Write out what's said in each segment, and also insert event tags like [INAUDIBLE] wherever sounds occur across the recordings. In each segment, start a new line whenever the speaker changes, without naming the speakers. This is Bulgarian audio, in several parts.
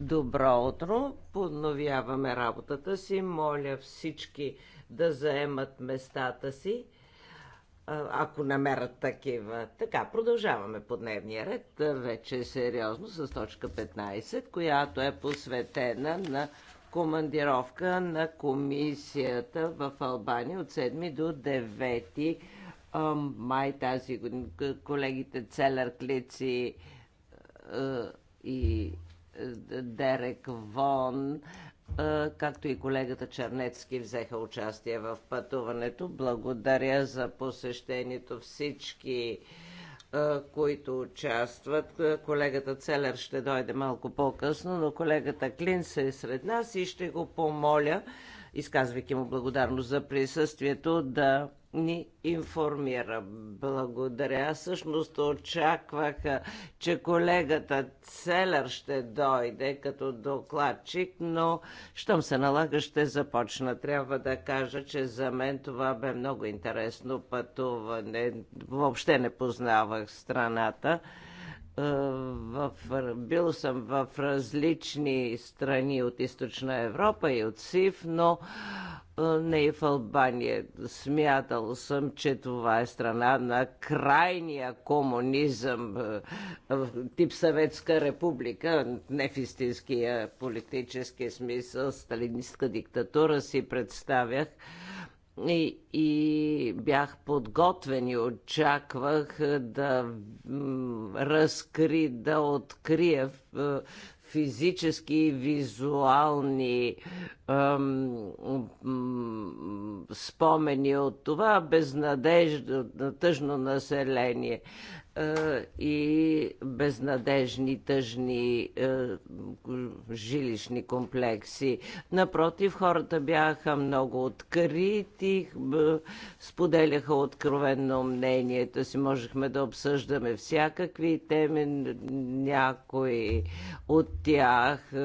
Добро утро! Подновяваме работата си. Моля всички да заемат местата си, ако намерят такива. Така, продължаваме по дневния ред. Вече сериозно с точка 15, която е посветена на командировка на комисията в Албания от 7 до 9 май тази година. Колегите Целер Клици и Дерек Вон, както и колегата Чернецки взеха участие в пътуването. Благодаря за посещението всички които участват. Колегата Целер ще дойде малко по-късно, но колегата Клин се е сред нас и ще го помоля, изказвайки му благодарност за присъствието, да ни информира. Благодаря. Всъщност очакваха, че колегата Целер ще дойде като докладчик, но щом се налага ще започна. Трябва да кажа, че за мен това бе много интересно пътуване. Въобще не познавах страната. Е, в, бил съм в различни страни от Източна Европа и от СИВ, но е, не и в Албания. Смятал съм, че това е страна на крайния комунизъм, е, тип Съветска република, не в истинския политически смисъл, сталинистка диктатура си представях – и, и бях подготвен и очаквах е, да разкри, да открия е, физически и визуални ем, спомени от това безнадежно, тъжно население. Е, и безнадежни, тъжни е, жилищни комплекси. Напротив, хората бяха много открити, споделяха откровенно мнението си. Можехме да обсъждаме всякакви теми. Някои от тях е,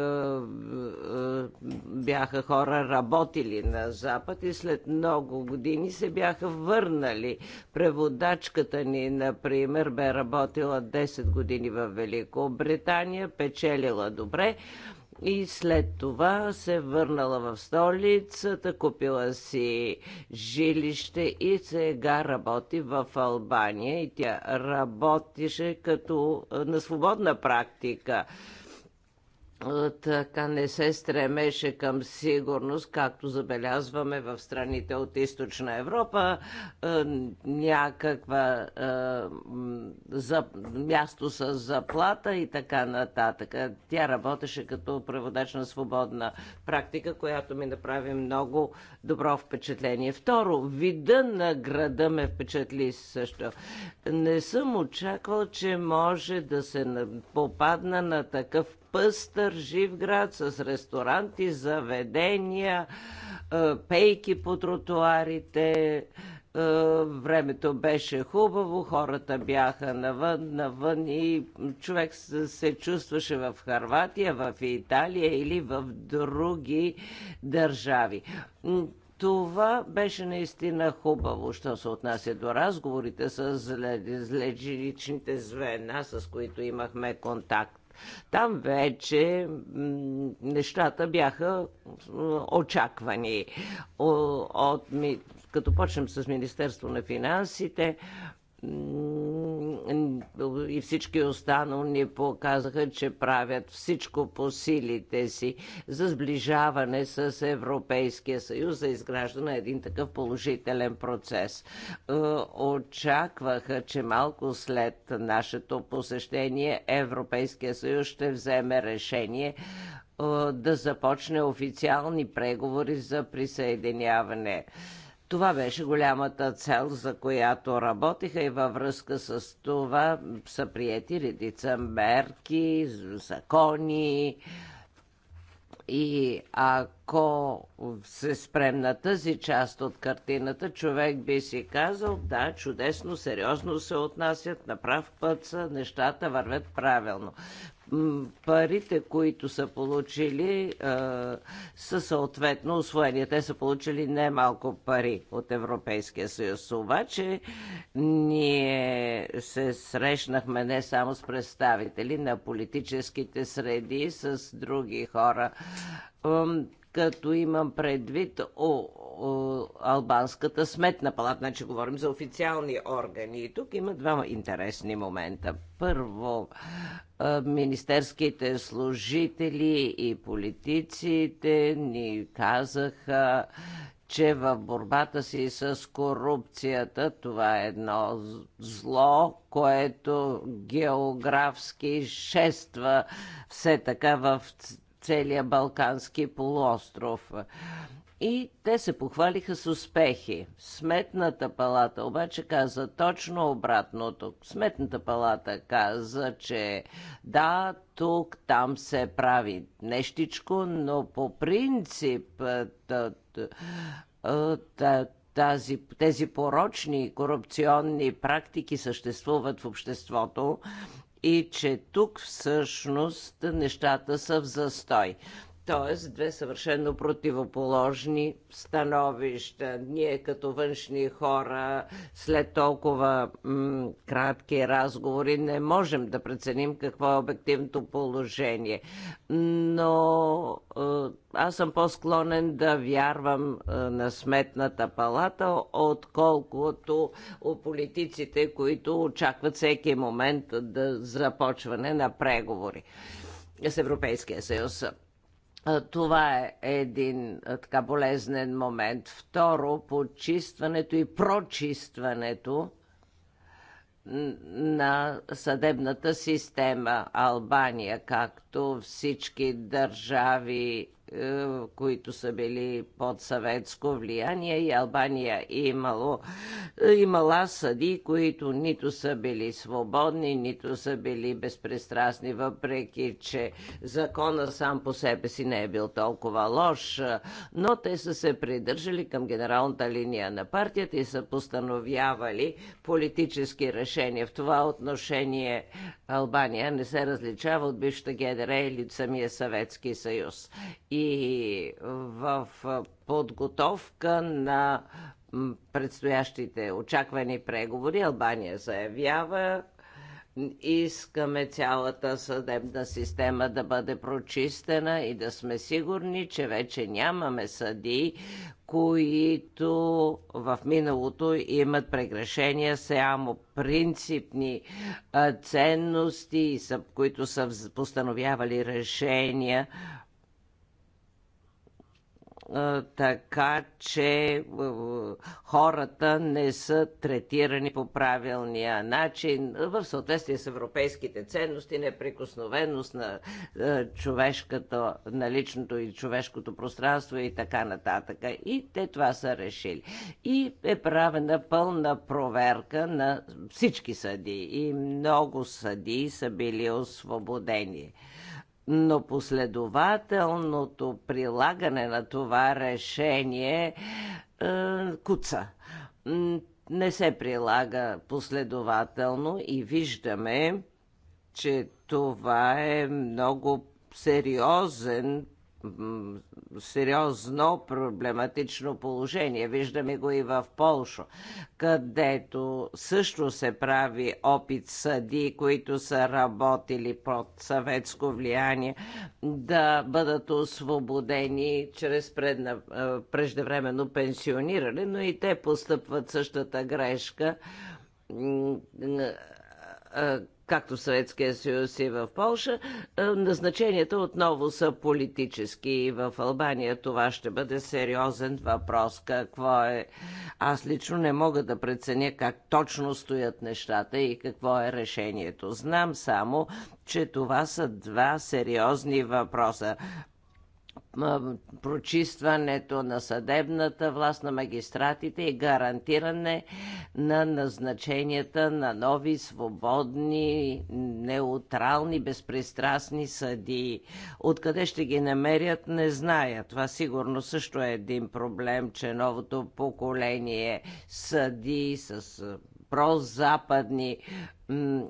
бяха хора работили на Запад и след много години се бяха върнали. Преводачката ни, например, бе работила 10 години в Великобритания, печелила добре и след това се върнала в столицата, купила си жилище и сега работи в Албания. И тя работеше като на свободна практика така не се стремеше към сигурност, както забелязваме в страните от източна Европа. Е, някаква е, за, място с заплата и така нататък. Тя работеше като преводач на свободна практика, която ми направи много добро впечатление. Второ, вида на града ме впечатли също. Не съм очаквал, че може да се попадна на такъв пъстър жив град с ресторанти, заведения, е, пейки по тротуарите. Е, времето беше хубаво, хората бяха навън, навън и човек се чувстваше в Харватия, в Италия или в други държави. Това беше наистина хубаво, що се отнася до разговорите с лечиличните звена, с които имахме контакт. Там вече нещата бяха очаквани. От, като почнем с Министерство на финансите, и всички останали показаха, че правят всичко по силите си за сближаване с Европейския съюз, за изграждане на един такъв положителен процес. Е, очакваха, че малко след нашето посещение Европейския съюз ще вземе решение е, да започне официални преговори за присъединяване. Това беше голямата цел, за която работиха и във връзка с това са приети редица мерки, закони, и ако се спрем на тази част от картината, човек би си казал, да, чудесно, сериозно се отнасят, на прав път са, нещата вървят правилно парите, които са получили, са съответно освоени. Те са получили немалко пари от Европейския съюз. Обаче ние се срещнахме не само с представители на политическите среди, с други хора като имам предвид о, о, албанската сметна палата, значи говорим за официални органи. И тук има два интересни момента. Първо, министерските служители и политиците ни казаха, че в борбата си с корупцията това е едно зло, което географски шества все така в целия Балкански полуостров. И те се похвалиха с успехи. Сметната палата обаче каза точно обратното. Сметната палата каза, че да, тук, там се прави нещичко, но по принцип е, е, тази, тези порочни корупционни практики съществуват в обществото и че тук всъщност нещата са в застой. Т.е. две съвършено противоположни становища. Ние като външни хора, след толкова кратки разговори, не можем да преценим какво е обективното положение. Но е, аз съм по-склонен да вярвам е, на сметната палата, отколкото политиците, които очакват всеки момент да започване на преговори с Европейския съюз. Това е един така болезнен момент. Второ, почистването и прочистването на съдебната система. Албания, както всички държави е, които са били под съветско влияние и Албания имало, е, имала съди, които нито са били свободни, нито са били безпристрастни, въпреки че закона сам по себе си не е бил толкова лош, е, но те са се придържали към генералната линия на партията и са постановявали политически решения. В това отношение Албания не се различава от бившата ГДР или самия Съветски съюз. И в подготовка на предстоящите очаквани преговори Албания заявява, искаме цялата съдебна система да бъде прочистена и да сме сигурни, че вече нямаме съдии, които в миналото имат прегрешения само принципни ценности, които са постановявали решения така че хората не са третирани по правилния начин в съответствие с европейските ценности, неприкосновеност на човешката, на личното и човешкото пространство и така нататък. И те това са решили. И е правена пълна проверка на всички съди. И много съди са били освободени но последователното прилагане на това решение е, куца. Не се прилага последователно и виждаме, че това е много сериозен сериозно проблематично положение. Виждаме го и в Полша, където също се прави опит съди, които са работили под съветско влияние, да бъдат освободени чрез предна, преждевременно пенсиониране, но и те постъпват същата грешка както Съветския съюз и в Польша, е, назначенията отново са политически и в Албания това ще бъде сериозен въпрос. Какво е? Аз лично не мога да преценя как точно стоят нещата и какво е решението. Знам само, че това са два сериозни въпроса прочистването на съдебната власт на магистратите и гарантиране на назначенията на нови, свободни, неутрални, безпристрастни съдии. Откъде ще ги намерят, не зная. Това сигурно също е един проблем, че новото поколение съди с прозападни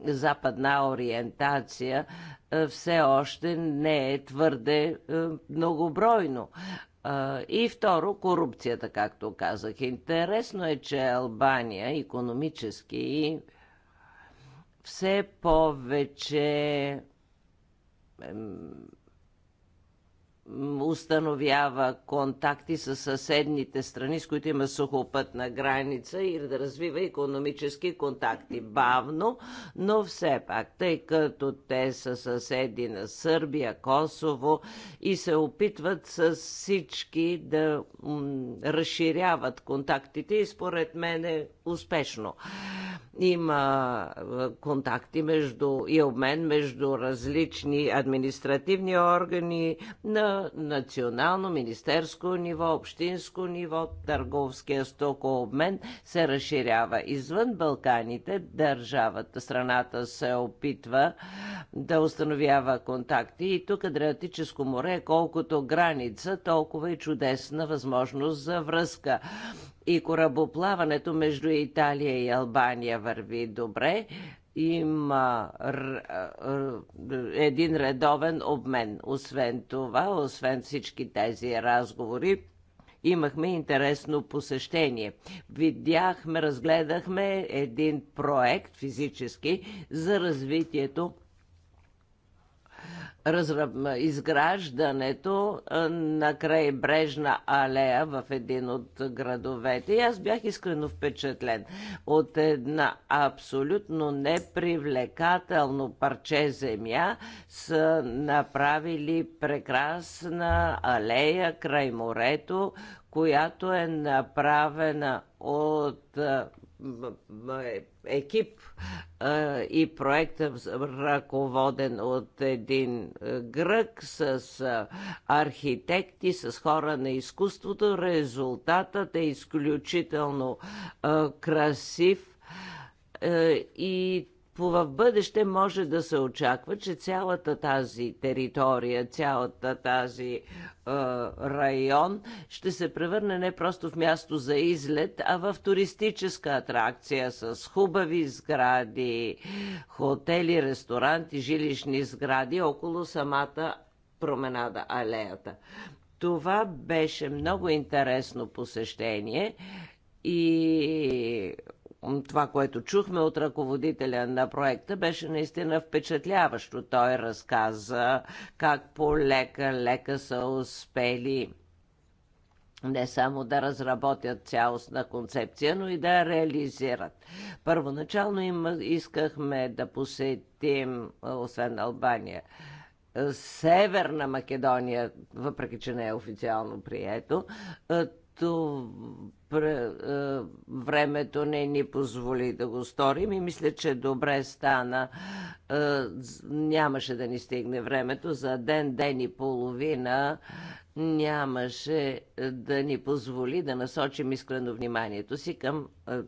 западна ориентация все още не е твърде многобройно. И второ, корупцията, както казах. Интересно е, че Албания економически все повече установява контакти с съседните страни, с които има сухопътна граница и да развива економически контакти. Бавно, но все пак, тъй като те са съседи на Сърбия, Косово и се опитват с всички да разширяват контактите и според мен е успешно. Има контакти между, и обмен между различни административни органи на национално, министерско ниво, общинско ниво, търговския обмен се разширява. Извън Балканите държавата, страната се опитва да установява контакти и тук Адриатическо море, колкото граница, толкова и чудесна възможност за връзка и корабоплаването между Италия и Албания върви добре. Има един редовен обмен. Освен това, освен всички тези разговори, имахме интересно посещение. Видяхме, разгледахме един проект физически за развитието разръб... изграждането на крайбрежна алея в един от градовете. И аз бях искрено впечатлен от една абсолютно непривлекателно парче земя са направили прекрасна алея край морето, която е направена от екип а, и проекта ръководен от един грък с а, архитекти, с хора на изкуството. Резултатът е изключително а, красив и в бъдеще може да се очаква, че цялата тази територия, цялата тази е, район ще се превърне не просто в място за излет, а в туристическа атракция с хубави сгради, хотели, ресторанти, жилищни сгради около самата променада, алеята. Това беше много интересно посещение и това, което чухме от ръководителя на проекта, беше наистина впечатляващо. Той разказа как полека-лека са успели не само да разработят цялостна концепция, но и да я реализират. Първоначално им искахме да посетим, освен Албания, Северна Македония, въпреки че не е официално прието, то е, времето не ни позволи да го сторим и мисля, че добре стана. Е, нямаше да ни стигне времето. За ден, ден и половина нямаше е, да ни позволи да насочим искрено вниманието си към,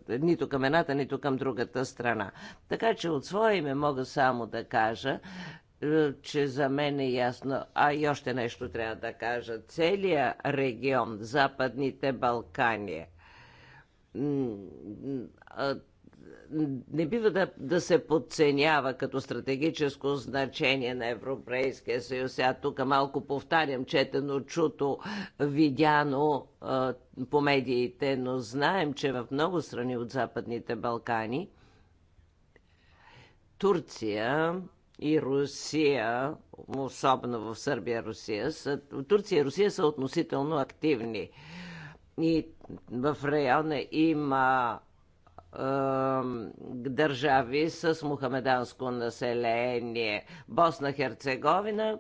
нито към едната, нито към другата страна. Така че от свое име мога само да кажа, е, че за мен е ясно, а и още нещо трябва да кажа. Целият регион, Западните Балкани, не бива да, да се подценява като стратегическо значение на Европейския съюз. А тук малко повтарям, четено, чуто, видяно а, по медиите, но знаем, че в много страни от Западните Балкани Турция и Русия, особено в Сърбия Русия, са, Турция и Русия са относително активни. И в района има държави с мухамеданско население Босна, Херцеговина,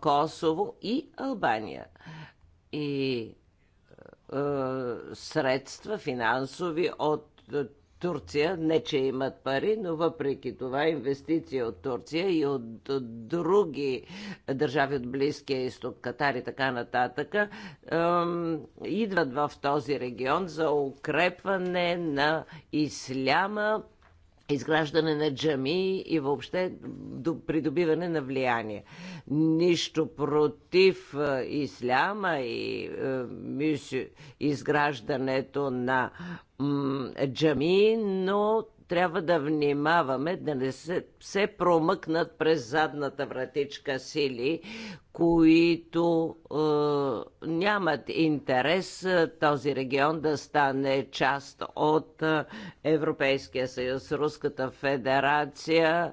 Косово и Албания. И е, средства финансови от Турция. Не, че имат пари, но въпреки това инвестиции от Турция и от, от други държави от Близкия изток, Катар и така нататък, ем, идват в този регион за укрепване на исляма, изграждане на джами и въобще до придобиване на влияние. Нищо против исляма и е, изграждането на джами, но трябва да внимаваме да не се, се промъкнат през задната вратичка сили, които е, нямат интерес е, този регион да стане част от е, Европейския съюз. Руската федерация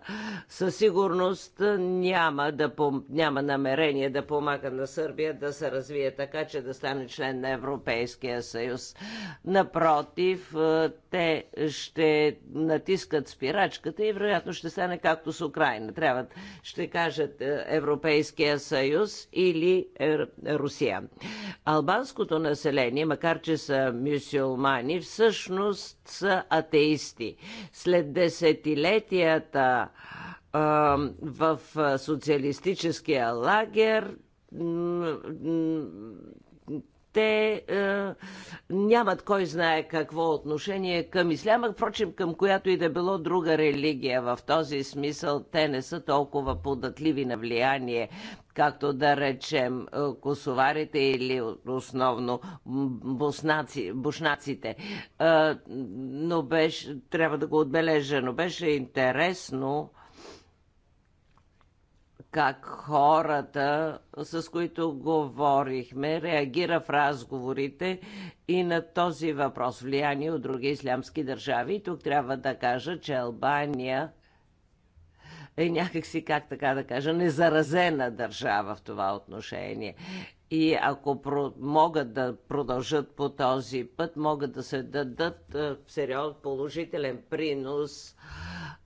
със сигурност е, няма, да, няма намерение да помага на Сърбия да се развие така, че да стане член на Европейския съюз. Напротив, е, те ще натискат спирачката и вероятно ще стане както с Украина. Трябва, ще кажат е, Европейския съюз или е, Русия. Албанското население, макар че са мюсюлмани, всъщност са атеисти. След десетилетията в социалистическия лагер те е, нямат кой знае какво отношение към исляма, впрочем към която и да било друга религия. В този смисъл те не са толкова податливи на влияние, както да речем е, косоварите или основно боснаци, бушнаците. Е, но беше, трябва да го отбележа, но беше интересно как хората, с които говорихме, реагира в разговорите и на този въпрос влияние от други ислямски държави. И тук трябва да кажа, че Албания е някакси, как така да кажа, незаразена държава в това отношение. И ако про, могат да продължат по този път, могат да се дадат е, сериоз положителен принос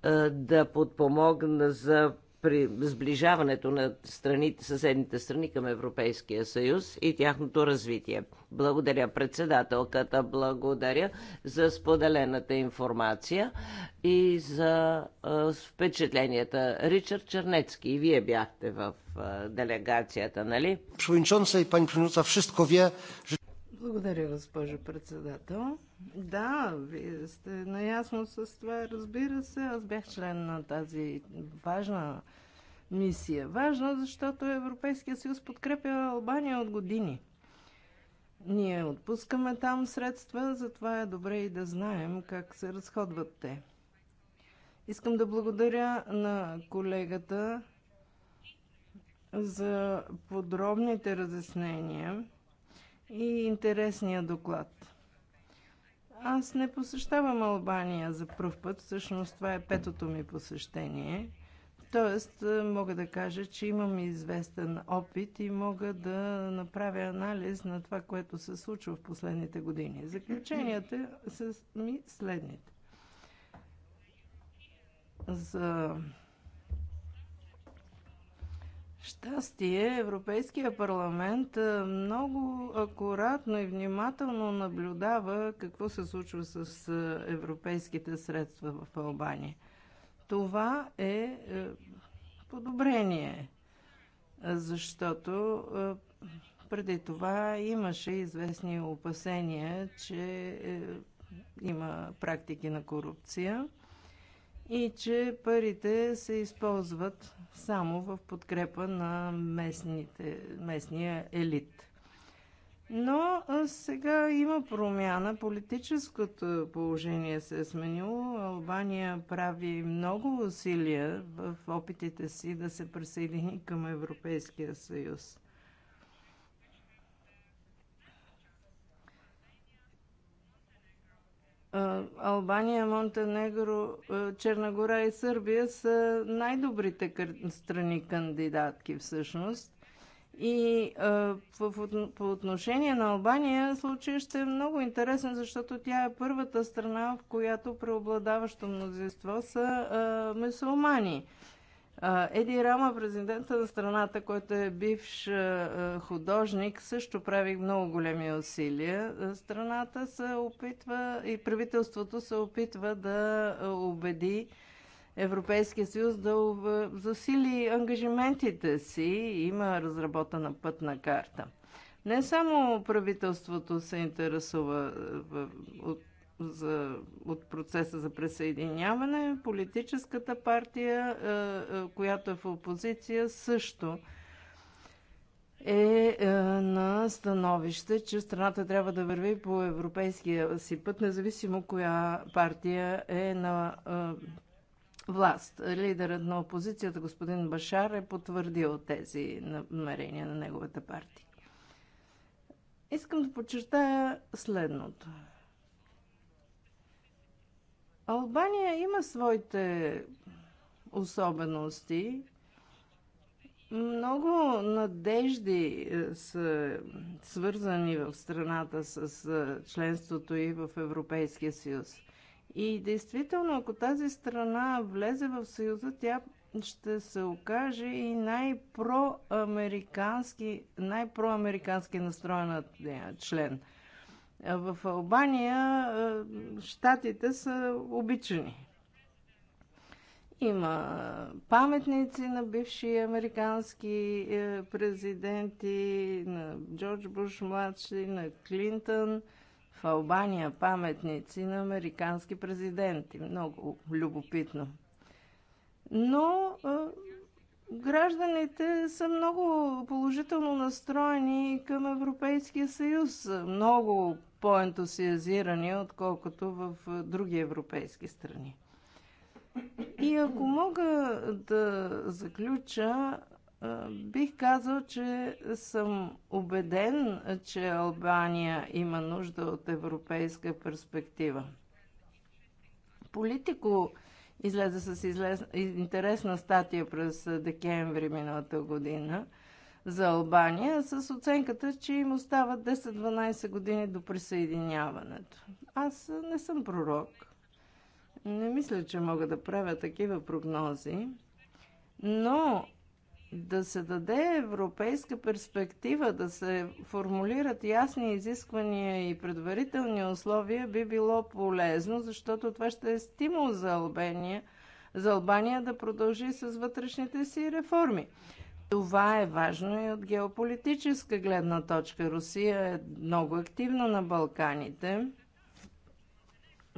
е, да подпомогна за при сближаването на страните, съседните страни към Европейския съюз и тяхното развитие. Благодаря председателката, благодаря за споделената информация и за а, впечатленията. Ричард Чернецки, и вие бяхте в а, делегацията, нали?
Przewodniczącej, и пани wszystko всичко вие, благодаря, госпожо председател. Да, вие сте наясно с това, разбира се. Аз бях член на тази важна мисия. Важна, защото Европейския съюз подкрепя Албания от години. Ние отпускаме там средства, затова е добре и да знаем как се разходват те. Искам да благодаря на колегата за подробните разяснения и интересния доклад. Аз не посещавам Албания за първ път, всъщност това е петото ми посещение. Тоест, е, мога да кажа, че имам известен опит и мога да направя анализ на това, което се случва в последните години. Заключенията са ми следните. За щастие Европейския парламент много акуратно и внимателно наблюдава какво се случва с европейските средства в Албания. Това е, е подобрение, защото преди това имаше известни опасения, че е, има практики на корупция и че парите се използват само в подкрепа на местните, местния елит. Но сега има промяна. Политическото положение се е сменило. Албания прави много усилия в опитите си да се присъедини към Европейския съюз. Албания, Монтенегро, Черна гора и Сърбия са най-добрите страни кандидатки всъщност. И по отношение на Албания случай ще е много интересен, защото тя е първата страна, в която преобладаващо мнозинство са мусулмани. Еди Рама, президента на страната, който е бивш художник, също прави много големи усилия. Страната се опитва и правителството се опитва да убеди Европейския съюз да засили ангажиментите си. Има разработена пътна карта. Не само правителството се интересува от за, от процеса за присъединяване. Политическата партия, е, е, която е в опозиция, също е, е на становище, че страната трябва да върви по европейския си път, независимо коя партия е на власт. Лидерът на опозицията, господин Башар, е потвърдил тези намерения на неговата партия. Искам да подчертая следното – Албания има своите особености. Много надежди е, са свързани в страната с е, членството и в Европейския съюз. И действително, ако тази страна влезе в съюза, тя ще се окаже и най-проамерикански, най-проамерикански настроена е, член – в Албания щатите са обичани. Има паметници на бивши американски е, президенти, на Джордж Буш младши, на Клинтън. В Албания паметници на американски президенти. Много любопитно. Но гражданите са много положително настроени към Европейския съюз. Много по-ентусиазирани, отколкото в други европейски страни. И ако мога да заключа, бих казал, че съм убеден, че Албания има нужда от европейска перспектива. Политико излезе с излез... интересна статия през декември миналата година – за Албания с оценката, че им остават 10-12 години до присъединяването. Аз не съм пророк. Не мисля, че мога да правя такива прогнози. Но да се даде европейска перспектива, да се формулират ясни изисквания и предварителни условия би било полезно, защото това ще е стимул за Албания, за Албания да продължи с вътрешните си реформи. Това е важно и от геополитическа гледна точка. Русия е много активна на Балканите.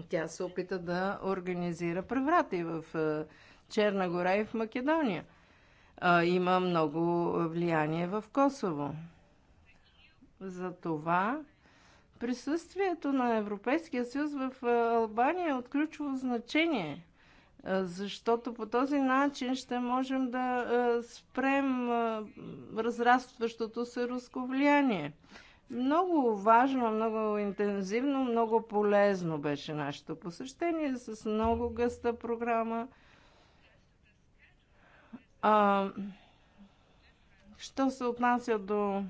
Тя се опита да организира преврати в е, Черна гора и в Македония. Има много влияние в Косово. Затова присъствието на Европейския съюз в е, Албания е от ключово значение – защото по този начин ще можем да спрем разрастващото се руско влияние. Много важно, много интензивно, много полезно беше нашето посещение с много гъста програма. А, що се отнася до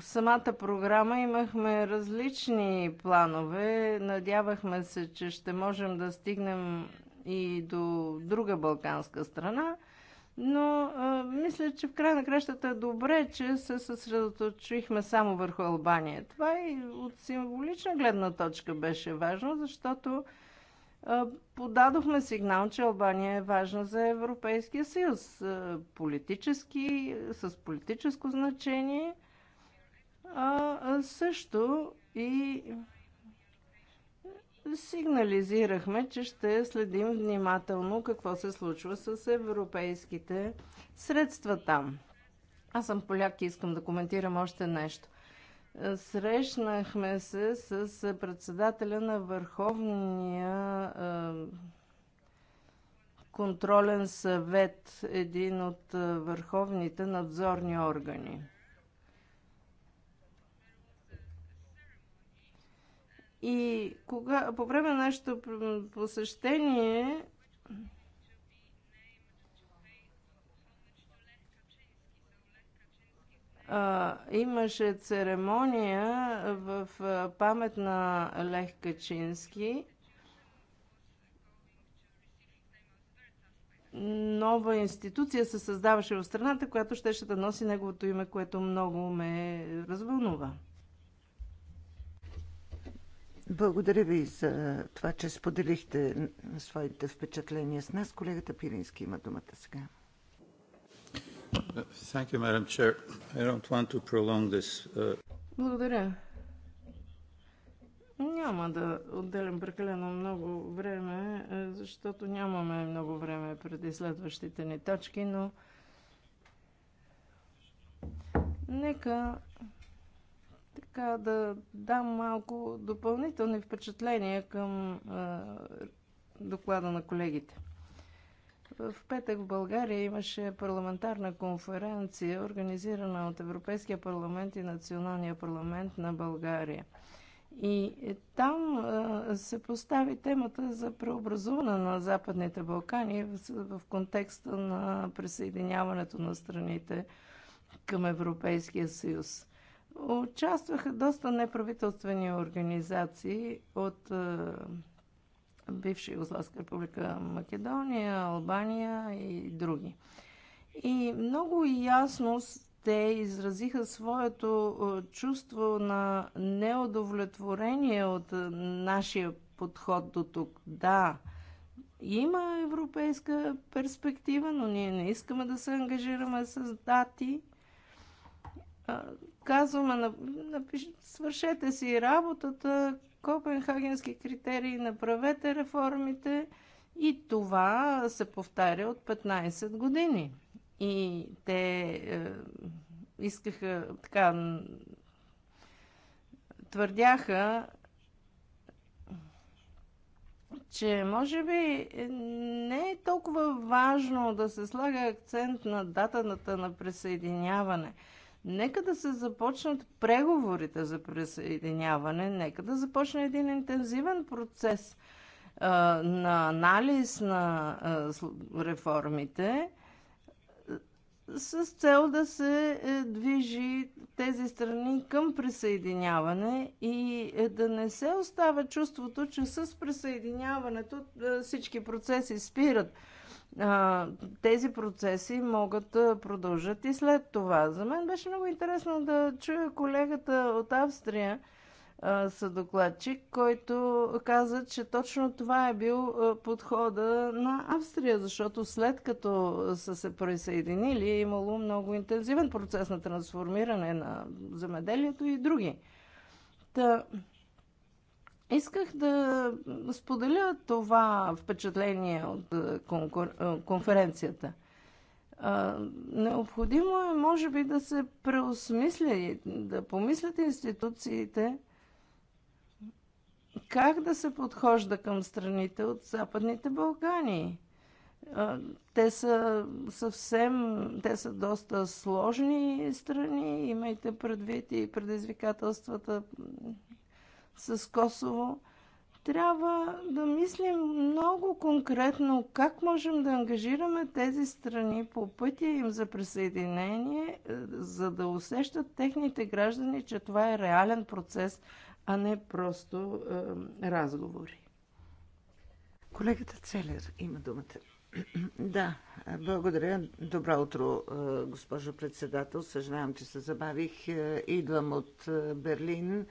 самата програма имахме различни планове. Надявахме се, че ще можем да стигнем и до друга балканска страна. Но а, мисля, че в край на кращата е добре, че се съсредоточихме само върху Албания. Това и от символична гледна точка беше важно, защото а, подадохме сигнал, че Албания е важна за Европейския съюз. А, политически, с политическо значение – а също и сигнализирахме, че ще следим внимателно какво се случва с европейските средства там. Аз съм поляк и искам да коментирам още нещо. Срещнахме се с председателя на Върховния контролен съвет, един от върховните надзорни органи. И кога, по време на нашето посещение а, имаше церемония в а, памет на Лех Качински. Нова институция се създаваше в страната, която щеше да носи неговото име, което много ме развълнува.
Благодаря ви за това, че споделихте своите впечатления с нас. Колегата Пирински има думата сега.
Благодаря. Няма да отделям прекалено много време, е, защото нямаме много време преди следващите ни точки, но нека така да дам малко допълнителни впечатления към а, доклада на колегите. В петък в България имаше парламентарна конференция, организирана от Европейския парламент и Националния парламент на България. И там се постави темата за преобразуване на Западните Балкани в контекста на присъединяването на страните към Европейския съюз участваха доста неправителствени организации от е, бивша Югославска република Македония, Албания и други. И много ясно те изразиха своето е, чувство на неудовлетворение от е, нашия подход до тук. Да, има европейска перспектива, но ние не искаме да се ангажираме с дати казваме, свършете си работата, копенхагенски критерии, направете реформите и това се повтаря от 15 години. И те е, искаха, така, твърдяха, че може би не е толкова важно да се слага акцент на датата на присъединяване – Нека да се започнат преговорите за присъединяване, нека да започне един интензивен процес а, на анализ на а, реформите с цел да се е, движи тези страни към присъединяване и е, да не се остава чувството, че с присъединяването е, всички процеси спират тези процеси могат да продължат и след това. За мен беше много интересно да чуя колегата от Австрия, съдокладчик, който каза, че точно това е бил подхода на Австрия, защото след като са се присъединили е имало много интензивен процес на трансформиране на земеделието и други. Та, Исках да споделя това впечатление от е, конкур... Е, конференцията. Необходимо е, може би, да се и да помислят институциите как да се подхожда към страните от Западните Балкани. Те са съвсем, те са доста сложни страни, имайте предвид и предизвикателствата с Косово, трябва да мислим много конкретно как можем да ангажираме тези страни по пътя им за присъединение, е, за да усещат техните граждани, че това е реален процес, а не просто е, разговори. Колегата Целер
има думата. [CLEARS THROAT] Да, благодаря. Добро утро, е, госпожо председател. Съжалявам, че се забавих. Е, идвам от Берлин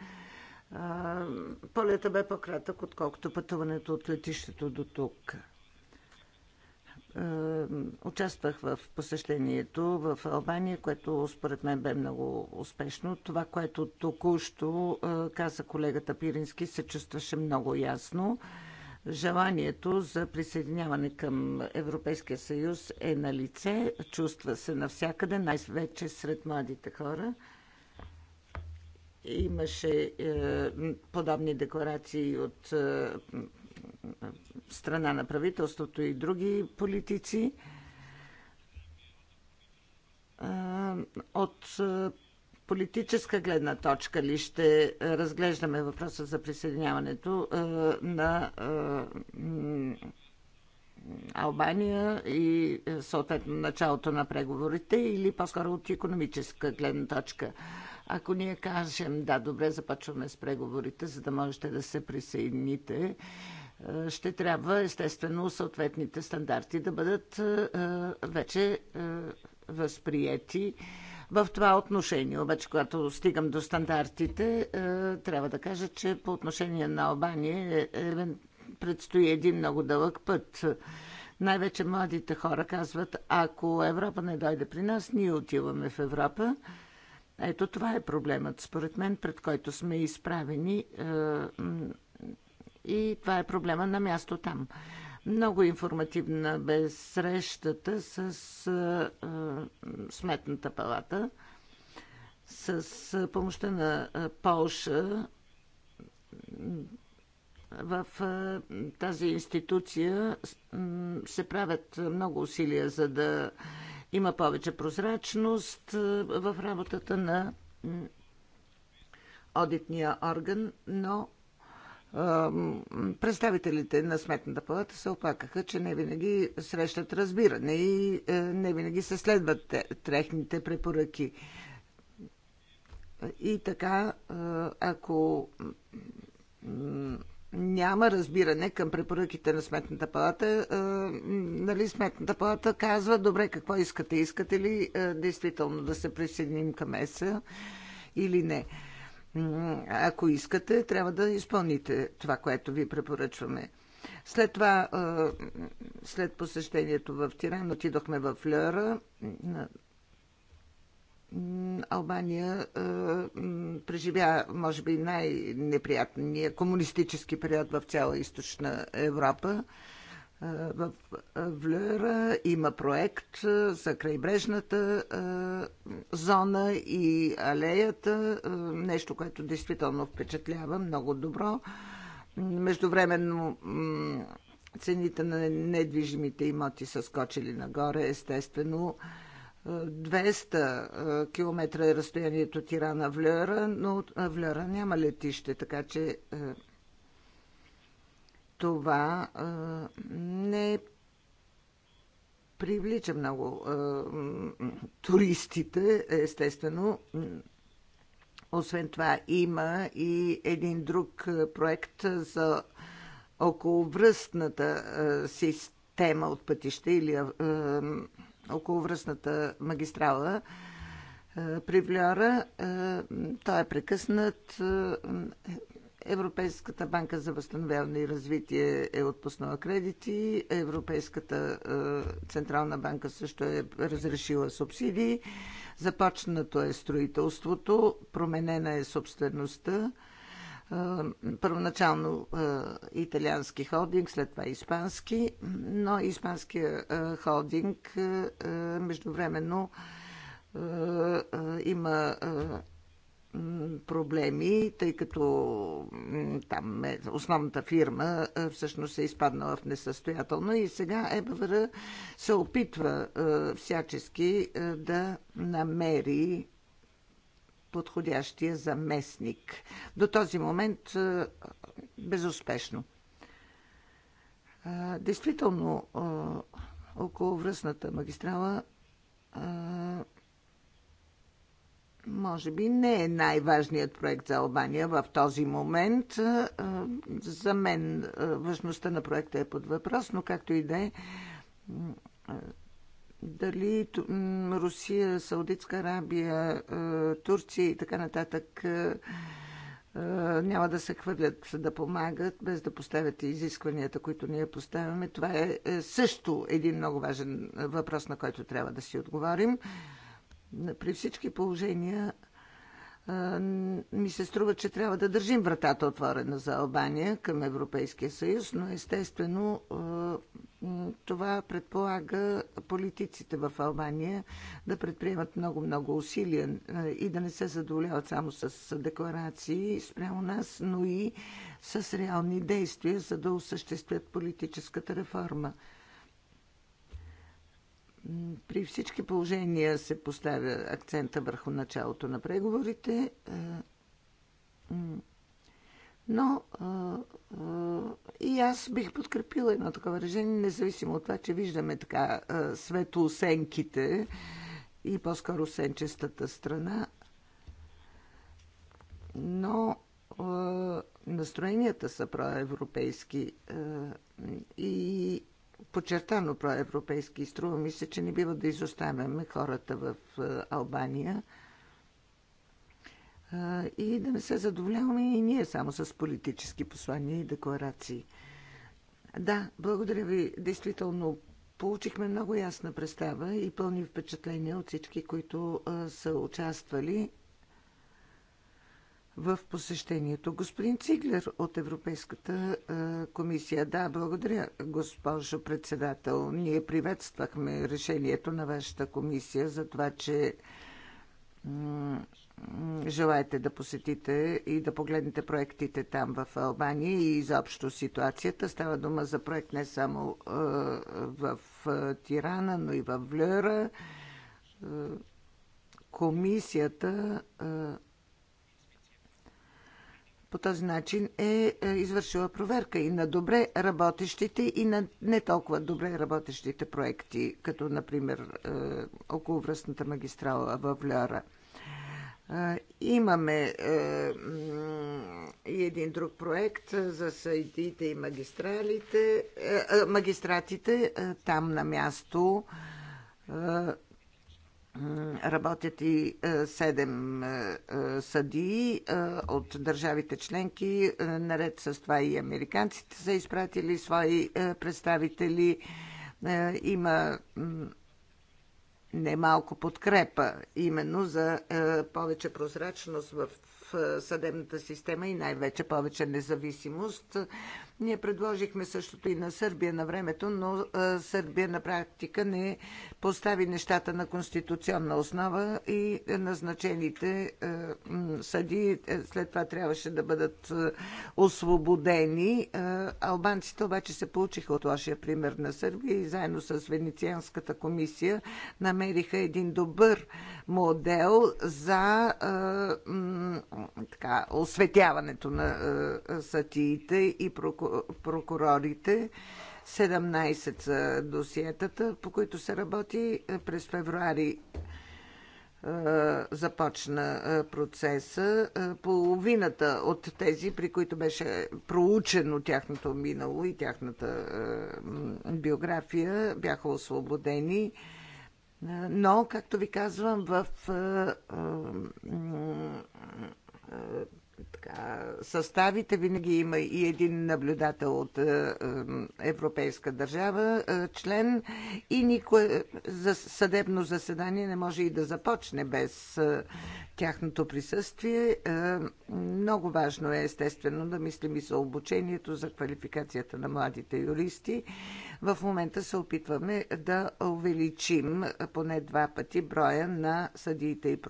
полета бе по-кратък, отколкото пътуването от летището до тук. Участвах в посещението в Албания, което според мен бе много успешно. Това, което току-що каза колегата Пирински, се чувстваше много ясно. Желанието за присъединяване към Европейския съюз е на лице, чувства се навсякъде, най-вече сред младите хора – Имаше е, подобни декларации от е, страна на правителството и други политици. Е, от политическа гледна точка ли ще разглеждаме въпроса за присъединяването на Албания и съответно началото на преговорите или по-скоро от економическа гледна точка? Ако ние кажем, да, добре, започваме с преговорите, за да можете да се присъедините, е, ще трябва естествено съответните стандарти да бъдат е, е, вече възприяти. В това отношение, обаче, когато стигам до стандартите, трябва да кажа, че по отношение на Албания предстои един много дълъг път. Най-вече младите хора казват, ако Европа не дойде при нас, ние отиваме в Европа. Ето това е проблемът, според мен, пред който сме изправени. Е, и това е проблема на място там. Много информативна бе срещата с а, е, е, Сметната палата, с а, помощта на а, Полша. В а, тази институция се правят много усилия за да а, има повече прозрачност е, в работата на одитния орган, но представителите на Сметната палата се опакаха, че не винаги срещат разбиране и е, не винаги се следват техните препоръки. И така, е, ако няма разбиране към препоръките на Сметната палата. Е, нали Сметната палата казва, добре, какво искате? Искате ли е, действително да се присъединим към ЕСА или не? Ако искате, трябва да изпълните това, което ви препоръчваме. След това, е, след посещението в Тиран, отидохме в Льора Албания е, преживя, може би, най-неприятния комунистически период в цяла източна Европа. Е, в Влюера има проект е, за крайбрежната е, зона и алеята, е, нещо, което действително впечатлява, много добро. Междувременно цените на недвижимите имоти са скочили нагоре, естествено. Е, 200 км е разстоянието Тирана-Влера, но Влера няма летище, така че това не привлича много туристите, естествено. Освен това има и един друг проект за околовръстната система от пътища или околовръстната магистрала е, при Вляра. Е, той е прекъснат. Е, Европейската банка за възстановяване и развитие е отпуснала кредити. Европейската централна банка също е разрешила субсидии. Започнато е строителството, променена е собствеността първоначално италиански холдинг, след това испански, но испанския холдинг междувременно има проблеми, тъй като там е, основната фирма всъщност е изпаднала в несъстоятелно и сега ЕБВР се опитва всячески да намери подходящия заместник. До този момент безуспешно. Действително, около връзната магистрала може би не е най-важният проект за Албания в този момент. За мен важността на проекта е под въпрос, но както и да е, дали Русия, Саудитска Арабия, е, Турция и така нататък е, е, няма да се хвърлят да помагат, без да поставят изискванията, които ние поставяме. Това е също един много важен въпрос, на който трябва да си отговорим. При всички положения ми се струва, че трябва да държим вратата отворена за Албания към Европейския съюз, но естествено това предполага политиците в Албания да предприемат много-много усилия и да не се задоволяват само с декларации спрямо нас, но и с реални действия, за да осъществят политическата реформа. При всички положения се поставя акцента върху началото на преговорите, е, но е, е, и аз бих подкрепила едно такова решение, независимо от това, че виждаме така светлосенките и по-скоро сенчестата страна. Но настроенията са проевропейски и подчертано проевропейски. Струва ми се, че не бива да изоставяме хората в Албания и да не се задоволяваме и ние само с политически послания и декларации. Да, благодаря ви. Действително, получихме много ясна представа и пълни впечатления от всички, които са участвали в посещението. Господин Циглер от Европейската комисия. Да, благодаря, госпожо председател. Ние приветствахме решението на вашата комисия за това, че желаете да посетите и да погледнете проектите там в Албания и изобщо ситуацията. Става дума за проект не само в Тирана, но и в Влера. Комисията по този начин е, е извършила проверка и на добре работещите и на не толкова добре работещите проекти, като например е, околовръстната магистрала в Ляра. Е, имаме и един друг проект за съедите и магистралите, магистратите там на място работят и е, седем е, е, съдии от държавите членки. Наред с това и американците са изпратили свои представители. Има немалко подкрепа именно за повече прозрачност в съдебната система и най-вече повече независимост ние предложихме същото и на Сърбия на времето, но Сърбия на практика не постави нещата на конституционна основа и назначените съди е, след това трябваше да бъдат освободени. Албанците обаче се получиха от лошия пример на Сърбия и заедно с Венецианската комисия намериха един добър модел за така, осветяването на съдиите и прокуратурите прокурорите. 17 са досиетата, по които се работи. През февруари е, започна е, процеса. Е, половината от тези, при които беше проучено тяхното минало и тяхната биография, бяха освободени. Но, както ви казвам, в така, съставите. Винаги има и един наблюдател от е, е европейска държава, е, член и никое за съдебно заседание не може и да започне без е, тяхното присъствие. Е, много важно е, естествено, да мислим и за обучението, за квалификацията на младите юристи. В момента се опитваме да увеличим поне два пъти броя на съдиите и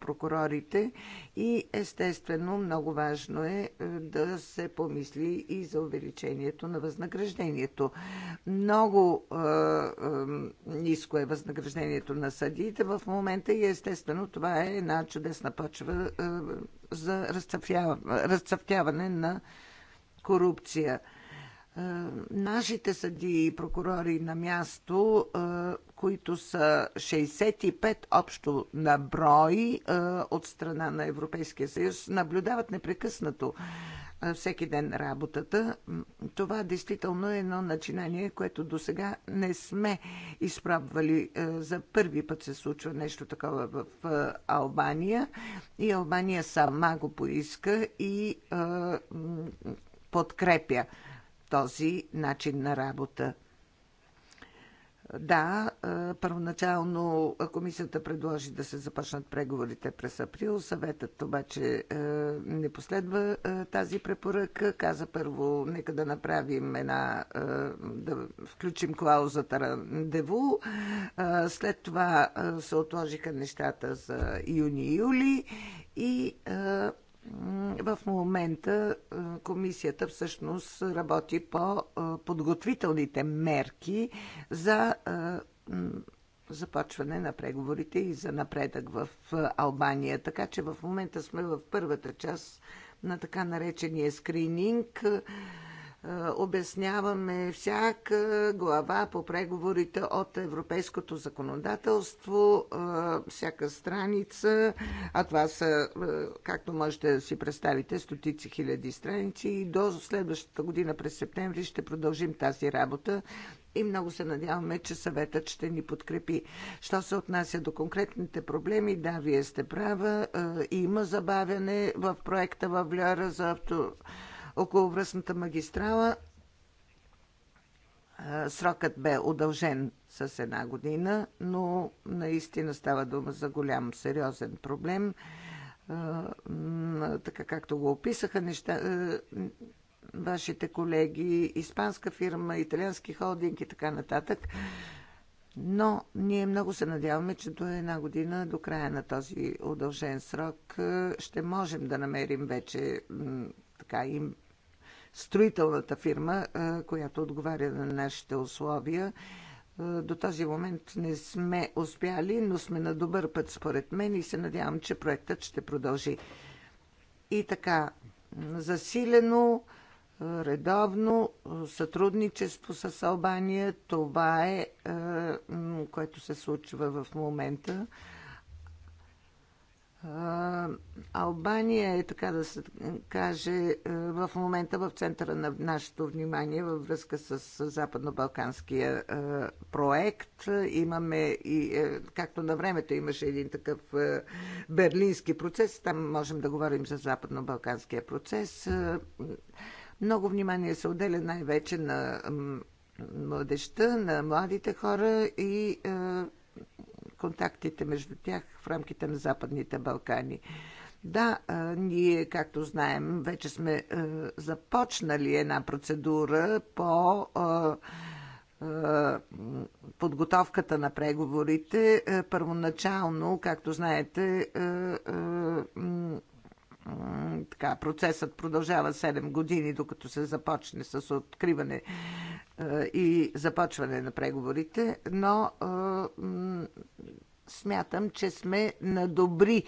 прокурорите и естествено много важно е, е да се помисли и за увеличението на възнаграждението. Много е, е, ниско е възнаграждението на съдиите в момента и естествено това е една чудесна почва е, за разцъфтяване на корупция. Е, нашите съди и прокурори на място, е, които са 65 общо на брой е, от страна на Европейския съюз, наблюдават непрекъснато всеки ден работата. Това действително е едно начинание, което до сега не сме изпробвали. За първи път се случва нещо такова в Албания и Албания сама го поиска и подкрепя този начин на работа. Да, първоначално комисията предложи да се започнат преговорите през април. Съветът обаче не последва тази препоръка. Каза първо, нека да направим една, да включим клаузата рандеву. След това се отложиха нещата за юни-юли и в момента комисията всъщност работи по подготвителните мерки за започване на преговорите и за напредък в Албания. Така че в момента сме в първата част на така наречения скрининг е, обясняваме всяка глава по преговорите от европейското законодателство, е, всяка страница, а това са, е, както можете да си представите, стотици хиляди страници и до следващата година през септември ще продължим тази работа и много се надяваме, че съветът ще ни подкрепи. Що се отнася до конкретните проблеми, да, вие сте права, има забавяне в проекта в Вляра за авто около връзната магистрала. Срокът бе удължен с една година, но наистина става дума за голям, сериозен проблем. Така както го описаха неща, вашите колеги, испанска фирма, италиански холдинг и така нататък. Но ние много се надяваме, че до една година, до края на този удължен срок, ще можем да намерим вече така им строителната фирма, която отговаря на нашите условия. До този момент не сме успяли, но сме на добър път според мен и се надявам, че проектът ще продължи. И така, засилено, редовно сътрудничество с Албания, това е което се случва в момента. Албания е, така да се каже, е, в момента в центъра на нашето внимание във връзка с западно-балканския е, проект. Имаме и, е, както на времето имаше един такъв берлински процес, там можем да говорим за западно-балканския процес. Много внимание се отделя най-вече на младеща, на младите хора и контактите между тях в рамките на Западните Балкани. Да, ние, както знаем, вече сме започнали една процедура по подготовката на преговорите. Първоначално, както знаете, така, процесът продължава 7 години, докато се започне с откриване и започване на преговорите, но смятам, че сме на добри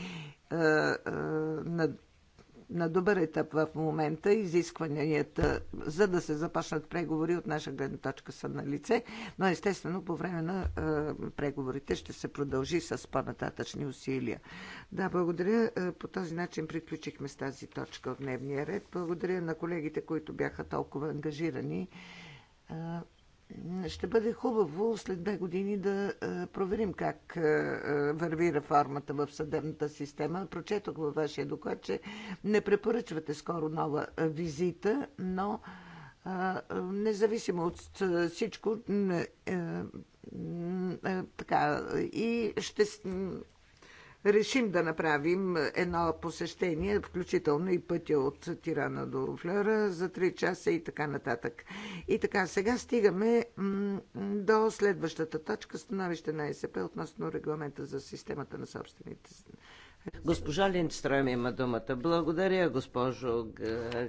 на на добър етап в момента. Изискванията, за да се започнат преговори от наша гледна точка са на лице, но естествено по време на е, преговорите ще се продължи с по-нататъчни усилия. Да, благодаря. Е, по този начин приключихме с тази точка от дневния ред. Благодаря на колегите, които бяха толкова ангажирани е, ще бъде хубаво след две години да е, проверим как е, е, върви реформата в съдебната система. Прочетох във вашия доклад, че не препоръчвате скоро нова визита, но независимо от всичко, така, и ще решим да направим едно посещение, включително и пътя от Тирана до Флера за 3 часа и така нататък. И така, сега стигаме до следващата точка, становище на ЕСП относно регламента за
системата на собствените Госпожа Линдстрем има думата. Благодаря, госпожо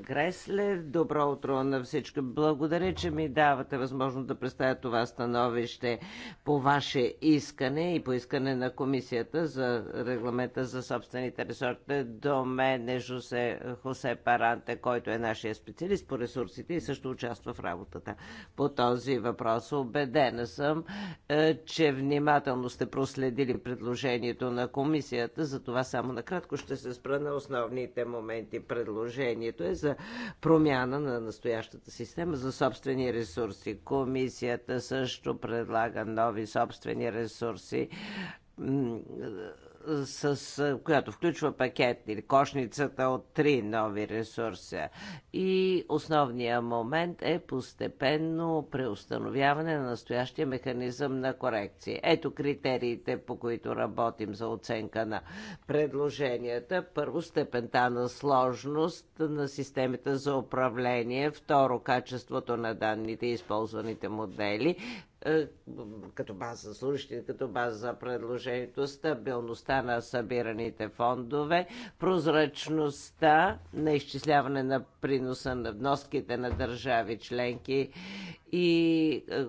Гресле. Добро утро на всички. Благодаря, че ми давате възможност да представя това становище по ваше искане и по искане на комисията за регламента за собствените ресорти. До мен е Жосе, Хосе Паранте, който е нашия специалист по ресурсите и също участва в работата по този въпрос. Обедена съм, е, че внимателно сте проследили предложението на комисията, за това само накратко ще се спра на основните моменти. Предложението е за промяна на настоящата система за собствени ресурси. Комисията също предлага нови собствени ресурси с, която включва пакет или кошницата от три нови ресурса. И основният момент е постепенно преустановяване на настоящия механизъм на корекции. Ето критериите, по които работим за оценка на предложенията. Първо, степента на сложност на системите за управление. Второ, качеството на данните и използваните модели. Е, като база, за служащите като база за предложението, стабилността на събираните фондове, прозрачността на изчисляване на приноса на вноските на държави членки и е,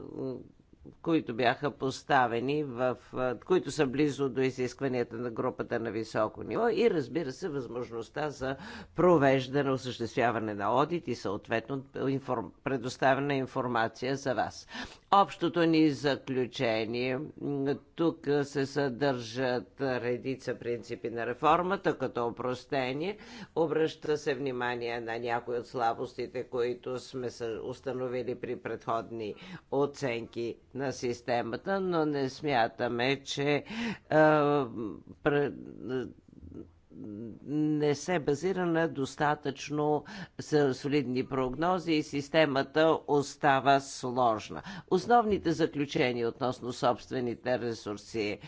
които бяха поставени в, е, които са близо до изискванията на групата на високо ниво и разбира се възможността за провеждане, осъществяване на одит и съответно предоставена информация за вас. Общото ни заключение. Тук се съдържат редица принципи на реформата, като опростение. Обръща се внимание на някои от слабостите, които сме установили при предходни оценки на системата, но не смятаме, че е, не се базира на достатъчно солидни прогнози и системата остава сложна. Основните заключения относно собствените ресурси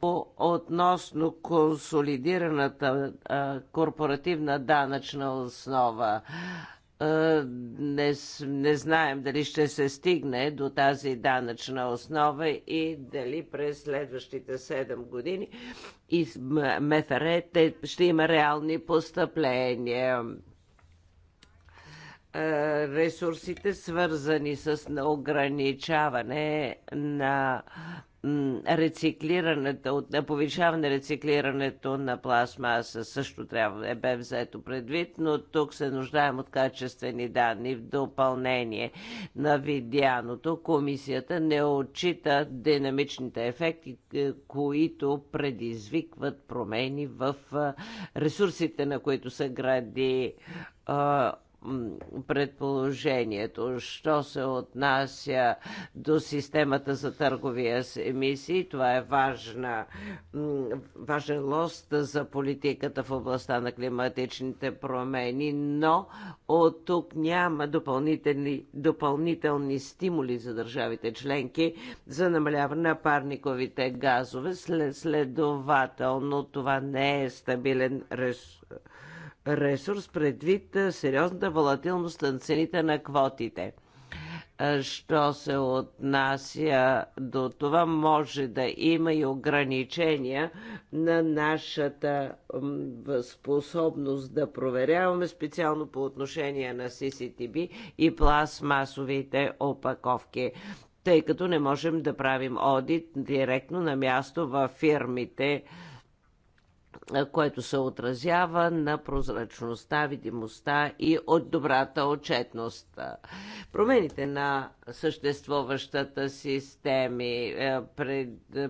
по относно консолидираната а, корпоративна данъчна основа. А, не, не знаем дали ще се стигне до тази данъчна основа и дали през следващите 7 години и МФР, те ще има реални постъпления е, ресурсите, свързани с ограничаване на рециклирането, повишаване рециклирането на пластмаса също трябва да е, бе взето предвид, но тук се нуждаем от качествени данни в допълнение на видяното. Комисията не отчита динамичните ефекти, е, които предизвикват промени в е, ресурсите, на които се гради предположението. Що се отнася до системата за търговия с емисии, това е важна, важен лост за политиката в областта на климатичните промени, но от тук няма допълнителни, допълнителни стимули за държавите членки за намаляване на парниковите газове. След, следователно това не е стабилен ресурс ресурс предвид сериозната волатилност на цените на квотите. Що се отнася до това, може да има и ограничения на нашата способност да проверяваме специално по отношение на CCTV и пластмасовите опаковки тъй като не можем да правим одит директно на място във фирмите което се отразява на прозрачността, видимостта и от добрата отчетност. Промените на съществуващата системи пред,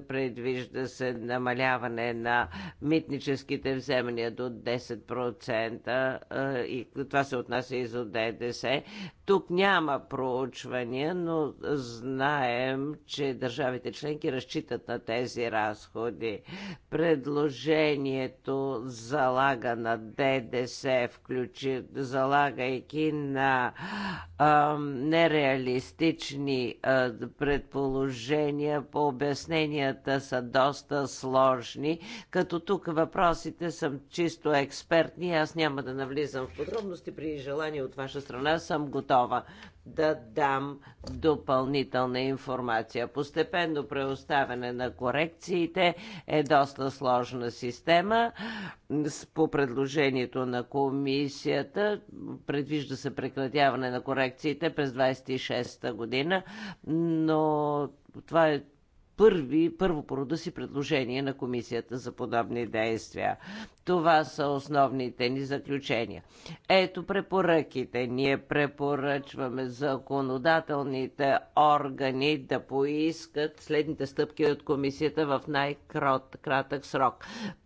предвижда се намаляване на митническите вземания до 10% и това се отнася и за ДДС, тук няма проучвания, но знаем, че държавите членки разчитат на тези разходи. Предложението залага на ДДС, включи, залагайки на а, нереалистични а, предположения. По обясненията са доста сложни, като тук въпросите са чисто експертни. Аз няма да навлизам в подробности. При желание от ваша страна съм готов готова да дам допълнителна информация. Постепенно преоставяне на корекциите е доста сложна система. По предложението на комисията предвижда се прекратяване на корекциите през 26-та година, но това е първи, първо по рода си предложение на комисията за подобни действия. Това са основните ни заключения. Ето препоръките. Ние препоръчваме законодателните органи да поискат следните стъпки от комисията в най-кратък срок.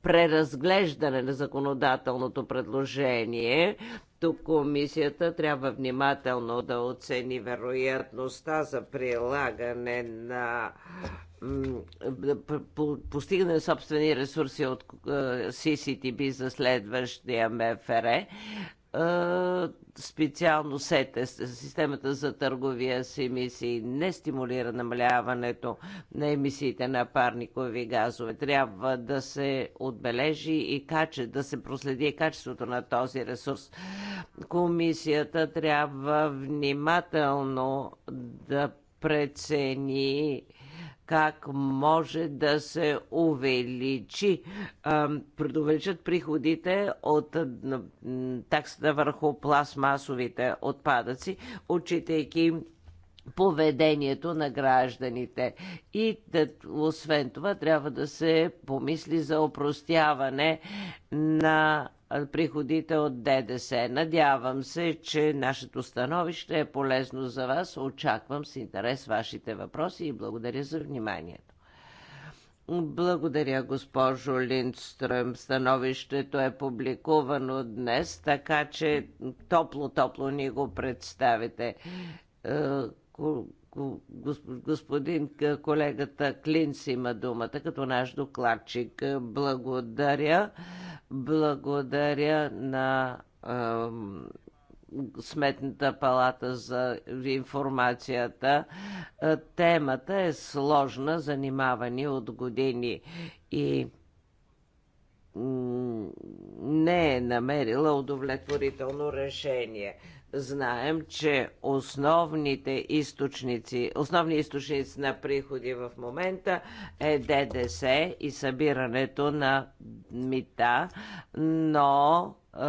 Преразглеждане на законодателното предложение, тук комисията трябва внимателно да оцени вероятността за прилагане на постигане постигане собствени ресурси от е, CCTB за следващия МФР, е, специално СЕТЕ, системата за търговия с емисии, не стимулира намаляването на емисиите на парникови газове. Трябва да се отбележи и каче, да се проследи качеството на този ресурс. Комисията трябва внимателно да прецени как може да се увеличи, предувеличат приходите от таксата върху пластмасовите отпадъци, отчитайки поведението на гражданите. И освен това трябва да се помисли за опростяване на приходите от ДДС. Надявам се, че нашето становище е полезно за вас. Очаквам с интерес вашите въпроси и благодаря за вниманието. Благодаря, госпожо Линдстрем. Становището е публикувано днес, така че топло-топло ни го представите е, господин колегата Клинс има думата като наш докладчик. Благодаря. Благодаря на Сметната палата за информацията. Темата е сложна, занимавани от години и не е намерила удовлетворително решение. Знаем, че основните източници, основни източници на приходи в момента е ДДС и събирането на мита, но е,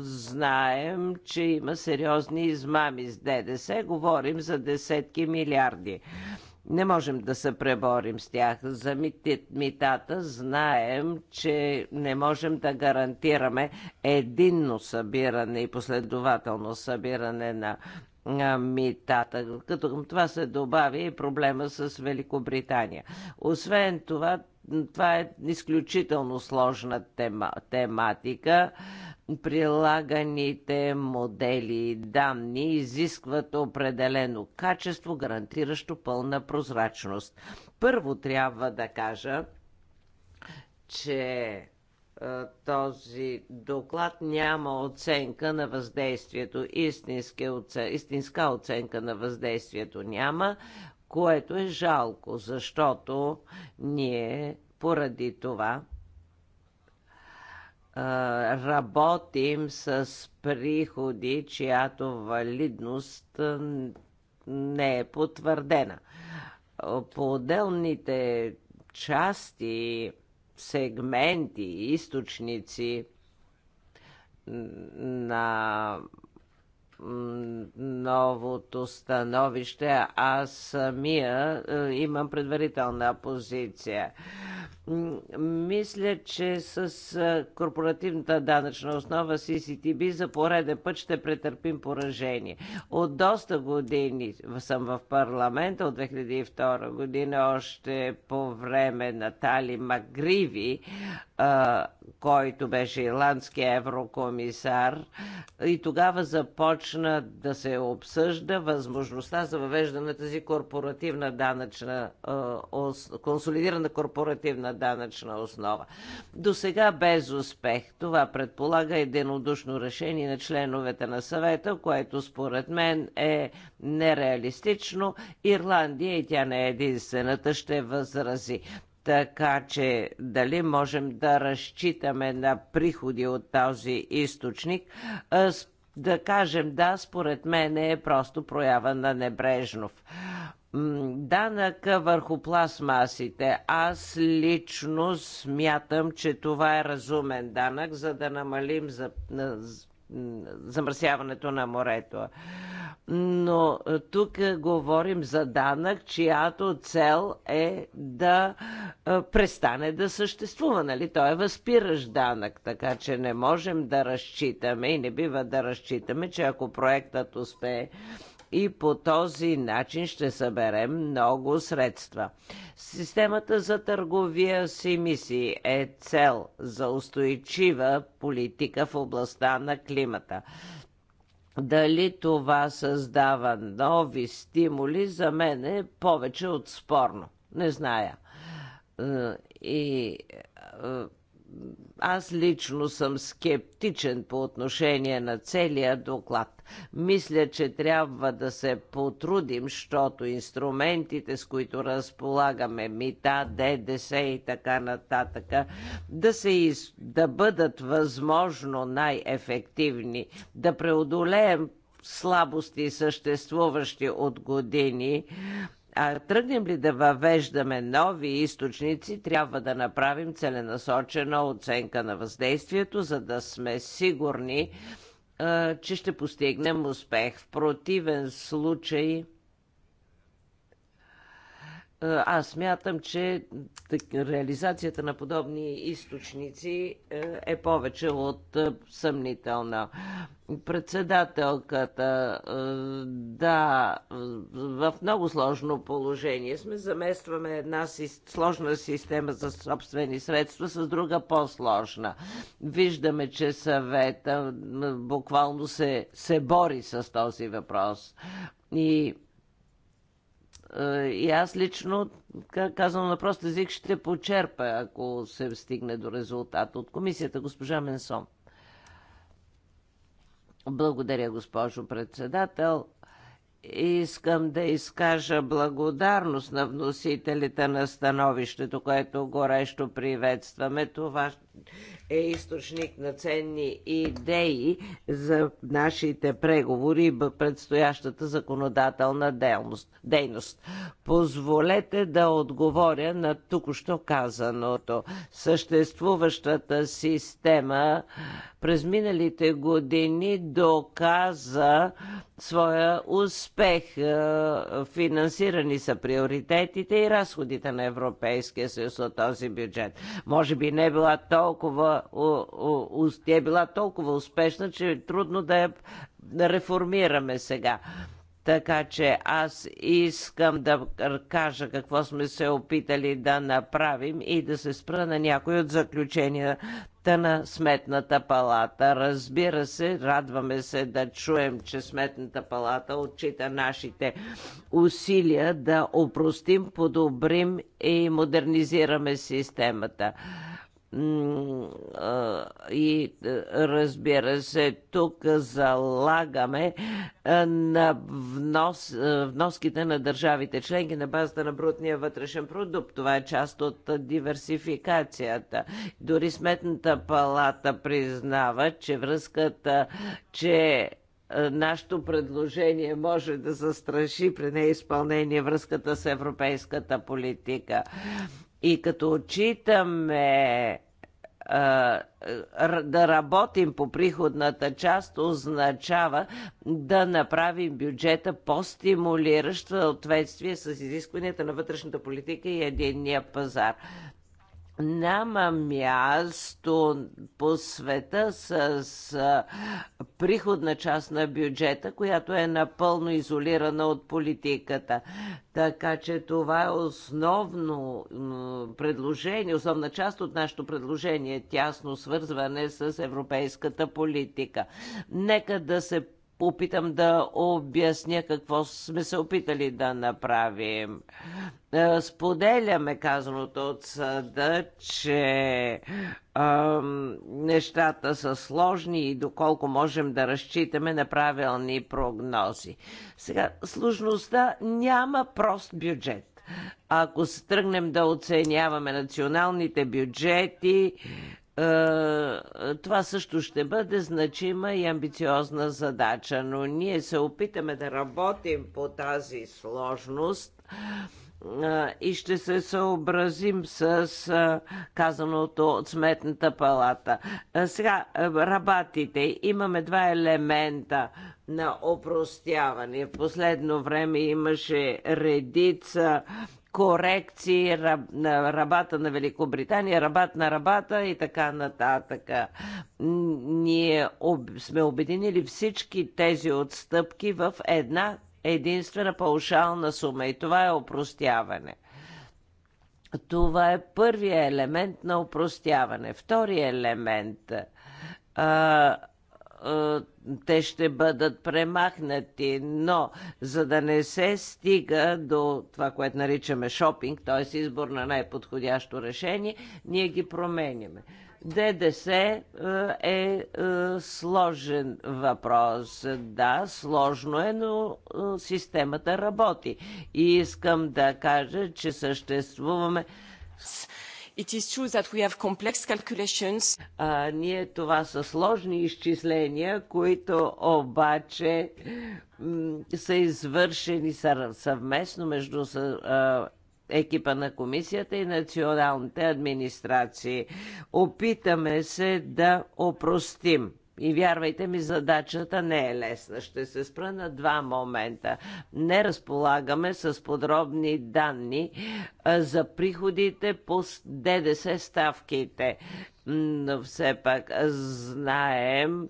знаем, че има сериозни измами с ДДС. Говорим за десетки милиарди. Е, не можем да се преборим с тях. За митата знаем, че не можем да гарантираме единно събиране и последователно събиране на митата. Като към това се добави и проблема с Великобритания. Освен това, това е изключително сложна тема, тематика Прилаганите модели и данни изискват определено качество, гарантиращо пълна прозрачност. Първо трябва да кажа, че е, този доклад няма оценка на въздействието. Истинска оценка на въздействието няма, което е жалко, защото ние поради това работим с приходи, чиято валидност не е потвърдена. По отделните части, сегменти, източници на новото становище, аз самия имам предварителна позиция. Мисля, че с корпоративната данъчна основа CCTB за пореден път ще претърпим поражение. От доста години съм в парламента, от 2002 година, още по време на Тали Магриви, който беше ирландски еврокомисар. И тогава започна да се обсъжда възможността за въвеждане на тази корпоративна данъчна, консолидирана корпоративна данъчна основа. До сега без успех. Това предполага единодушно решение на членовете на съвета, което според мен е нереалистично. Ирландия и тя не е единствената ще възрази. Така че дали можем да разчитаме на приходи от този източник, да кажем да, според мен е просто проява на небрежнов Данък върху пластмасите. Аз лично смятам, че това е разумен данък, за да намалим за, замърсяването на морето. Но е, тук е, говорим за данък, чиято цел е да е, престане да съществува. Нали? Той е възпиращ данък, така че не можем да разчитаме и не бива да разчитаме, че ако проектът успее и по този начин ще съберем много средства. Системата за търговия с емисии е цел за устойчива политика в областта на климата. Дали това създава нови стимули, за мен е повече от спорно. Не зная. Е, и е, аз лично съм скептичен по отношение на целия доклад. Мисля, че трябва да се потрудим, защото инструментите, с които разполагаме, мита, ДДС и така нататък, да, се из... да бъдат възможно най-ефективни, да преодолеем слабости, съществуващи от години, а тръгнем ли да въвеждаме нови източници, трябва да направим целенасочена оценка на въздействието, за да сме сигурни, че ще постигнем успех. В противен случай е, аз мятам, че реализацията на подобни източници е, е повече от е, съмнителна. Председателката, да, в много сложно положение сме. Заместваме една сложна система за собствени средства с друга по-сложна. Виждаме, че съвета буквално се, се бори с този въпрос. И е, и аз лично, казвам на прост език, ще почерпя, ако се стигне до резултат от комисията, госпожа Менсон. Благодаря, госпожо председател. Искам да изкажа благодарност на вносителите на становището, което горещо приветстваме. Това е източник на ценни идеи за нашите преговори и предстоящата законодателна дейност. Позволете да отговоря на току-що казаното. Съществуващата система през миналите години доказа своя успех успех. Е, финансирани са приоритетите и разходите на Европейския съюз от този бюджет. Може би не е била толкова, е била толкова успешна, че е трудно да я реформираме сега. Така че аз искам да кажа какво сме се опитали да направим и да се спра на някои от заключения на Сметната палата. Разбира се, радваме се да чуем, че Сметната палата отчита нашите усилия да опростим, подобрим и модернизираме системата и е, разбира се, тук залагаме е, на внос, е, вноските на държавите членки на базата на брутния вътрешен продукт. Това е част от диверсификацията. Дори Сметната палата признава, че връзката, че нашето предложение може да застраши при неизпълнение връзката с европейската политика. И като отчитаме да работим по приходната част означава да направим бюджета по-стимулиращ в съответствие с изискванията на вътрешната политика и единния пазар. Няма място по света с приходна част на бюджета, която е напълно изолирана от политиката. Така че това е основно предложение, основна част от нашето предложение, е тясно свързване с европейската политика. Нека да се опитам да обясня какво сме се опитали да направим. Е, споделяме казаното от съда, че а, нещата са сложни и доколко можем да разчитаме на правилни прогнози. Сега, сложността няма прост бюджет. Ако се тръгнем да оценяваме националните бюджети, е, това също ще бъде значима и амбициозна задача, но ние се опитаме да работим по тази сложност е, и ще се съобразим с е, казаното от Сметната палата. Сега, рабатите. Имаме два елемента на опростяване. В последно време имаше редица корекции, рабата на Великобритания, рабат на рабата и така нататък. Ние об, сме обединили всички тези отстъпки в една единствена паушална сума и това е опростяване. Това е първият елемент на опростяване. Втори елемент а, е, те ще бъдат премахнати, но за да не се стига до това, което наричаме шопинг, т.е. избор на най-подходящо решение, ние ги променяме. ДДС е, е, е сложен въпрос. Да, сложно е, но е, системата работи. И искам да кажа, че съществуваме. It is true that we have complex calculations. ние това са сложни изчисления, които обаче са извършени съвместно между екипа на комисията и националните администрации. Опитаме се да опростим и вярвайте ми, задачата не е лесна. Ще се спра на два момента. Не разполагаме с подробни данни за приходите по ДДС ставките. Но все пак знаем,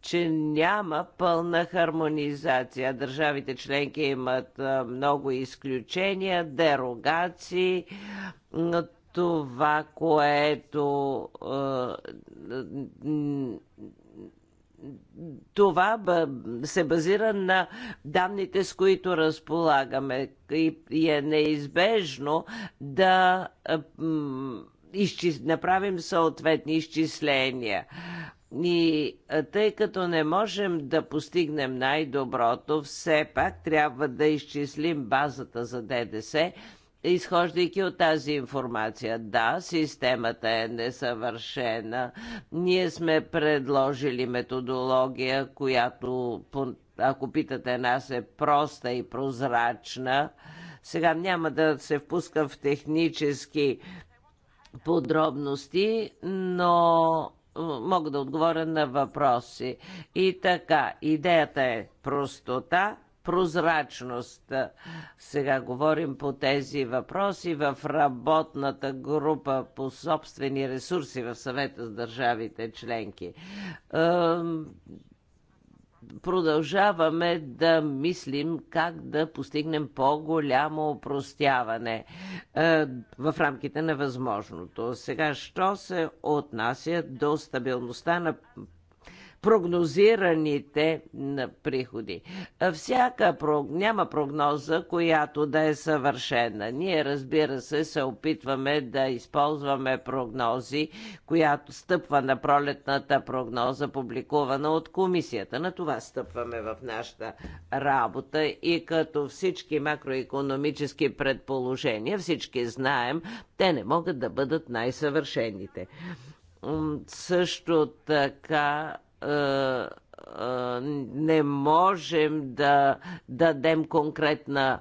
че няма пълна хармонизация. Държавите членки имат много изключения, дерогации, това, което това се базира на данните, с които разполагаме и е неизбежно да направим съответни изчисления. И тъй като не можем да постигнем най-доброто, все пак трябва да изчислим базата за ДДС изхождайки от тази информация. Да, системата е несъвършена. Ние сме предложили методология, която, ако питате нас, е проста и прозрачна. Сега няма да се впускам в технически подробности, но мога да отговоря на въпроси. И така, идеята е простота, прозрачност. Сега говорим по тези въпроси в работната група по собствени ресурси в съвета с държавите членки продължаваме да мислим как да постигнем по-голямо опростяване е, в рамките на възможното. Сега, що се отнася до стабилността на прогнозираните приходи. Всяка прог... няма прогноза, която да е съвършена. Ние, разбира се, се опитваме да използваме прогнози, която стъпва на пролетната прогноза, публикувана от комисията. На това стъпваме в нашата работа и като всички макроекономически предположения, всички знаем, те не могат да бъдат най-съвършените също така е, е, не можем да дадем конкретна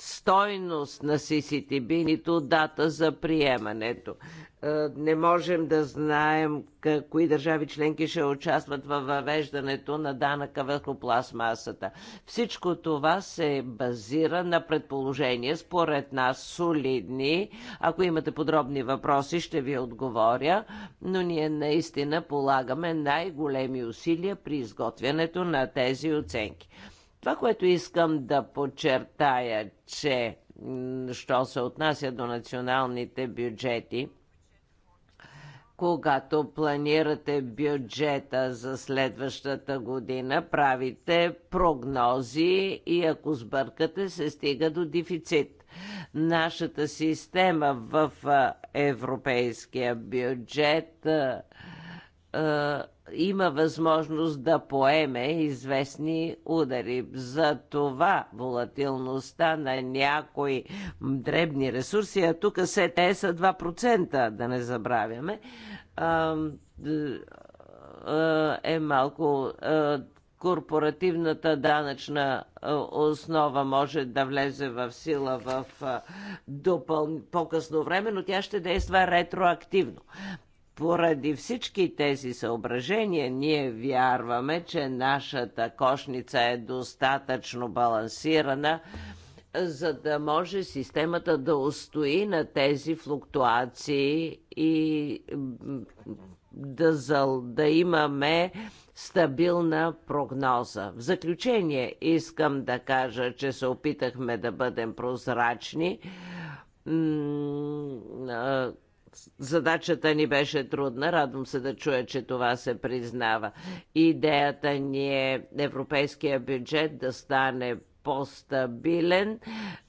стойност на CCTB, нито дата за приемането. Е, не можем да знаем кои държави членки ще участват във въвеждането на данъка върху пластмасата. Всичко това се базира на предположения, според нас солидни. Ако имате подробни въпроси, ще ви отговоря, но ние наистина полагаме най-големи усилия при изготвянето на тези оценки. Това, което искам да подчертая, че що се отнася до националните бюджети, когато планирате бюджета за следващата година, правите прогнози и ако сбъркате, се стига до дефицит. Нашата система в европейския бюджет е, има възможност да поеме известни удари. За това волатилността на някои дребни ресурси, а тук се те са 2%, да не забравяме, е, е, е малко корпоративната данъчна основа може да влезе в сила в допъл... по-късно време, но тя ще действа ретроактивно. Поради всички тези съображения ние вярваме, че нашата кошница е достатъчно балансирана, за да може системата да устои на тези флуктуации и да, зал, да имаме стабилна прогноза. В заключение искам да кажа, че се опитахме да бъдем прозрачни Задачата ни беше трудна, радвам се да чуя, че това се признава. Идеята ни е европейския бюджет да стане по-стабилен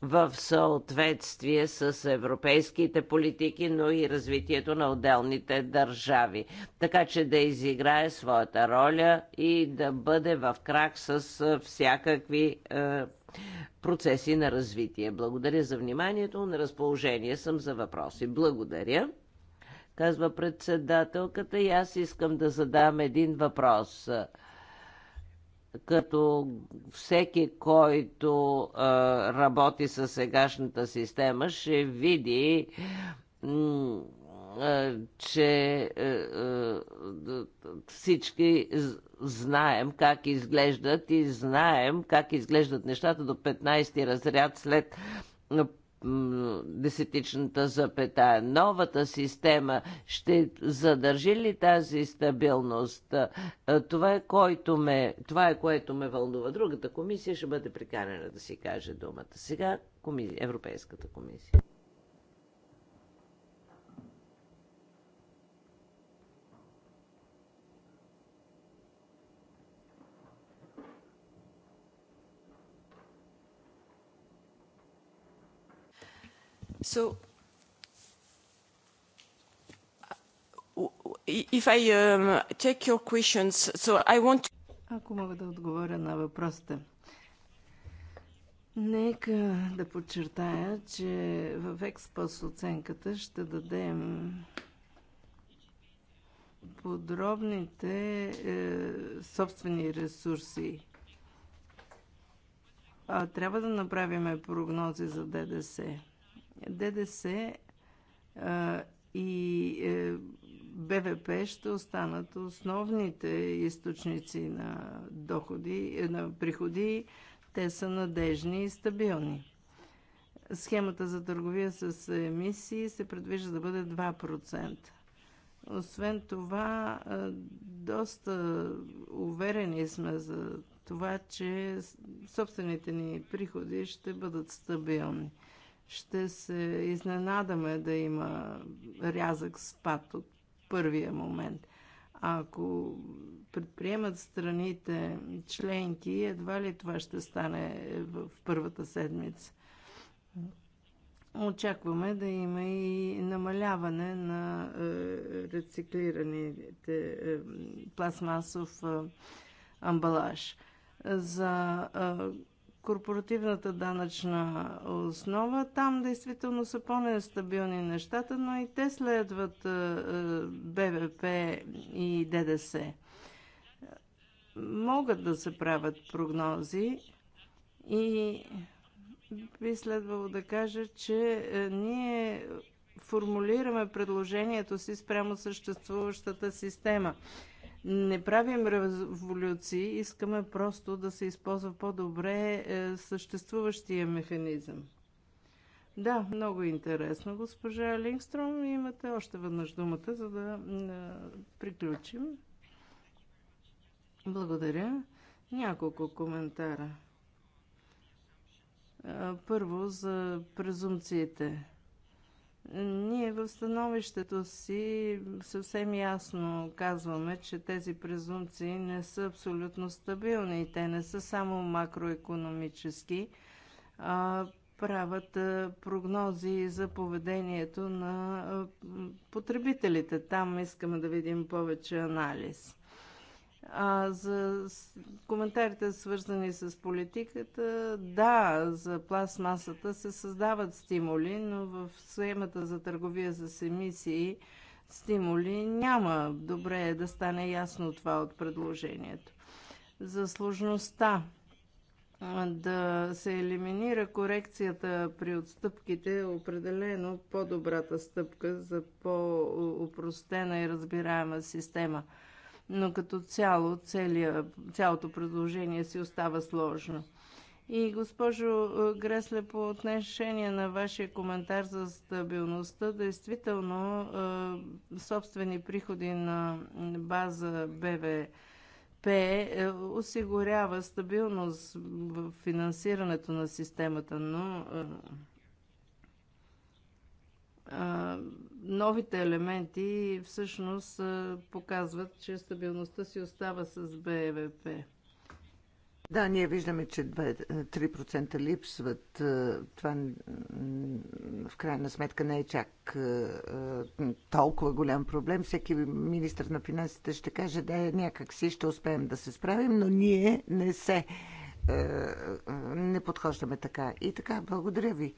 в съответствие с европейските политики, но и развитието на отделните държави. Така че да изиграе своята роля и да бъде в крак с всякакви е, процеси на развитие. Благодаря за вниманието. На разположение съм за въпроси. Благодаря казва председателката, и аз искам да задам един въпрос. Като всеки, който а, работи със сегашната система, ще види че всички знаем как изглеждат и знаем как изглеждат нещата до 15-ти разряд след десетичната запетая. Новата система ще задържи ли тази стабилност? Това е, който ме, това е което ме вълнува. Другата комисия ще бъде приканена да си каже думата. Сега комисия, Европейската комисия.
So uh, if I um, take your questions, so
I want to... Ако мога да отговоря на въпросите. Нека да подчертая, че в експос оценката ще дадем подробните е, собствени ресурси. А, трябва да направим прогнози за ДДС. ДДС а, и е, БВП ще останат основните източници на доходи, е, на приходи. Те са надежни и стабилни. Схемата за търговия с емисии се предвижда да бъде 2%. Освен това, е, доста уверени сме за това, че собствените ни приходи ще бъдат стабилни ще се изненадаме да има рязък спад от първия момент. ако предприемат страните членки, едва ли това ще стане в първата седмица. Очакваме да има и намаляване на е, рециклираните е, пластмасов е, амбалаж. За корпоративната данъчна основа. Там действително са по-нестабилни нещата, но и те следват е, е, БВП и ДДС. Могат да се правят прогнози и би следвало да кажа, че е, ние формулираме предложението си спрямо съществуващата система не правим революции, искаме просто да се използва по-добре е, съществуващия механизъм. Да, много интересно, госпожа Лингстром. Имате още веднъж думата, за да е, приключим. Благодаря. Няколко коментара. Е, първо за презумциите. Ние в становището си съвсем ясно казваме, че тези презумпции не са абсолютно стабилни. Те не са само макроекономически, а правят прогнози за поведението на потребителите. Там искаме да видим повече анализ. А за коментарите свързани с политиката, да, за пластмасата се създават стимули, но в схемата за търговия с емисии стимули няма. Добре е да стане ясно това от предложението. За сложността да се елиминира корекцията при отстъпките е определено по-добрата стъпка за по-упростена и разбираема система – но като цяло целия, цялото предложение си остава сложно. И госпожо е, Гресле, по отношение на вашия коментар за стабилността, действително е, собствени приходи на база БВП е, осигурява стабилност в финансирането на системата, но новите елементи всъщност показват, че стабилността си остава с БВП.
Да, ние виждаме, че 3% липсват. Това в крайна сметка не е чак толкова голям проблем. Всеки министр на финансите ще каже, да, някак си ще успеем да се справим, но ние не се не подхождаме така. И така, благодаря ви.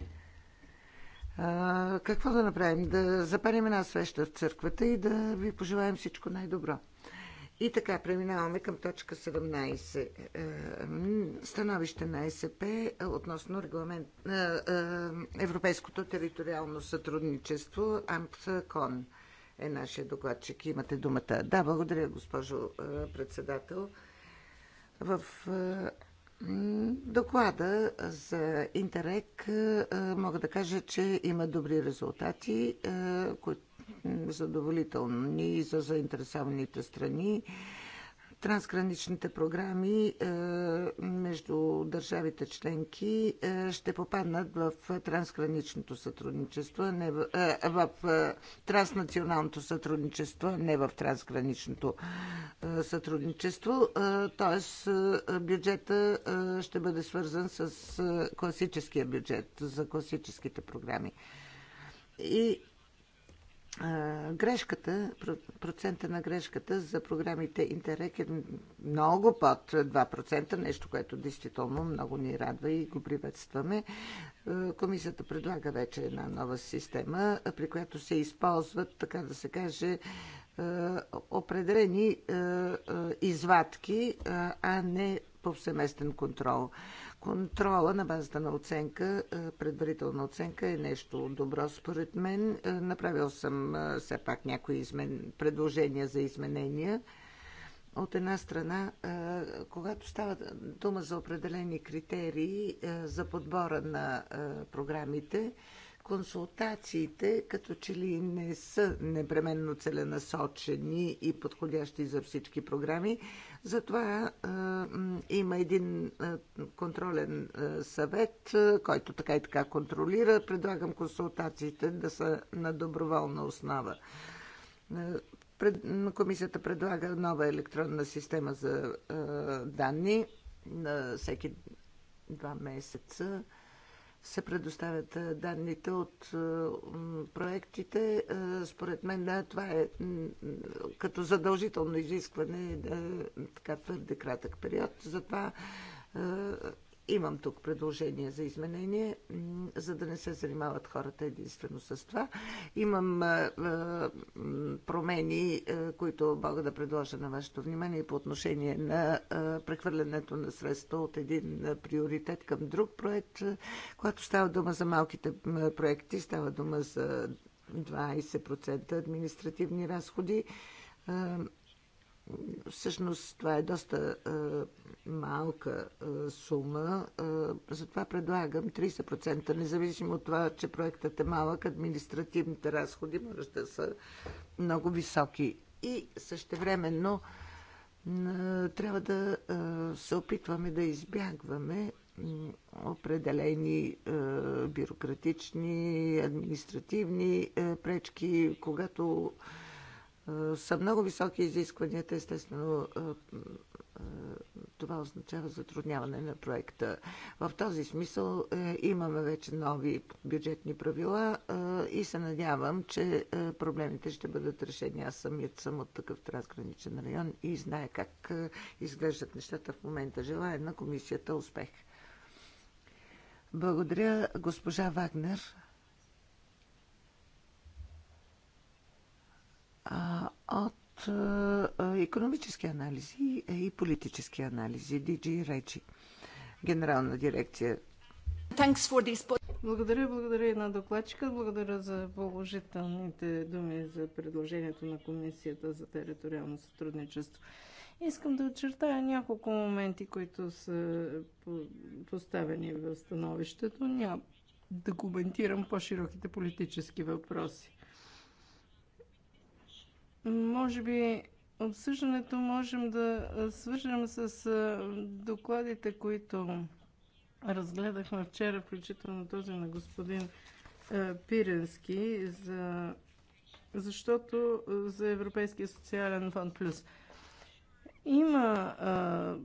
А, какво да направим? Да запалим една свеща в църквата и да ви пожелаем всичко най-добро. И така, преминаваме към точка 17. Е, е, становище на ЕСП относно регламент, е, Европейското териториално сътрудничество АМПСКОН е нашия докладчик. Имате думата. Да, благодаря, госпожо председател. В Доклада за Интерек е, мога да кажа, че има добри резултати, е, които задоволителни и за заинтересованите страни трансграничните програми е, между държавите членки е, ще попаднат в трансграничното сътрудничество, не в, е, в транснационалното сътрудничество, не в трансграничното сътрудничество. Тоест бюджета ще бъде свързан с класическия бюджет за класическите програми. И грешката, процента на грешката за програмите Интерек е много под 2%, нещо, което действително много ни радва и го приветстваме. Комисията предлага вече една нова система, при която се използват, така да се каже, определени извадки, а не повсеместен контрол. Контрола на базата на оценка, е, предварителна оценка е нещо добро според мен. Е, направил съм е, все пак някои измен... предложения за изменения. От една страна, когато става дума за определени критерии за подбора на програмите, консултациите като че ли не са непременно целенасочени и подходящи за всички програми. Затова е, има един е, контролен е, съвет, който така и така контролира. Предлагам консултациите да са на доброволна основа. Пред, комисията предлага нова електронна система за е, данни на всеки два месеца се предоставят данните от проектите. Според мен да, това е като задължително изискване така твърде кратък период. Затова Имам тук предложение за изменение, за да не се занимават хората единствено с това. Имам промени, които мога да предложа на вашето внимание по отношение на прехвърлянето на средства от един приоритет към друг проект. Когато става дума за малките проекти, става дума за 20% административни разходи Всъщност това е доста а, малка а, сума, а, затова предлагам 30%, независимо от това, че проектът е малък, административните разходи може да са много високи. И същевременно а, трябва да а, се опитваме да избягваме определени а, бюрократични, административни а, пречки, когато е, са много високи изискванията, естествено е, е, това означава затрудняване на проекта. В този смисъл имаме вече нови бюджетни правила и се надявам, че проблемите ще бъдат решени. Аз самият съм от такъв трансграничен район и знае как изглеждат нещата в момента. Желая на комисията успех. Благодаря, госпожа Вагнер. от е, е, економически анализи и
политически анализи, Диджи Речи, генерална дирекция. Благодаря, благодаря и на докладчика. Благодаря за положителните думи за предложението на Комисията за териториално сътрудничество. Искам да очертая няколко моменти, които са поставени в становището. Няма да коментирам по-широките политически въпроси. Може би обсъждането можем да свържем с докладите, които разгледахме вчера, включително този на господин Пиренски, за... защото за Европейския социален фонд плюс. Има а,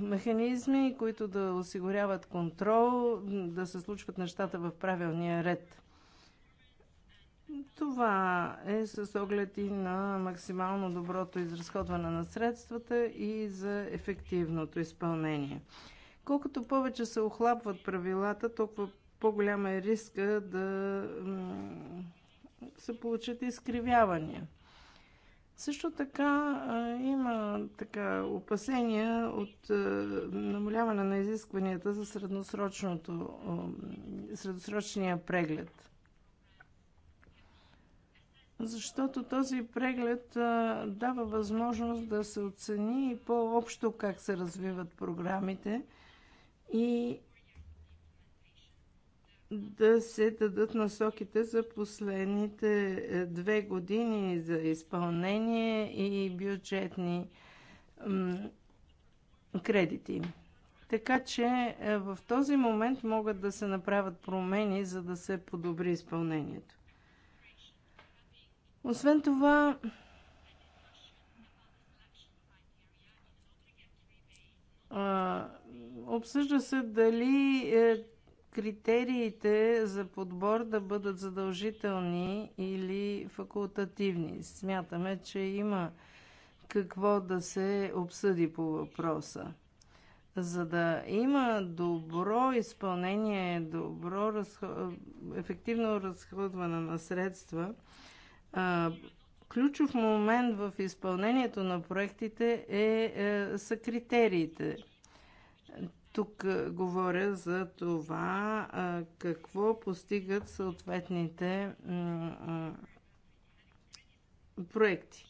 механизми, които да осигуряват контрол, да се случват нещата в правилния ред. Това е с оглед и на максимално доброто изразходване на средствата и за ефективното изпълнение. Колкото повече се охлапват правилата, толкова по голяма е риска да се получат изкривявания. Също така има така опасения от намаляване на изискванията за средносрочното, средносрочния преглед защото този преглед а, дава възможност да се оцени по-общо как се развиват програмите и да се дадат насоките за последните е, две години за изпълнение и бюджетни кредити. Така че е, в този момент могат да се направят промени, за да се подобри изпълнението. Освен това, а, обсъжда се дали е, критериите за подбор да бъдат задължителни или факултативни. Смятаме, че има какво да се обсъди по въпроса. За да има добро изпълнение, добро разход... ефективно разходване на средства, Ключов момент в изпълнението на проектите е, е са критериите. Тук е, говоря за това какво постигат съответните проекти.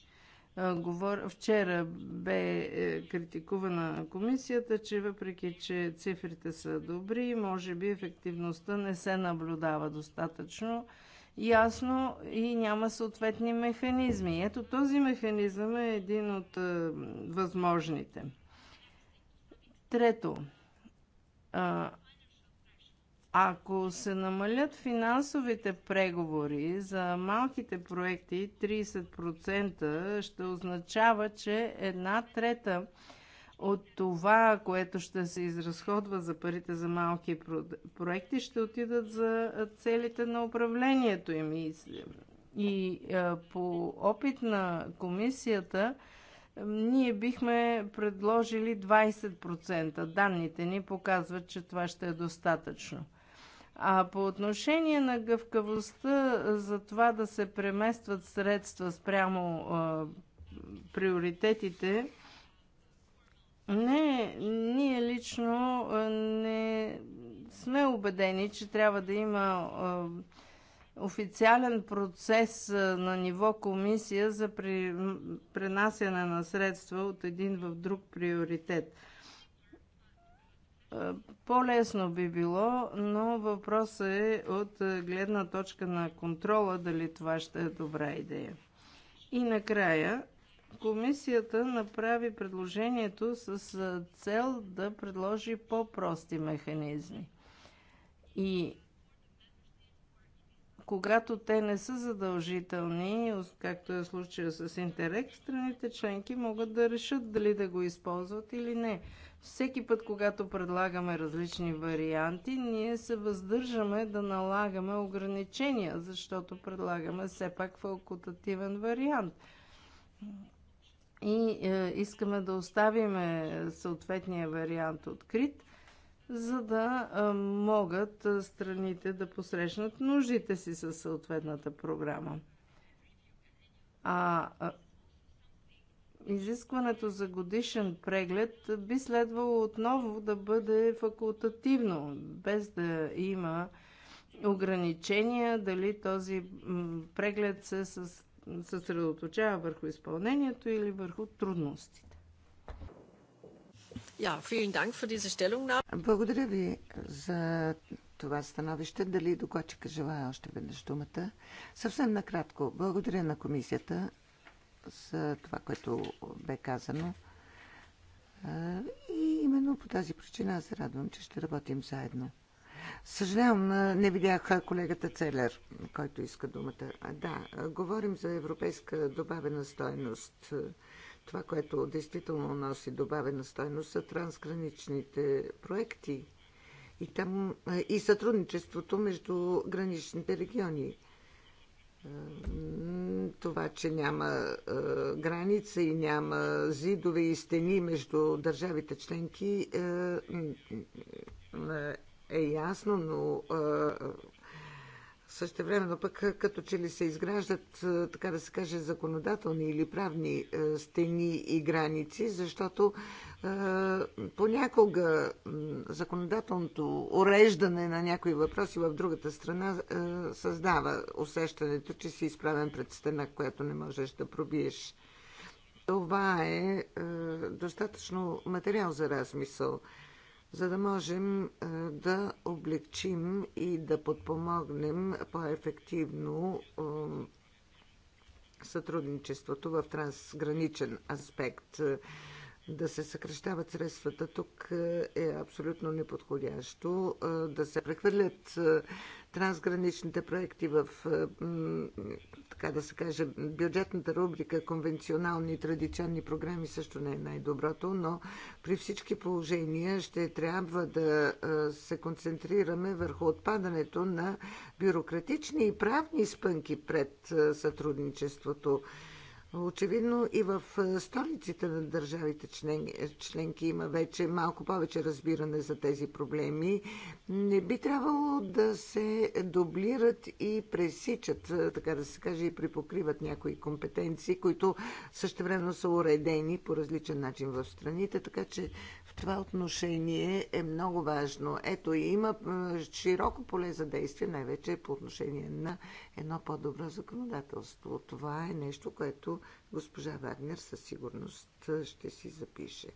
Вчера бе е, критикувана комисията, че въпреки, че цифрите са добри, може би ефективността не се наблюдава достатъчно ясно и няма съответни механизми. Ето този механизъм е един от е, възможните. Трето, а, ако се намалят финансовите преговори за малките проекти 30%, ще означава, че една трета от това, което ще се изразходва за парите за малки проекти, ще отидат за целите на управлението им. И, и по опит на комисията, ние бихме предложили 20%. Данните ни показват, че това ще е достатъчно. А по отношение на гъвкавостта за това да се преместват средства спрямо а, приоритетите, не, ние лично не сме убедени, че трябва да има официален процес на ниво комисия за пренасяне на средства от един в друг приоритет. По-лесно би било, но въпросът е от гледна точка на контрола дали това ще е добра идея. И накрая Комисията направи предложението с цел да предложи по-прости механизми. И когато те не са задължителни, както е случая с Интерек, страните членки могат да решат дали да го използват или не. Всеки път, когато предлагаме различни варианти, ние се въздържаме да налагаме ограничения, защото предлагаме все пак факултативен вариант и е, искаме да оставим съответния вариант открит, за да е, могат е, страните да посрещнат нуждите си със съответната програма. А е, изискването за годишен преглед би следвало отново да бъде факултативно, без да има ограничения дали този преглед се с съсредоточава върху изпълнението или върху трудностите. Благодаря ви за
това становище. Дали докладчика желая още веднъж думата? Съвсем накратко. Благодаря на комисията за това, което бе казано. И именно по тази причина аз се радвам, че ще работим заедно. Съжалявам, не видях колегата Целер, който иска думата. Да, говорим за европейска добавена стойност. Това, което действително носи добавена стойност, са трансграничните проекти и, там, и сътрудничеството между граничните региони. Това, че няма граница и няма зидове и стени между държавите членки, е, е ясно, но също времено пък като че ли се изграждат, така да се каже, законодателни или правни стени и граници, защото понякога законодателното уреждане на някои въпроси в другата страна създава усещането, че си изправен пред стена, която не можеш да пробиеш. Това е достатъчно материал за размисъл за да можем е, да облегчим и да подпомогнем по-ефективно е, сътрудничеството в трансграничен аспект. Да се съкрещават средствата тук е абсолютно неподходящо. Е, да се прехвърлят трансграничните проекти в, е, така да се каже, бюджетната рубрика конвенционални и традиционни програми също не е най-доброто, но при всички положения ще трябва да е, се концентрираме върху отпадането на бюрократични и правни спънки пред е, сътрудничеството Очевидно и в столиците на държавите член, членки има вече малко повече разбиране за тези проблеми. Не би трябвало да се дублират и пресичат, така да се каже, и припокриват някои компетенции, които също време са уредени по различен начин в страните, така че това отношение е много важно. Ето, има е, широко поле за действие, най-вече по отношение на едно по-добро законодателство. Това е нещо, което госпожа Вагнер със сигурност е, ще си запише.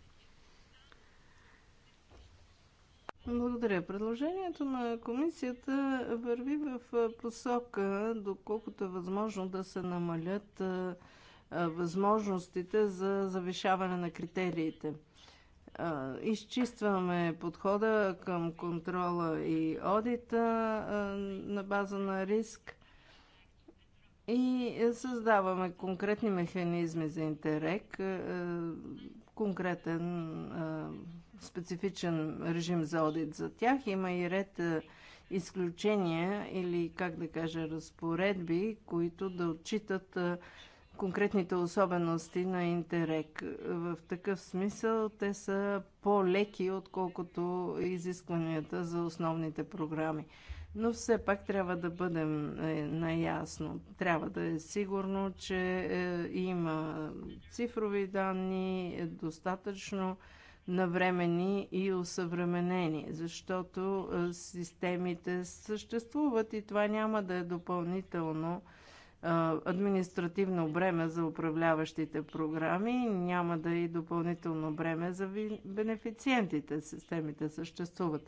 Благодаря. Предложението на комисията върви в е, посока, доколкото е възможно да се намалят възможностите за завишаване на критериите изчистваме подхода към контрола и одита на база на риск и създаваме конкретни механизми за интерек, конкретен специфичен режим за одит за тях. Има и ред изключения или, как да кажа, разпоредби, които да отчитат конкретните особености на Интерек. В такъв смисъл те са по-леки, отколкото изискванията за основните програми. Но все пак трябва да бъдем е, наясно. Трябва да е сигурно, че е, има цифрови данни, е, достатъчно навремени и усъвременени, защото системите съществуват и това няма да е допълнително административно бреме за управляващите програми, няма да и допълнително бреме за бенефициентите. Системите съществуват.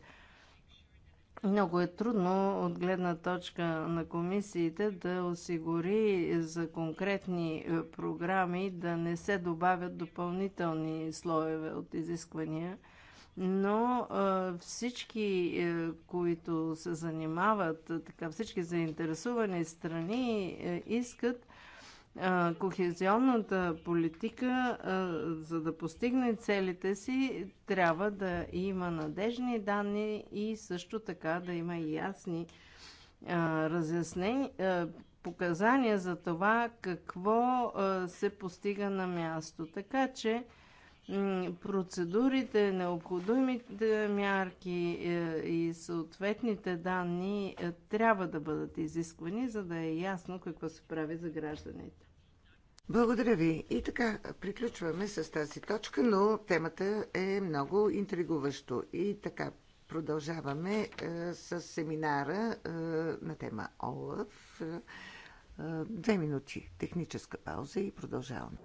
Много е трудно от гледна точка на комисиите да осигури за конкретни е, програми да не се добавят допълнителни слоеве от изисквания – но всички, е, които се занимават, е, така, всички заинтересувани страни е, искат кохезионната политика, за да постигне целите си, трябва да има надежни данни и също така да има и ясни разяснения, показания за това какво се постига на място. Така че процедурите, необходимите мярки е, и съответните данни е, трябва да бъдат изисквани, за да е ясно какво се прави за гражданите.
Благодаря ви. И така, приключваме с тази точка, но темата е много интригуващо. И така, продължаваме е, с семинара е, на тема ОЛАФ. Е, е две минути техническа пауза и продължаваме.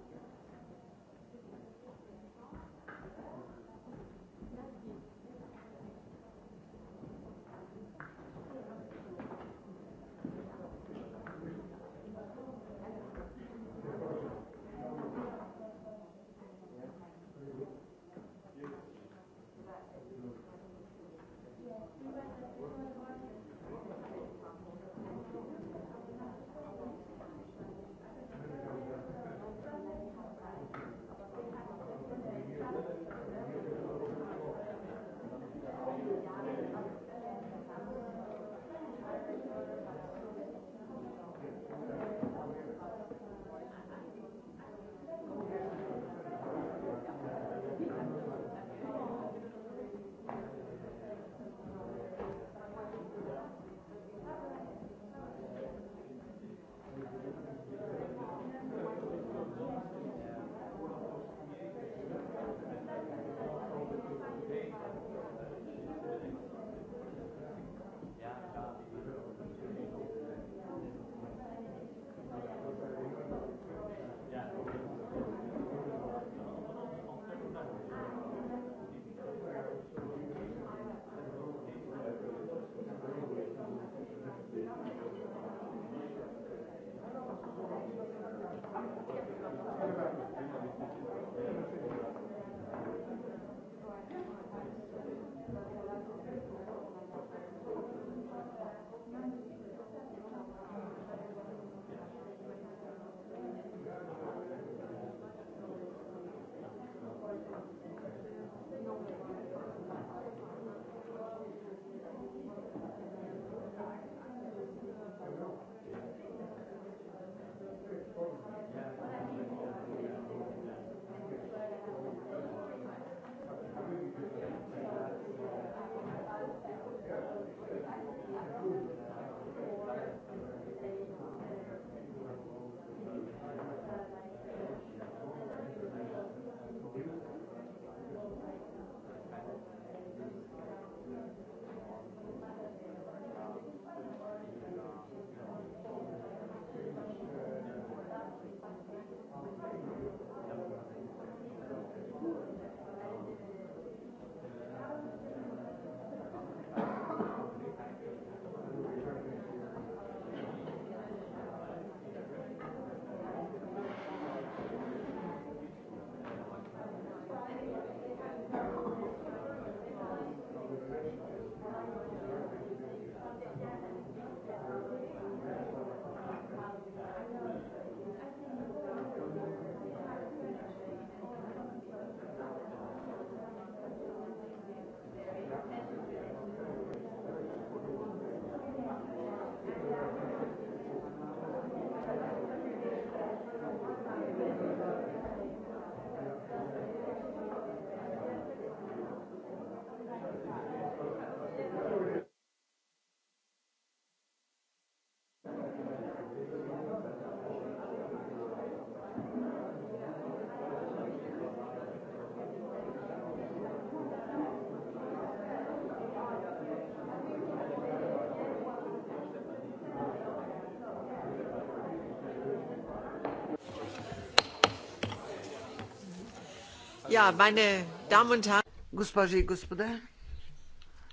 Ja, meine Damen
und Herren. Госпожи и господа,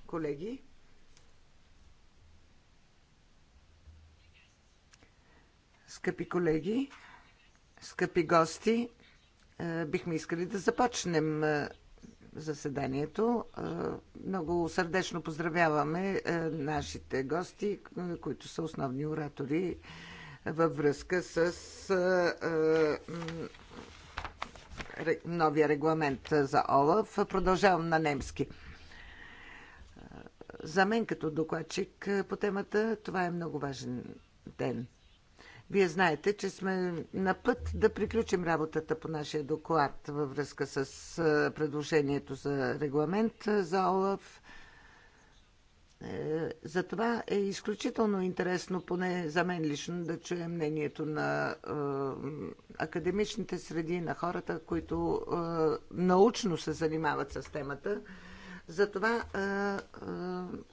колеги, скъпи колеги, скъпи гости, е, бихме искали да започнем е, заседанието. Е, много сърдечно поздравяваме нашите гости, които са основни оратори във връзка с новия регламент за ОЛАФ. Продължавам на немски. За мен като докладчик по темата това е много важен ден. Вие знаете, че сме на път да приключим работата по нашия доклад във връзка с предложението за регламент за ОЛАФ. Е, затова е изключително интересно, поне за мен лично, да чуя мнението на е, академичните среди, на хората, които е, научно се занимават с темата, за това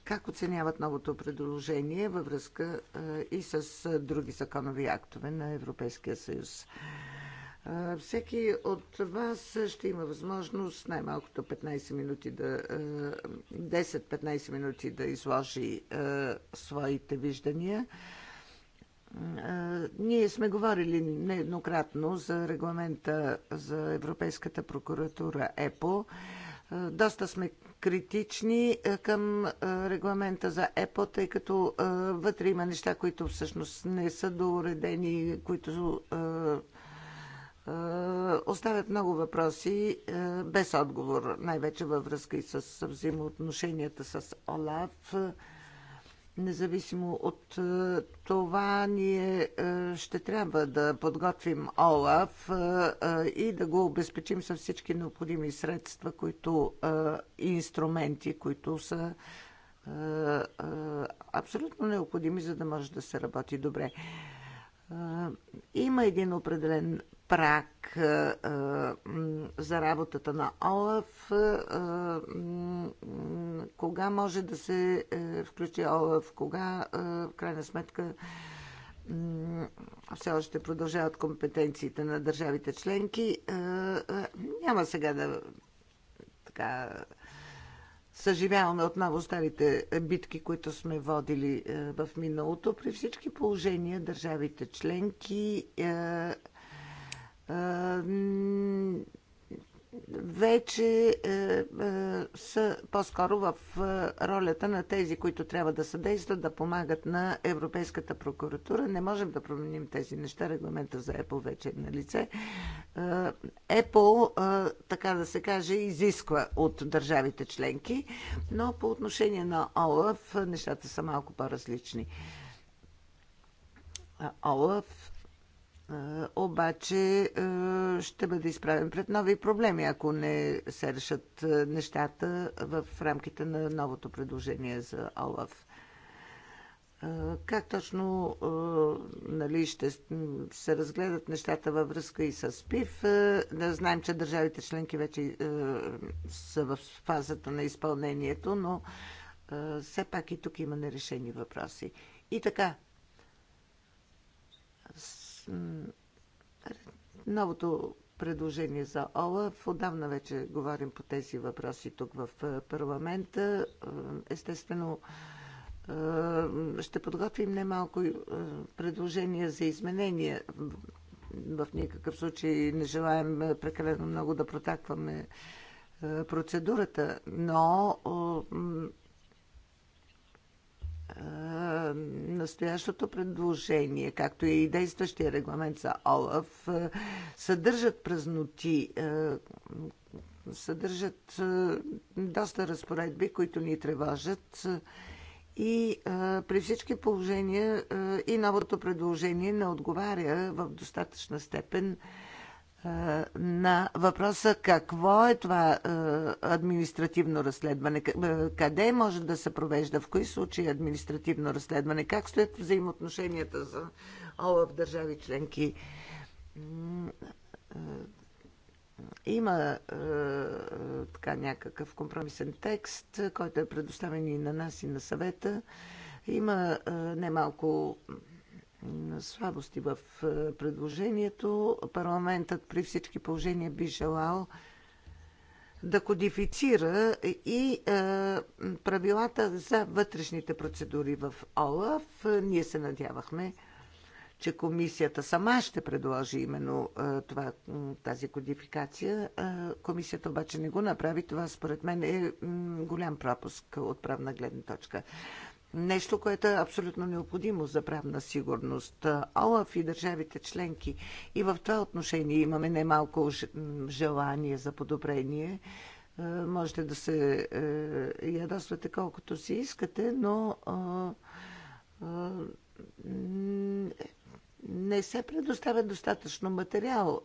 как оценяват новото предложение във връзка и с други законови актове на Европейския съюз. Всеки от вас ще има възможност най-малкото 15 минути да, 10-15 минути да изложи своите виждания. Ние сме говорили нееднократно за регламента за Европейската прокуратура ЕПО. Доста сме критични към регламента за ЕПО, тъй като вътре има неща, които всъщност не са доуредени, които е, оставят много въпроси е, без отговор, най-вече във връзка и с взаимоотношенията с ОЛАФ. Независимо от е, това, ние ще трябва да подготвим ОЛАФ и да го обезпечим с всички необходими средства и инструменти, които са абсолютно необходими, за да може да се работи добре. Има един определен прак за работата на ОЛАФ? Кога може да се е, включи ОЛАФ? Кога, в крайна сметка, все още продължават компетенциите на държавите членки? Няма сега да така съживяваме отново старите битки, които сме водили е, в миналото. При всички положения държавите членки е, вече е, е, са по-скоро в е, ролята на тези, които трябва да съдействат, да помагат на Европейската прокуратура. Не можем да променим тези неща. Регламента за Apple вече е на лице. Apple, така да се каже, изисква от държавите членки, но по отношение на ОЛАФ нещата са малко по-различни. ОЛАФ обаче ще бъде изправен пред нови проблеми, ако не се решат нещата в рамките на новото предложение за ОЛАФ. Как точно нали, ще се разгледат нещата във връзка и с ПИФ? Да знаем, че държавите членки вече са в фазата на изпълнението, но все пак и тук има нерешени въпроси. И така, новото предложение за ОЛАФ. Отдавна вече говорим по тези въпроси тук в е, парламента. Е, естествено, е, ще подготвим немалко предложения за изменения. В никакъв случай не желаем прекалено много да протакваме процедурата, но е, настоящото предложение, както и действащия регламент за ОЛАФ, е, съдържат празноти, е, съдържат доста разпоредби, които ни тревожат. И при всички положения и новото предложение не отговаря в достатъчна степен на въпроса какво е това административно разследване, къде може да се провежда, в кои случаи е административно разследване, как стоят взаимоотношенията за ОЛАФ държави членки. Има така някакъв компромисен текст, който е предоставен и на нас и на съвета. Има немалко малко слабости в е, предложението. Парламентът при всички положения би желал да кодифицира и е, правилата за вътрешните процедури в ОЛАФ. Ние се надявахме, че комисията сама ще предложи именно е, това, тази кодификация. Е, комисията обаче не го направи. Това според мен е голям пропуск от правна гледна точка нещо, което е абсолютно необходимо за правна сигурност. ОЛАФ и държавите членки и в това отношение имаме немалко желание за подобрение. Е, можете да се е, ядосвате колкото си искате, но е, не се предоставя достатъчно материал.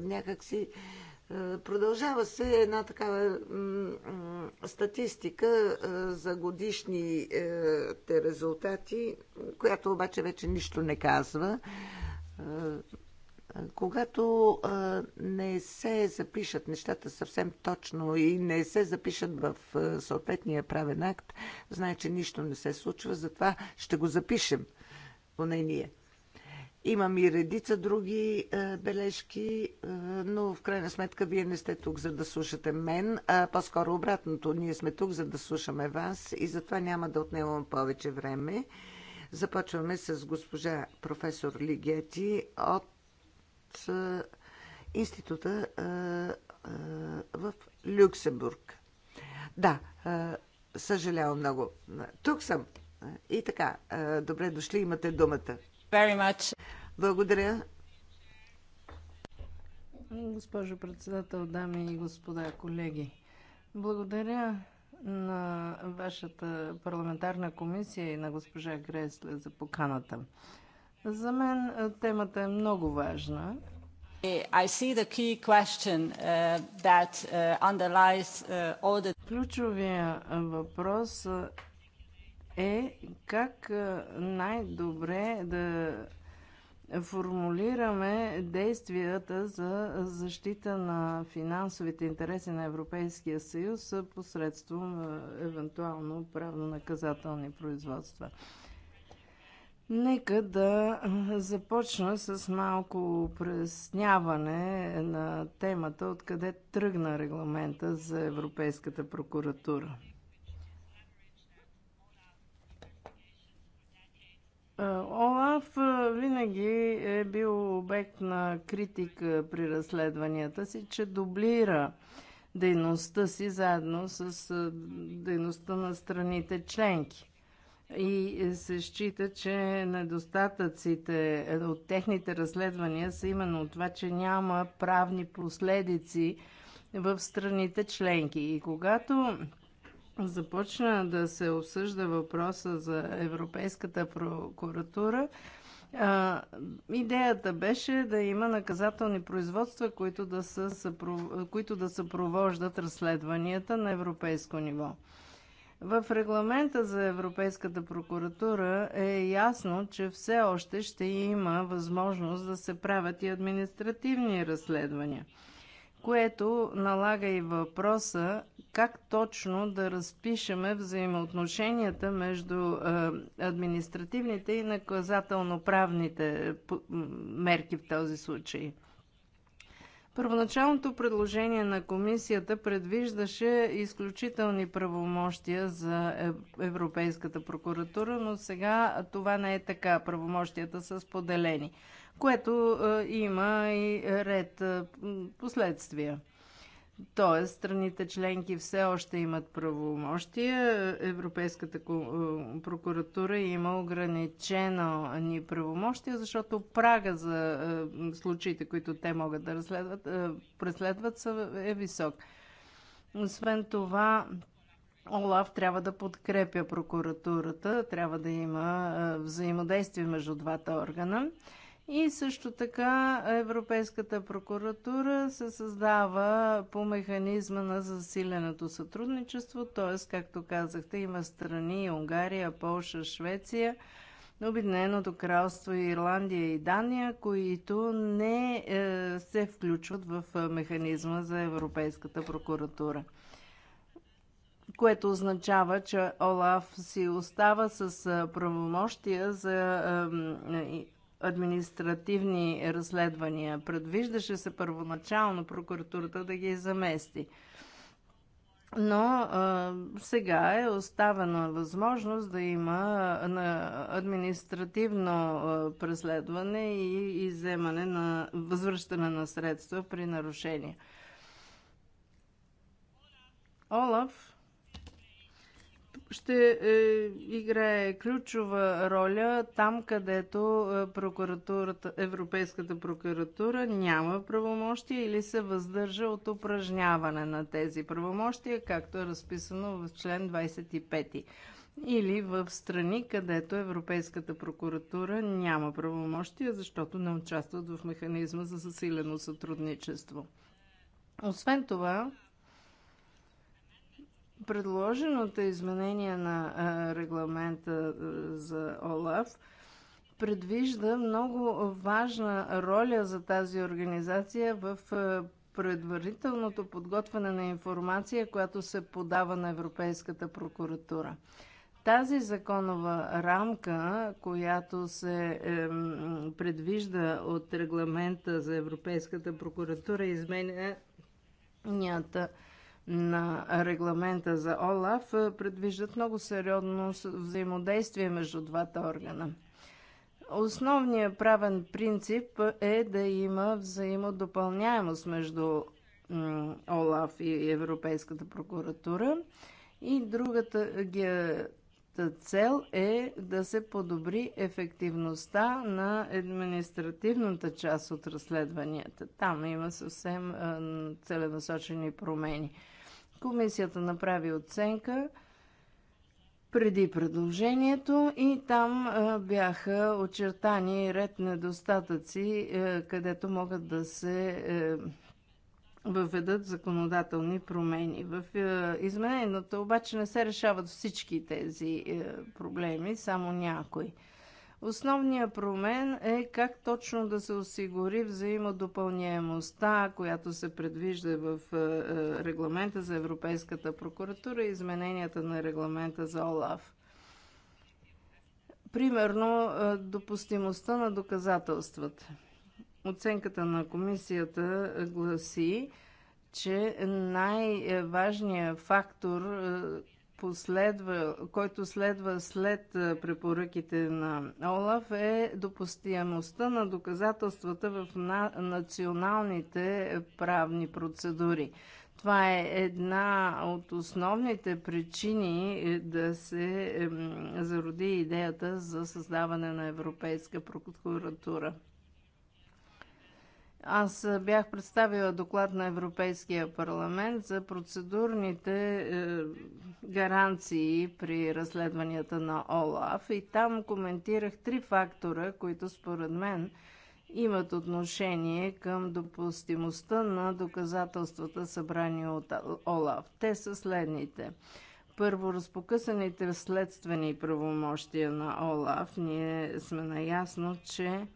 Някакси е, продължава се една такава статистика е, за годишните е, резултати, която обаче вече нищо не казва. Когато не се запишат нещата съвсем точно и не се запишат в съответния правен акт, знае, че нищо не се случва, затова ще го запишем, поне ние. Имам и редица други е, бележки, е, но в крайна сметка вие не сте тук за да слушате мен, а по-скоро обратното. Ние сме тук за да слушаме вас и затова няма да отнемам повече време. Започваме с госпожа професор Лигети от е, института е, е, в Люксембург. Да, е, съжалявам много. Тук съм. И така, е, добре дошли, имате думата very much. Благодаря.
Госпожо председател, дами и господа, колеги. Благодаря на вашата парламентарна комисия и на госпожа Гресле за поканата. За мен темата е много важна.
I see the key question uh, that uh, underlies uh, all the... Ключовия въпрос е как
най-добре да формулираме действията за защита на финансовите интереси на Европейския съюз посредством евентуално правно-наказателни производства. Нека да започна с малко пресняване на темата, откъде тръгна регламента за Европейската прокуратура. Е, Олаф е, винаги е бил обект на критика е, при разследванията си, че дублира дейността си заедно с дейността на страните членки. И се счита, че недостатъците от техните разследвания са именно от това, че няма правни последици в страните членки. И когато започна да се обсъжда въпроса за Европейската прокуратура, а, идеята беше да има наказателни производства, които да, са, които да съпровождат разследванията на европейско ниво. В регламента за Европейската прокуратура е ясно, че все още ще има възможност да се правят и административни разследвания – което налага и въпроса как точно да разпишеме взаимоотношенията между административните и наказателно-правните мерки в този случай. Първоначалното предложение на комисията предвиждаше изключителни правомощия за Европейската прокуратура, но сега това не е така. Правомощията са споделени което е, има и ред е, последствия. Тоест, страните членки все още имат правомощия. Европейската е, прокуратура има ограничено ни правомощия, защото прага за случаите, които те могат да разследват, преследват, е висок. Освен това, Олаф трябва да подкрепя прокуратурата, трябва да има взаимодействие между двата органа. И също така Европейската прокуратура се създава по механизма на засиленото сътрудничество, т.е. както казахте, има страни Унгария, Полша, Швеция, Обединеното кралство Ирландия и Дания, които не е, се включват в е, механизма за Европейската прокуратура което означава, че Олаф си остава с е, правомощия за административни разследвания. Предвиждаше се първоначално прокуратурата да ги замести. Но а, сега е оставена възможност да има на административно а, преследване и иземане на възвръщане на средства при нарушения. Олаф ще е, играе ключова роля там, където е, прокуратурата, Европейската прокуратура няма правомощия или се въздържа от упражняване на тези правомощия, както е разписано в член 25 или в страни, където Европейската прокуратура няма правомощия, защото не участват в механизма за засилено сътрудничество. Освен това, Предложеното изменение на регламента за ОЛАФ предвижда много важна роля за тази организация в предварителното подготвяне на информация, която се подава на Европейската прокуратура. Тази законова рамка, която се е, предвижда от регламента за Европейската прокуратура, изменя на регламента за ОЛАФ предвиждат много сериозно взаимодействие между двата органа. Основният правен принцип е да има взаимодопълняемост между ОЛАФ и Европейската прокуратура. И другата цел е да се подобри ефективността на административната част от разследванията. Там има съвсем целенасочени промени. Комисията направи оценка преди предложението и там бяха очертани ред недостатъци, където могат да се е, въведат законодателни промени. В е, изменението обаче не се решават всички тези е, проблеми, само някои. Основният промен е как точно да се осигури взаимодопълняемостта, която се предвижда в е, е, регламента за Европейската прокуратура и измененията на регламента за ОЛАВ. Примерно, е, допустимостта на доказателствата. Оценката на комисията гласи, че най-важният фактор, последва, който следва след препоръките на ОЛАФ е допустимостта на доказателствата в на, националните правни процедури. Това е една от основните причини е, да се зароди идеята за създаване на Европейска прокуратура. Аз бях представила доклад на Европейския парламент за процедурните е, гаранции при разследванията на ОЛАФ и там коментирах три фактора, които според мен имат отношение към допустимостта на доказателствата събрани от ОЛАФ. Те са следните. Първо, разпокъсаните следствени правомощия на ОЛАФ. Ние сме наясно, че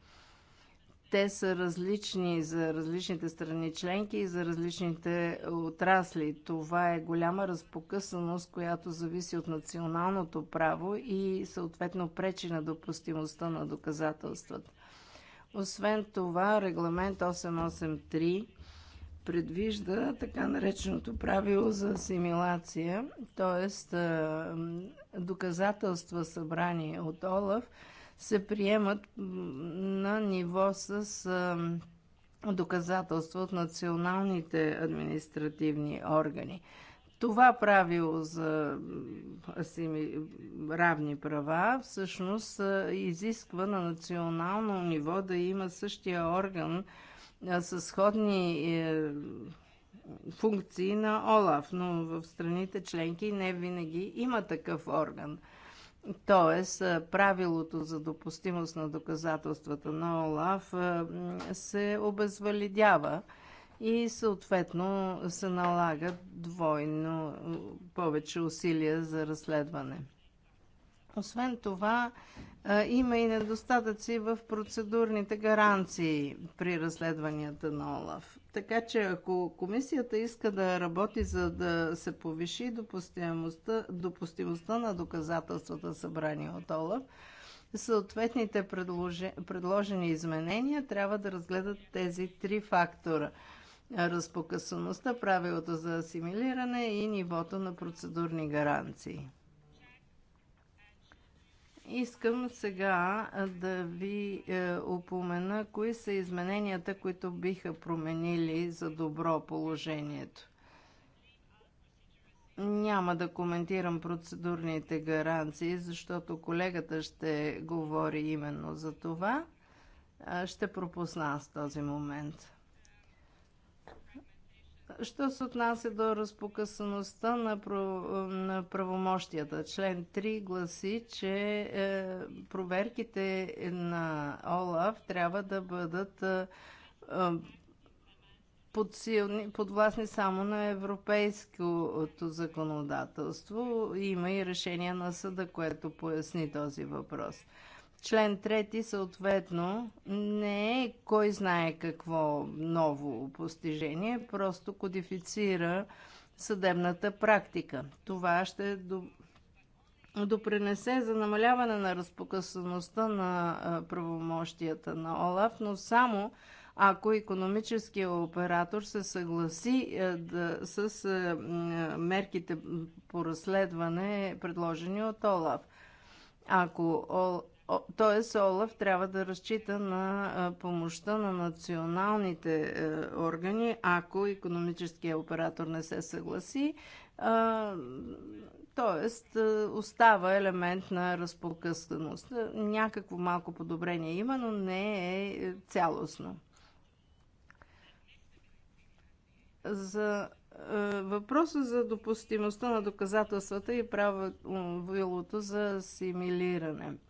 те са различни за различните страни членки и за различните отрасли. Това е голяма разпокъсаност, която зависи от националното право и съответно пречи на допустимостта на доказателствата. Освен това, регламент 883 предвижда така нареченото правило за асимилация, т.е. доказателства събрани от ОЛАФ – се приемат на ниво с доказателства от националните административни органи. Това правило за равни права всъщност изисква на национално ниво да има същия орган с сходни е, функции на ОЛАФ, но в страните членки не винаги има такъв орган. Тоест, правилото за допустимост на доказателствата на ОЛАФ се обезвалидява и съответно се налага двойно повече усилия за разследване. Освен това, има и недостатъци в процедурните гаранции при разследванията на ОЛАФ. Така че ако комисията иска да работи за да се повиши допустимостта, допустимостта на доказателствата събрани от ОЛАФ, съответните предложени изменения трябва да разгледат тези три фактора разпокъсаността, правилото за асимилиране и нивото на процедурни гаранции. Искам сега да ви е, упомена кои са измененията, които биха променили за добро положението. Няма да коментирам процедурните гаранции, защото колегата ще говори именно за това. Ще пропусна с този момент. Що се отнася до разпокъсаността на, на правомощията, член 3 гласи, че е, проверките на ОЛАВ трябва да бъдат е, е подвластни само на европейското законодателство. Има и решение на съда, което поясни този въпрос. Член 3 съответно не е кой знае какво ново постижение, просто кодифицира съдебната практика. Това ще допринесе за намаляване на разпокъсаността на правомощията на ОЛАФ, но само ако економическия оператор се съгласи да, с мерките по разследване, предложени от ОЛАФ. Ако Тоест Олаф трябва да разчита на помощта на националните е, органи, ако економическия оператор не се съгласи. Тоест е, остава елемент на разпокъсаност. Някакво малко подобрение има, но не е, е цялостно. За въпроса за допустимостта на доказателствата и правилото за асимилиране –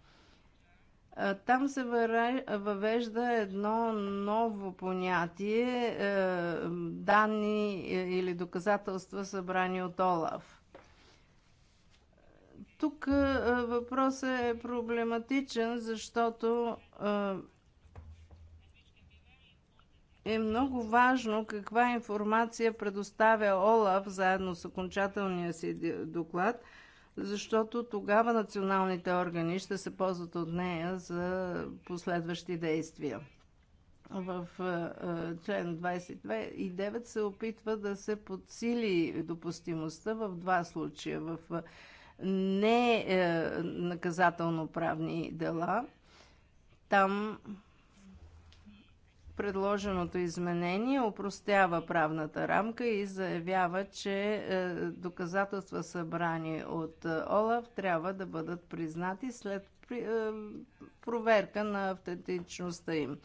там се въвежда едно ново понятие е, данни е, или доказателства, събрани от ОЛАФ. Тук е, въпросът е проблематичен, защото е много важно каква информация предоставя ОЛАФ заедно с окончателния си доклад – защото тогава националните органи ще се ползват от нея за последващи действия. В е, е, член 22 и 9 се опитва да се подсили допустимостта в два случая. В е, не наказателно-правни дела, там Предложеното изменение опростява правната рамка и заявява, че е, доказателства събрани от е, ОЛАВ трябва да бъдат признати след е, проверка на автентичността им.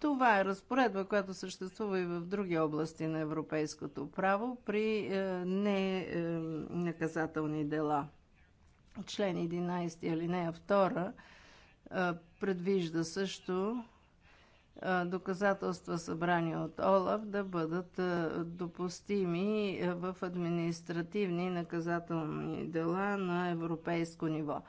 Това е разпоредба, която съществува и в други области на европейското право при не наказателни дела. Член 11 алинея 2 предвижда също доказателства събрани от ОЛАФ да бъдат допустими в административни наказателни дела на европейско ниво.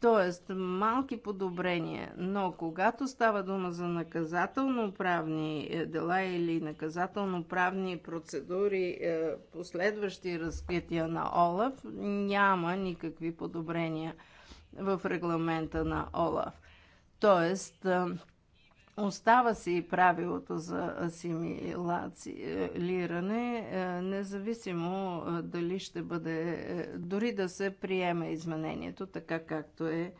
Тоест, малки подобрения, но когато става дума за наказателно-правни е, дела или наказателно-правни процедури, е, последващи разкрития на ОЛАФ, няма никакви подобрения в регламента на ОЛАФ. Тоест, е, Остава си и правилото за асимилиране, е, независимо е, дали ще бъде, е, дори да се приеме изменението така както е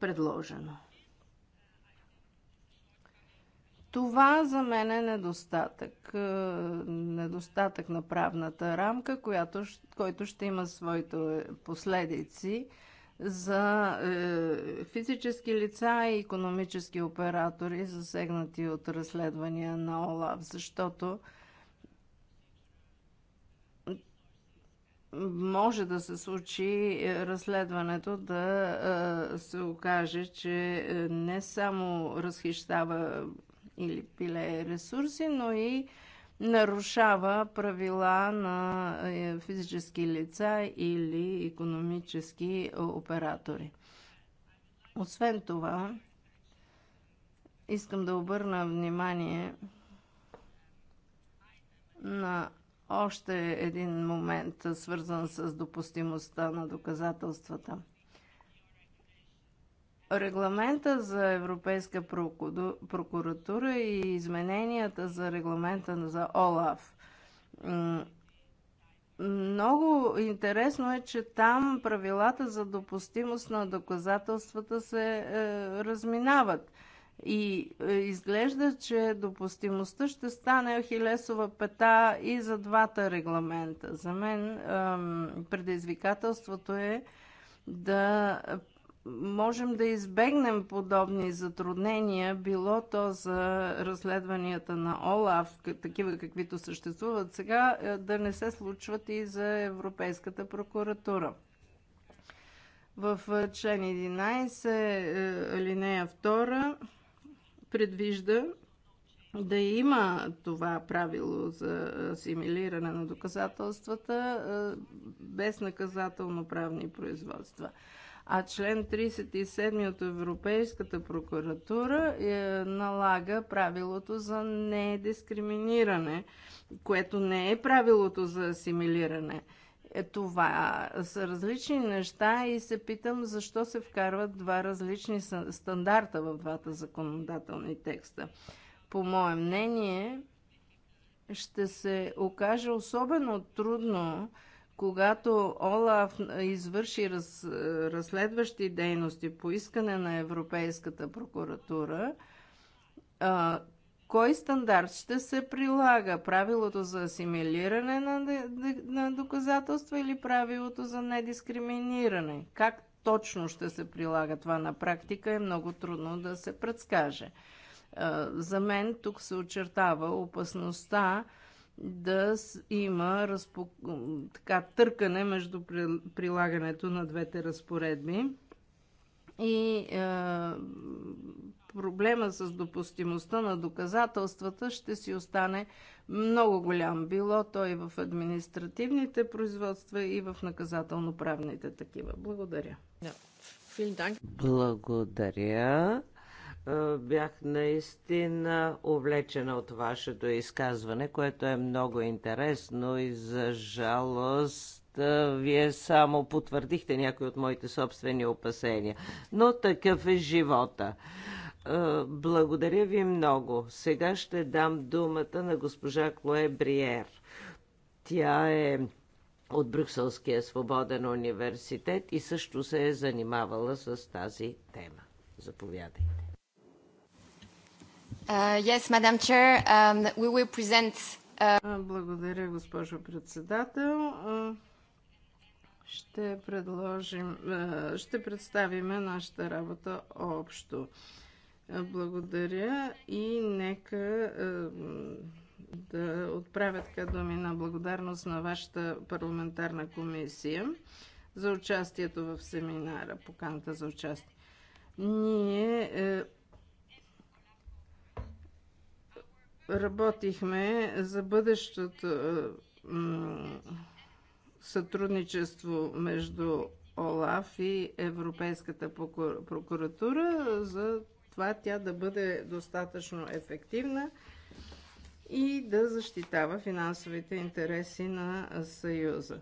предложено. Това за мен е недостатък. Недостатък на правната рамка, която, който ще има своите последици за е, физически лица и економически оператори, засегнати от разследвания на ОЛАВ, защото може да се случи е, разследването да е, се окаже, че е, не само разхищава или пиле ресурси, но и нарушава правила на е, физически лица или економически е, оператори. Освен това, искам да обърна внимание на още един момент, свързан с допустимостта на доказателствата – Регламента за Европейска прокуратура и измененията за регламента за ОЛАФ. Много интересно е, че там правилата за допустимост на доказателствата се е, разминават. И е, изглежда, че допустимостта ще стане хилесова пета и за двата регламента. За мен е, предизвикателството е да можем да избегнем подобни затруднения, било то за разследванията на ОЛАФ, такива каквито съществуват сега, е, да не се случват и за Европейската прокуратура. В е, член 11, е, алинея 2, предвижда да има това правило за асимилиране на доказателствата без наказателно правни производства а член 37 от Европейската прокуратура е, налага правилото за недискриминиране, което не е правилото за асимилиране. Е, това са различни неща и се питам защо се вкарват два различни стандарта в двата законодателни текста. По мое мнение, ще се окаже особено трудно когато Олаф извърши раз, разследващи дейности по искане на Европейската прокуратура, а, кой стандарт ще се прилага? Правилото за асимилиране на, на доказателства или правилото за недискриминиране? Как точно ще се прилага това на практика е много трудно да се предскаже. За мен тук се очертава опасността да има разпо... така, търкане между прилагането на двете разпоредби. И е, проблема с допустимостта на доказателствата ще си остане много голям. Било то и в административните производства и в наказателно-правните такива. Благодаря.
Благодаря. Е,
бях наистина увлечена
от вашето изказване, което е много интересно и за жалост е, вие само потвърдихте някои от моите собствени опасения. Но такъв е живота. Е, благодаря ви много. Сега ще дам думата на госпожа Клое Бриер. Тя е от Брюкселския свободен университет и също се е занимавала с тази тема. Заповядайте.
Uh, um, uh, благодаря, госпожо председател. Ще предложим, ще нашата работа общо. Благодаря и нека да отправя така думи на благодарност на вашата парламентарна комисия за участието в семинара, поканата за участие. Ние е, работихме за бъдещото е, сътрудничество между ОЛАФ и Европейската прокуратура, за това тя да бъде достатъчно ефективна и да защитава финансовите интереси на Съюза.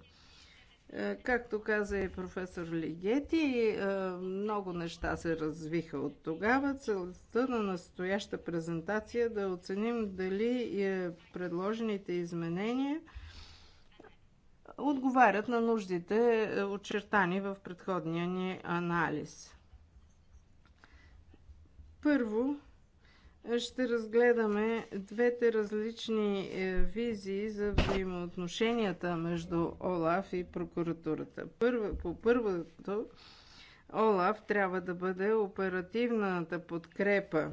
Е, както каза и професор Лигети, е, много неща се развиха от тогава. Целта на настояща презентация е да оценим дали е, предложените изменения отговарят на нуждите, очертани в предходния ни анализ. Първо, ще разгледаме двете различни е, визии за взаимоотношенията между ОЛАФ и прокуратурата. Първо, по първото, ОЛАФ трябва да бъде оперативната подкрепа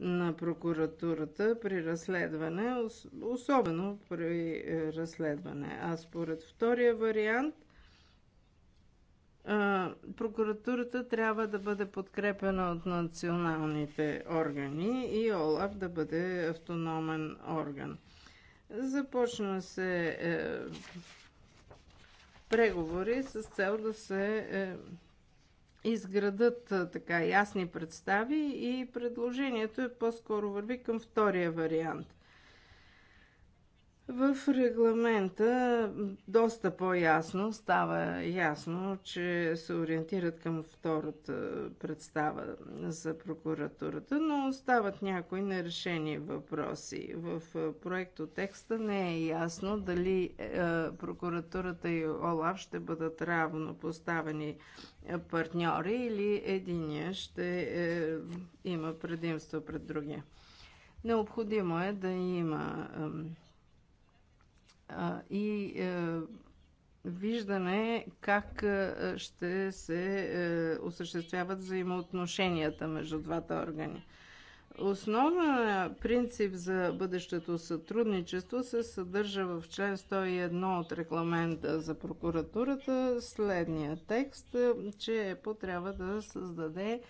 на прокуратурата при разследване, особено при е, разследване. А според втория вариант – прокуратурата трябва да бъде подкрепена от националните органи и ОЛАФ да бъде автономен орган. Започна се е, преговори с цел да се е, изградат е, така ясни представи и предложението е по-скоро върви към втория вариант. В регламента доста по-ясно става ясно, че се ориентират към втората представа за прокуратурата, но остават някои нерешени въпроси. В проекто текста не е ясно дали е, прокуратурата и ОЛАВ ще бъдат равно поставени е, партньори или единия ще е, има предимство пред другия. Необходимо е да има и е, виждане как е, ще се е, осъществяват взаимоотношенията между двата органи. Основен принцип за бъдещето сътрудничество се съдържа в член 101 от регламента за прокуратурата следния текст, че ЕПО трябва да създаде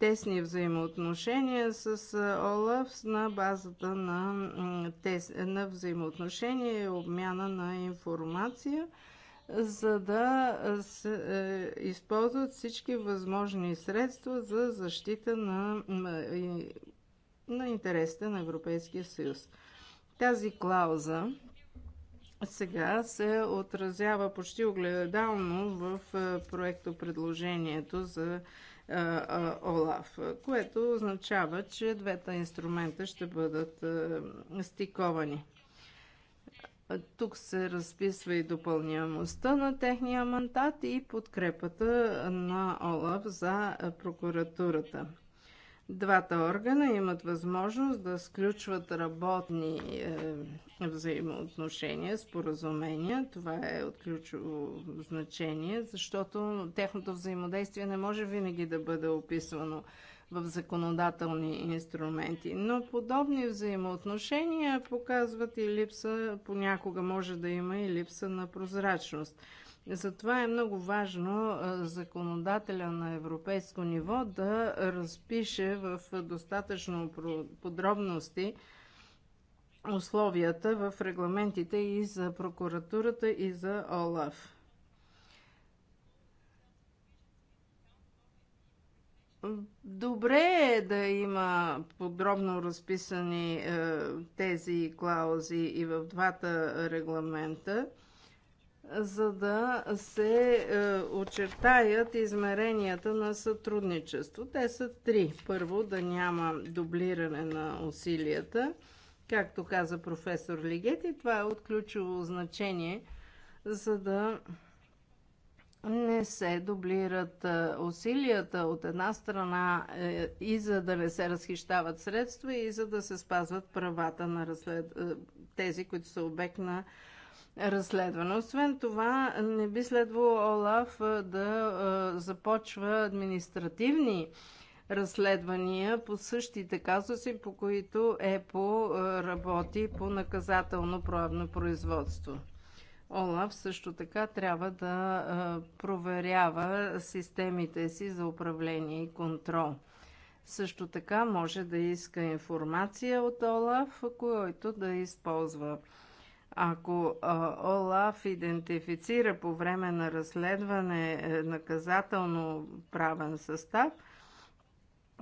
тесни взаимоотношения с ОЛАФ на базата на, тес, на взаимоотношения и обмяна на информация, за да с, е, използват всички възможни средства за защита на, на, на интересите на Европейския съюз. Тази клауза сега се отразява почти огледално в проекто предложението за ОЛАФ, което означава, че двете инструмента ще бъдат стиковани. Тук се разписва и допълняемостта на техния мандат и подкрепата на ОЛАФ за прокуратурата. Двата органа имат възможност да сключват работни е, взаимоотношения, споразумения. Това е от ключово значение, защото тяхното взаимодействие не може винаги да бъде описвано в законодателни инструменти. Но подобни взаимоотношения показват и липса, понякога може да има и липса на прозрачност. Затова е много важно законодателя на европейско ниво да разпише в достатъчно подробности условията в регламентите и за прокуратурата и за ОЛАФ. Добре е да има подробно разписани е, тези клаузи и в двата регламента за да се е, очертаят измеренията на сътрудничество. Те са три. Първо, да няма дублиране на усилията. Както каза професор Лигети, това е от ключово значение, за да не се дублират е, усилията от една страна е, и за да не се разхищават средства и за да се спазват правата на разслед... тези, които са обект на разследване. Освен това, не би следвало Олаф да започва административни разследвания по същите казуси, по които ЕПО работи по наказателно правно производство. Олаф също така трябва да проверява системите си за управление и контрол. Също така може да иска информация от Олаф, който да използва ако ОЛАФ идентифицира по време на разследване е, наказателно правен състав,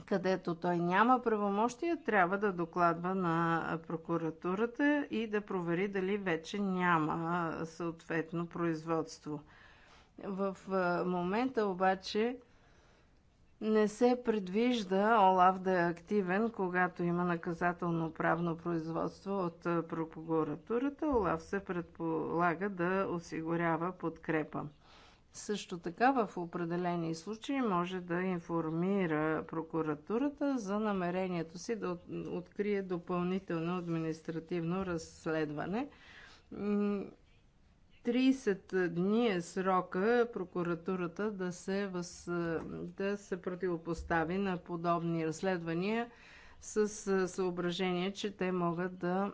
където той няма правомощия, трябва да докладва на прокуратурата и да провери дали вече няма съответно производство. В момента обаче не се предвижда ОЛАВ да е активен, когато има наказателно правно производство от прокуратурата. ОЛАВ се предполага да осигурява подкрепа. Също така в определени случаи може да информира прокуратурата за намерението си да открие допълнително административно разследване 30 дни е срока прокуратурата да се, въз... да се противопостави на подобни разследвания с съображение, че те могат да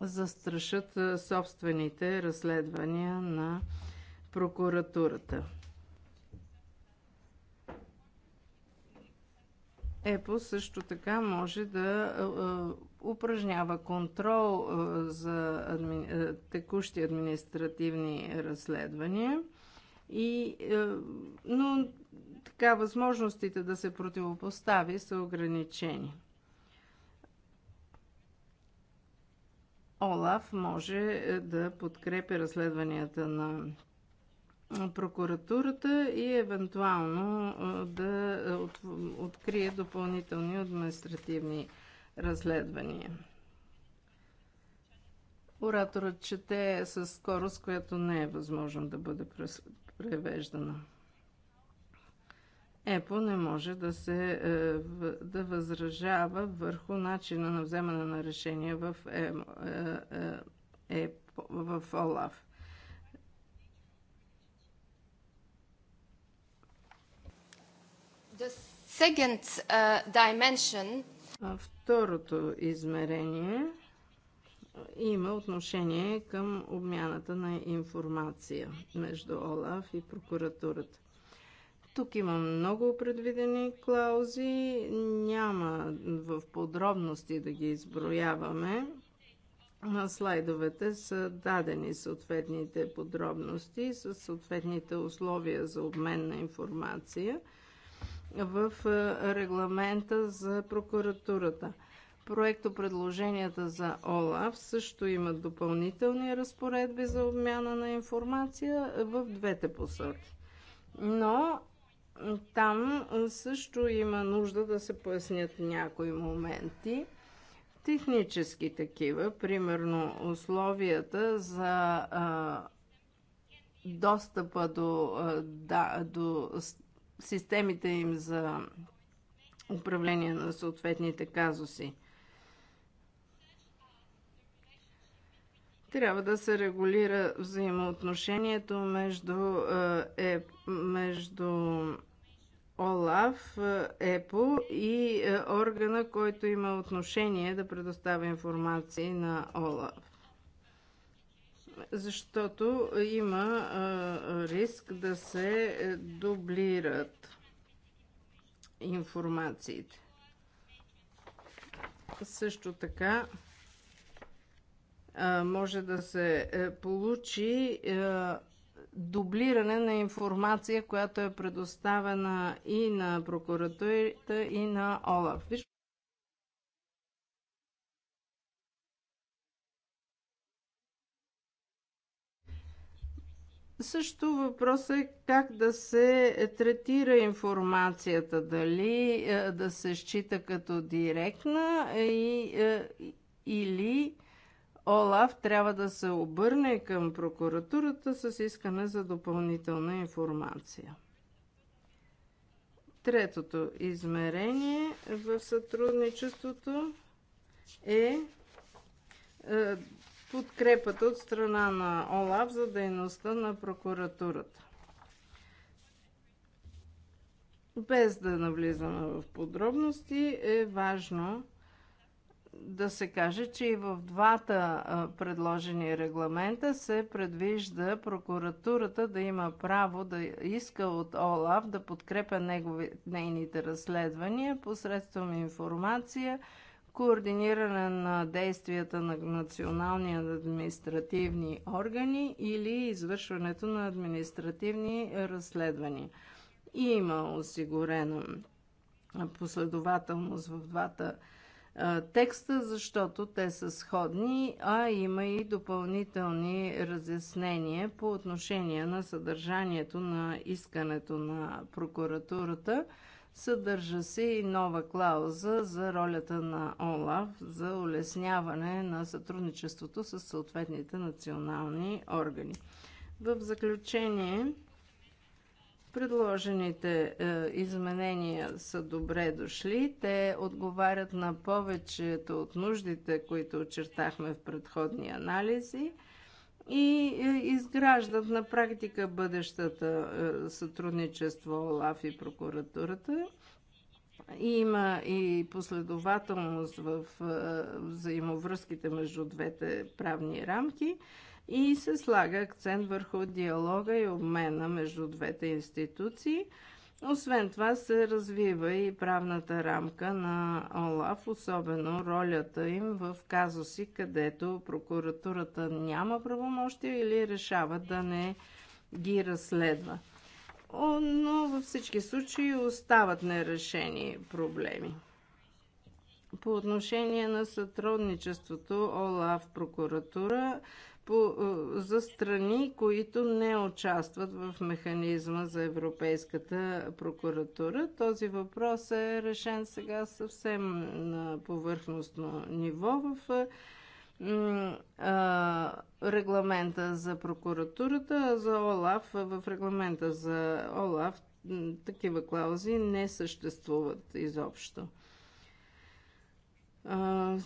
застрашат собствените разследвания на прокуратурата. ЕПО също така може да упражнява контрол е, за адми... Е, текущи административни разследвания. И, е, но така, възможностите да се противопостави са ограничени. Олаф може да подкрепи разследванията на прокуратурата и евентуално да открие допълнителни административни разследвания. Ораторът чете с скорост, която не е възможно да бъде превеждана. ЕПО не може да, се, е, да възражава върху начина на вземане на решение в, е, е, е, в ОЛАФ. The second uh, dimension второто измерение има отношение към обмяната на информация между ОЛАФ и прокуратурата. Тук има много предвидени клаузи, няма в подробности да ги изброяваме. На слайдовете са дадени съответните подробности с съответните условия за обмен на информация – в е, регламента за прокуратурата. Проекто предложенията за ОЛАФ също имат допълнителни разпоредби за обмяна на информация в двете посоки. Но там също има нужда да се пояснят някои моменти, технически такива, примерно условията за а, достъпа до, а, да, до системите им за управление на съответните казуси. Трябва да се регулира взаимоотношението между, е, е между ОЛАВ, е, ЕПО и е, органа, който има отношение да предоставя информации на Олав защото има риск да се дублират информациите. Също така може да се е, получи е, дублиране на информация, която е предоставена и на прокуратурата, и на ОЛАФ. Също въпрос е как да се третира информацията, дали е, да се счита като директна е, и, е, или Олаф трябва да се обърне към прокуратурата с искане за допълнителна информация. Третото измерение в сътрудничеството е подкрепата от страна на ОЛАВ за дейността на прокуратурата. Без да навлизаме в подробности, е важно да се каже, че и в двата предложени регламента се предвижда прокуратурата да има право да иска от ОЛАВ да подкрепя негови, нейните разследвания посредством информация – координиране на действията на национални административни органи или извършването на административни разследвания. И има осигурена последователност в двата текста, защото те са сходни, а има и допълнителни разяснения по отношение на съдържанието на искането на прокуратурата – Съдържа се и нова клауза за ролята на ОЛАФ за улесняване на сътрудничеството с съответните национални органи. В заключение, предложените е, изменения са добре дошли. Те отговарят на повечето от нуждите, които очертахме в предходни анализи – и е, изграждат на практика бъдещата е, сътрудничество ОЛАФ и прокуратурата. Има и последователност в е, взаимовръзките между двете правни рамки и се слага акцент върху диалога и обмена между двете институции – освен това се развива и правната рамка на ОЛАФ, особено ролята им в казуси, където прокуратурата няма правомощия или решава да не ги разследва. Но във всички случаи остават нерешени проблеми. По отношение на сътрудничеството ОЛАФ прокуратура по, е, за страни, които не участват в механизма за Европейската прокуратура. Този въпрос е решен сега съвсем на повърхностно ниво в е, регламента за прокуратурата, за ОЛАФ, е, в регламента за ОЛАФ такива клаузи не съществуват изобщо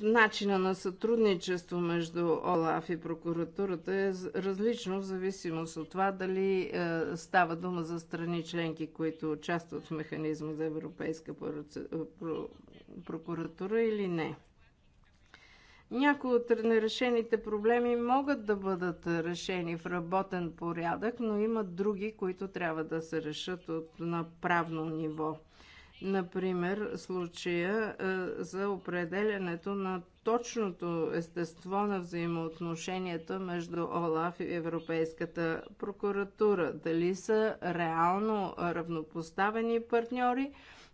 начина на сътрудничество между ОЛАФ и прокуратурата е различно в зависимост от това дали е, става дума за страни членки, които участват в механизма за Европейска е, прокуратура или не. Някои от нерешените проблеми могат да бъдат решени в работен порядък, но има други, които трябва да се решат от, на правно ниво. Например, случая е, за определенето на точното естество на взаимоотношенията между ОЛАФ и Европейската прокуратура. Дали са реално равнопоставени партньори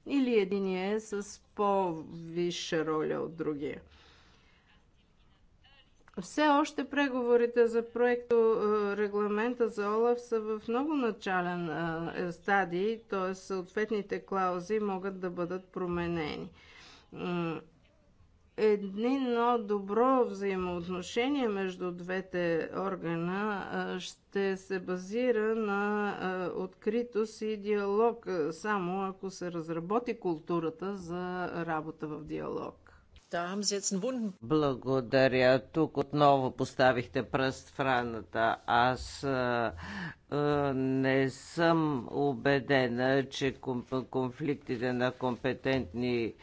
или единия е с по-висша роля от другия. Все още преговорите за проекто е, регламента за ОЛАФ са в много начален е, стадий, т.е. съответните клаузи могат да бъдат променени. Едно добро взаимоотношение между двете органа е, ще се базира на откритост и диалог, само ако се разработи културата за работа в диалог.
Благодаря. Тук отново поставихте пръст в раната. Аз а, а, не съм убедена, че конфликтите на компетентни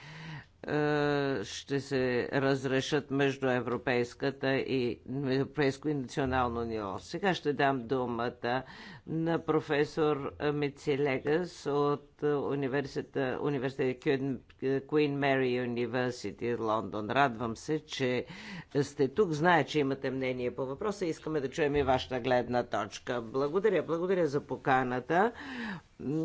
ще се разрешат между европейската и европейско и национално ниво. Сега ще дам думата на професор Мицилегас от е, университета, е, университета Queen Mary University Лондон. Радвам се, че сте тук. Зная, че имате мнение по въпроса. Искаме да чуем и вашата гледна точка. Благодаря, благодаря за поканата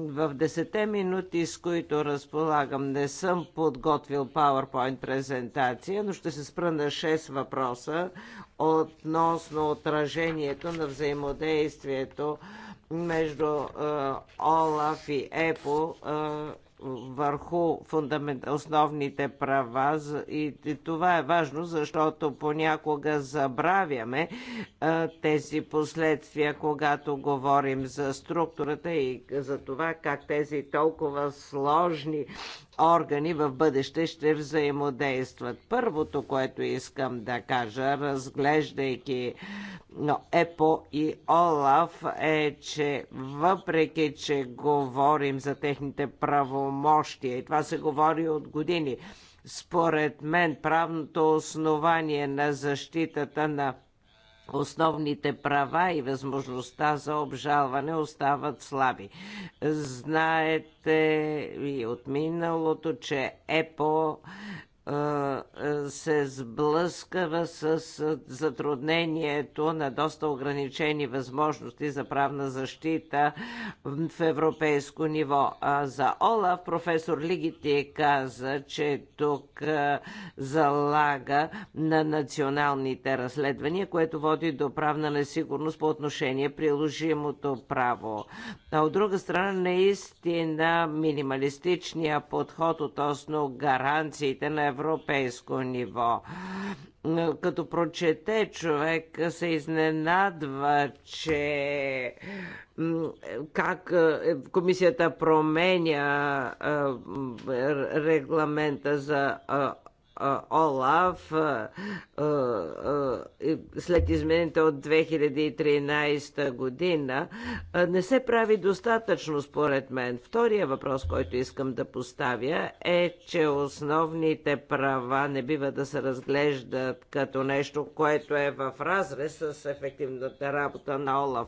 в 10 минути, с които разполагам, не съм подготвил PowerPoint презентация, но ще се спра на 6 въпроса, относно отражението на взаимодействието между ОЛАФ и ЕПО върху основните права. И, това е важно, защото понякога забравяме тези последствия, когато говорим за структурата и за това как тези толкова сложни органи в бъдеще ще взаимодействат. Първото, което искам да кажа, разглеждайки ЕПО и ОЛАФ, е, че въпреки, че говорим за техните правомощия, и това се говори от години, според мен правното основание на защитата на Основните права и възможността за обжалване остават слаби. Знаете и от миналото, че ЕПО се сблъскава с затруднението на доста ограничени възможности за правна защита в европейско ниво. А за Олаф професор Лигити каза, че тук залага на националните разследвания, което води до правна несигурност по отношение приложимото право. А от друга страна, наистина минималистичният подход относно гаранциите на европейско ниво. Като прочете, човек се изненадва, че как е, комисията променя е, регламента за е, ОЛАВ след измените от 2013 година не се прави достатъчно според мен. Втория въпрос, който искам да поставя е, че основните права не бива да се разглеждат като нещо, което е в разрез с ефективната работа на ОЛАВ.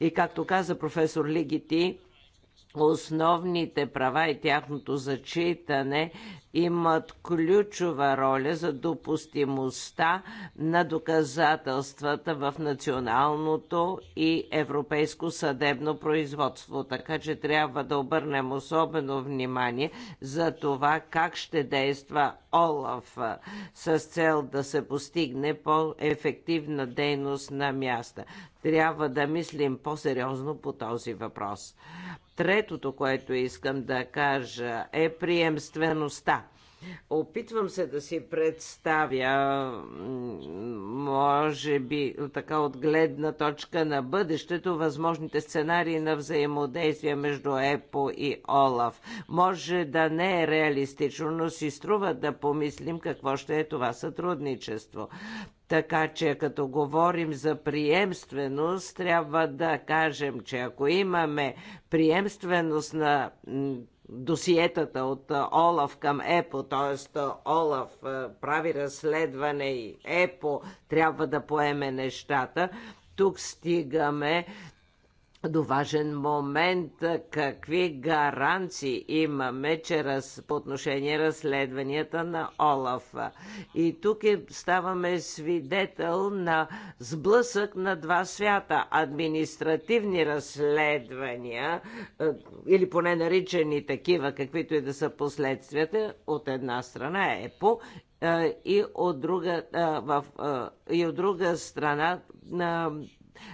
И както каза професор Лигити, основните права и тяхното зачитане имат ключова роля за допустимостта на доказателствата в националното и европейско съдебно производство. Така че трябва да обърнем особено внимание за това как ще действа ОЛАФ с цел да се постигне по-ефективна дейност на място трябва да мислим по-сериозно по този въпрос. Третото, което искам да кажа, е приемствеността. Опитвам се да си представя, може би така от гледна точка на бъдещето, възможните сценарии на взаимодействие между ЕПО и ОЛАФ. Може да не е реалистично, но си струва да помислим какво ще е това сътрудничество. Така че като говорим за приемственост, трябва да кажем, че ако имаме приемственост на досиетата от Олаф към ЕПО, т.е. Олаф прави разследване и ЕПО трябва да поеме нещата, тук стигаме до важен момент какви гаранции имаме че раз, по отношение разследванията на Олаф. И тук е, ставаме свидетел на сблъсък на два свята. Административни разследвания, е, или поне наричани такива, каквито и да са последствията, от една страна е ЕПО е, и от друга, е, в, и от друга страна на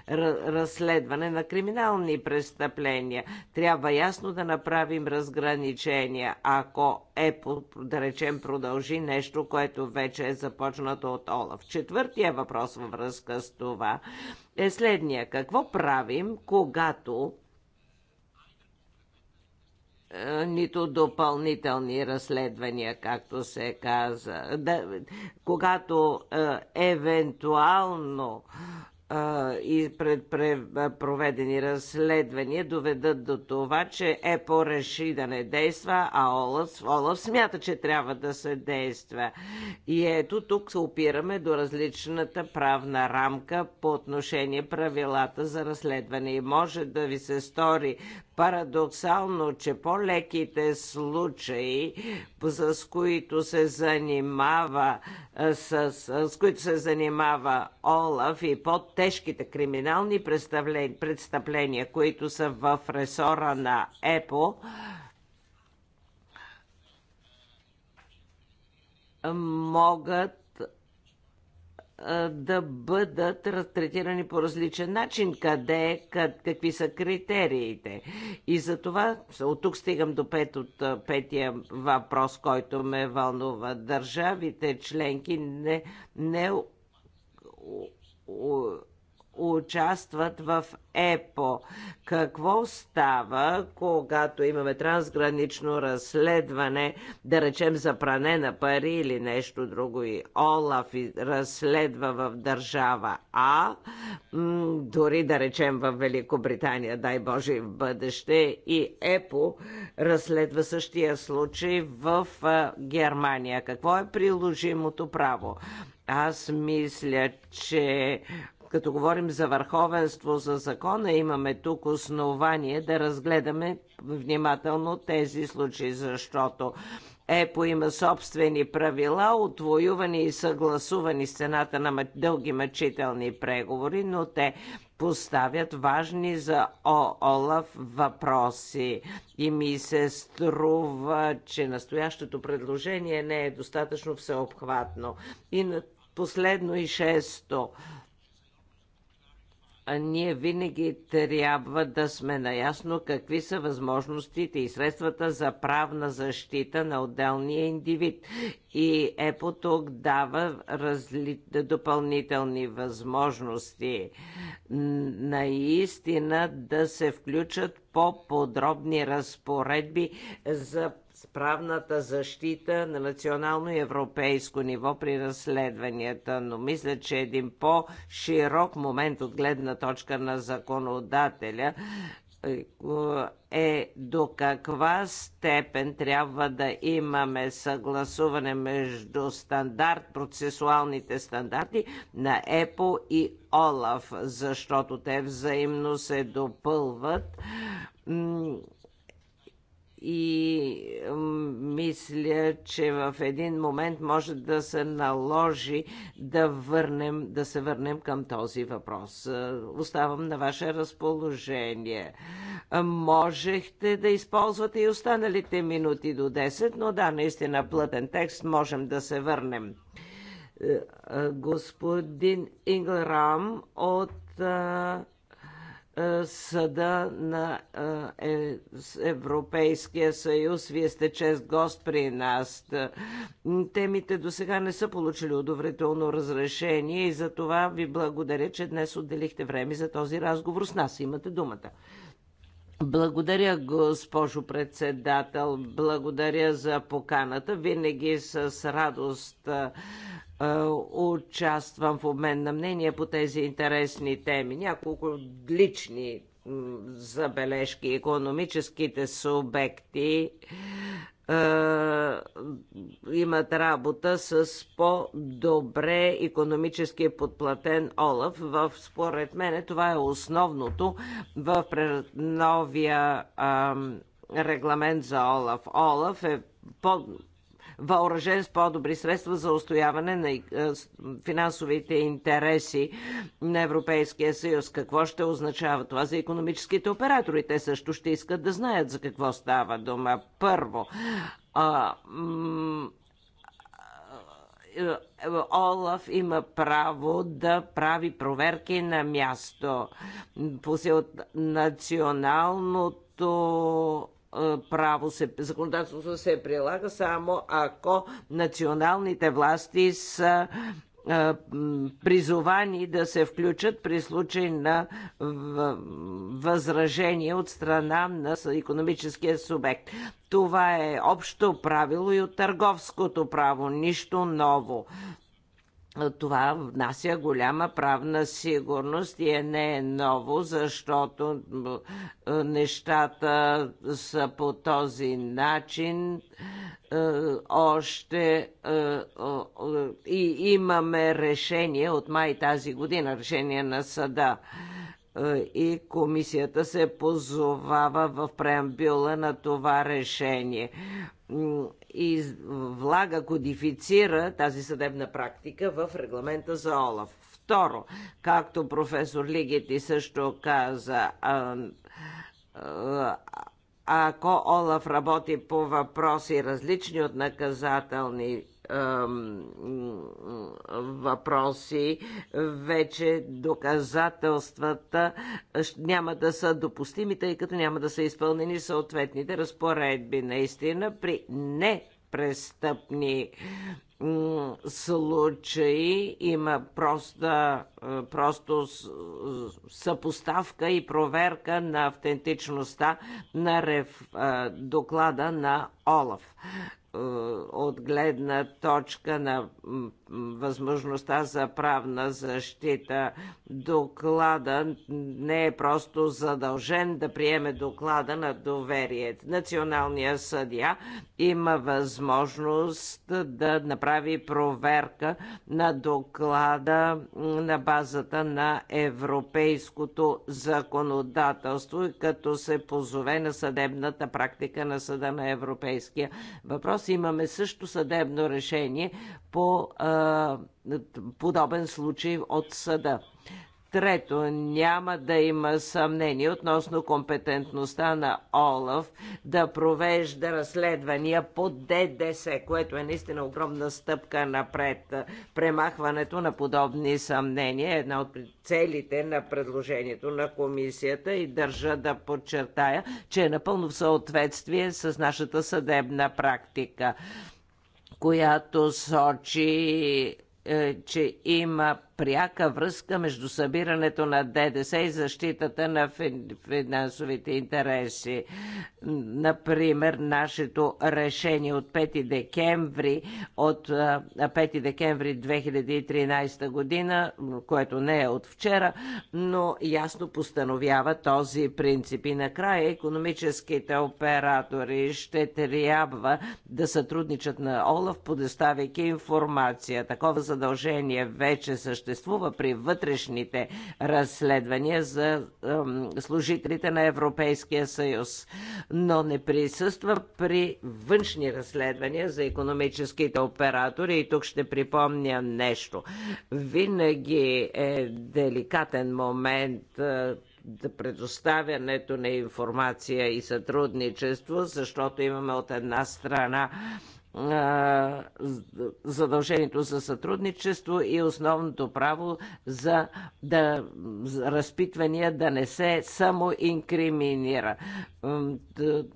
разследване на криминални престъпления. Трябва ясно да направим разграничения, ако е, да речем, продължи нещо, което вече е започнато от Олаф. Четвъртия въпрос във връзка с това е следния. Какво правим, когато е, нито допълнителни разследвания, както се каза. Да, когато е, евентуално и пред проведени разследвания доведат до това, че ЕПО реши да не действа, а Олаф, Олаф смята, че трябва да се действа. И ето тук се опираме до различната правна рамка по отношение правилата за разследване. И може да ви се стори Парадоксално, че по-леките случаи, с които се занимава с, с които се занимава Олаф и по-тежките криминални престъпления, които са в ресора на ЕПО, могат да бъдат разтретирани по различен начин, къде, къд, какви са критериите. И за това, от тук стигам до пет от петия въпрос, който ме вълнува. Държавите членки не, не участват в ЕПО. Какво става, когато имаме трансгранично разследване, да речем за пране на пари или нещо друго и Олаф разследва в държава А, дори да речем в Великобритания, дай Боже в бъдеще, и ЕПО разследва същия случай в Германия. Какво е приложимото право? Аз мисля, че като говорим за върховенство за закона, имаме тук основание да разгледаме внимателно тези случаи, защото ЕПО има собствени правила, отвоювани и съгласувани с цената на дълги мъчителни преговори, но те поставят важни за О, Олаф въпроси. И ми се струва, че настоящото предложение не е достатъчно всеобхватно. И на последно и шесто – а ние винаги трябва да сме наясно какви са възможностите и средствата за правна защита на отделния индивид. И ЕПО тук дава разли... допълнителни възможности наистина да се включат по-подробни разпоредби за правната защита на национално и европейско ниво при разследванията, но мисля, че един по-широк момент от гледна точка на законодателя е, е до каква степен трябва да имаме съгласуване между стандарт, процесуалните стандарти на ЕПО и ОЛАФ, защото те взаимно се допълват и мисля, че в един момент може да се наложи да, върнем, да се върнем към този въпрос. Е, оставам на ваше разположение. Е, можехте да използвате и останалите минути до 10, но да, наистина плътен текст можем да се върнем. Е, господин Инглрам от е, съда на е, Европейския съюз. Вие сте чест гост при нас. Темите до сега не са получили удовлетворително разрешение и за това ви благодаря, че днес отделихте време за този разговор с нас. Имате думата. Благодаря, госпожо председател. Благодаря за поканата. Винаги с радост е, е, участвам в обмен на мнение по тези интересни теми. Няколко лични забележки. Економическите субекти е, имат работа с по-добре економически подплатен Олаф. В, според мене това е основното в новия е, регламент за Олаф. Олаф е по въоръжен с по-добри средства за устояване на финансовите интереси на Европейския съюз. Какво ще означава това за економическите оператори? Те също ще искат да знаят за какво става дума. Първо, а, Олаф има право да прави проверки на място по националното право се, законодателство се прилага само ако националните власти са призовани да се включат при случай на възражение от страна на економическия субект. Това е общо правило и от търговското право, нищо ново това внася голяма правна сигурност и е не е ново, защото е, нещата са по този начин. Е, още е, и имаме решение от май тази година, решение на съда и комисията се позовава в преамбюла на това решение и влага, кодифицира тази съдебна практика в регламента за ОЛАФ. Второ, както професор Лигети също каза, а, а, ако Олаф работи по въпроси различни от наказателни въпроси, вече доказателствата няма да са допустими, тъй като няма да са изпълнени съответните разпоредби. Наистина при непрестъпни случаи има просто, просто съпоставка и проверка на автентичността на реф, доклада на Олаф от гледна точка на възможността за правна защита. Доклада не е просто задължен да приеме доклада на доверие. Националния съдия има възможност да направи проверка на доклада на базата на европейското законодателство, като се позове на съдебната практика на Съда на Европейския въпрос въпрос. Имаме също съдебно решение по а, подобен случай от съда. Трето, няма да има съмнение относно компетентността на ОЛАФ да провежда разследвания по ДДС, което е наистина огромна стъпка напред. Премахването на подобни съмнения е една от целите на предложението на комисията и държа да подчертая, че е напълно в съответствие с нашата съдебна практика която сочи, е, че има пряка връзка между събирането на ДДС и защитата на финансовите интереси. Например, нашето решение от 5 декември от 5 декември 2013 година, което не е от вчера, но ясно постановява този принцип. И накрая економическите оператори ще трябва да сътрудничат на ОЛАФ, подоставяйки информация. Такова задължение вече съществува съществува при вътрешните разследвания за служителите на Европейския съюз, но не присъства при външни разследвания за економическите оператори. И тук ще припомня нещо. Винаги е деликатен момент предоставянето на информация и сътрудничество, защото имаме от една страна задължението за сътрудничество и основното право за да разпитвания да не се само инкриминира.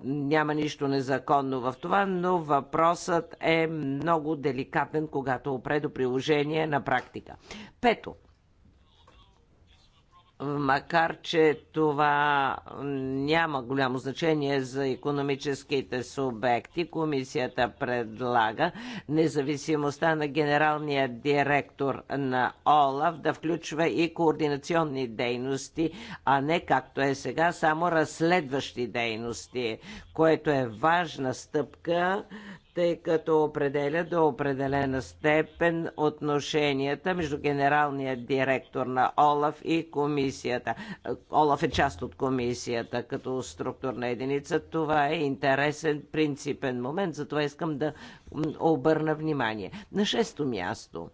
Няма нищо незаконно в това, но въпросът е много деликатен, когато опре до приложение на практика. Пето, макар че това няма голямо значение за економическите субекти, комисията предлага независимостта на генералния директор на ОЛАВ да включва и координационни дейности, а не както е сега, само разследващи дейности, което е важна стъпка тъй като определя до определена степен отношенията между генералния директор на ОЛАФ и комисията. ОЛАФ е част от комисията като структурна единица. Това е интересен принципен момент, затова искам да обърна внимание. На шесто място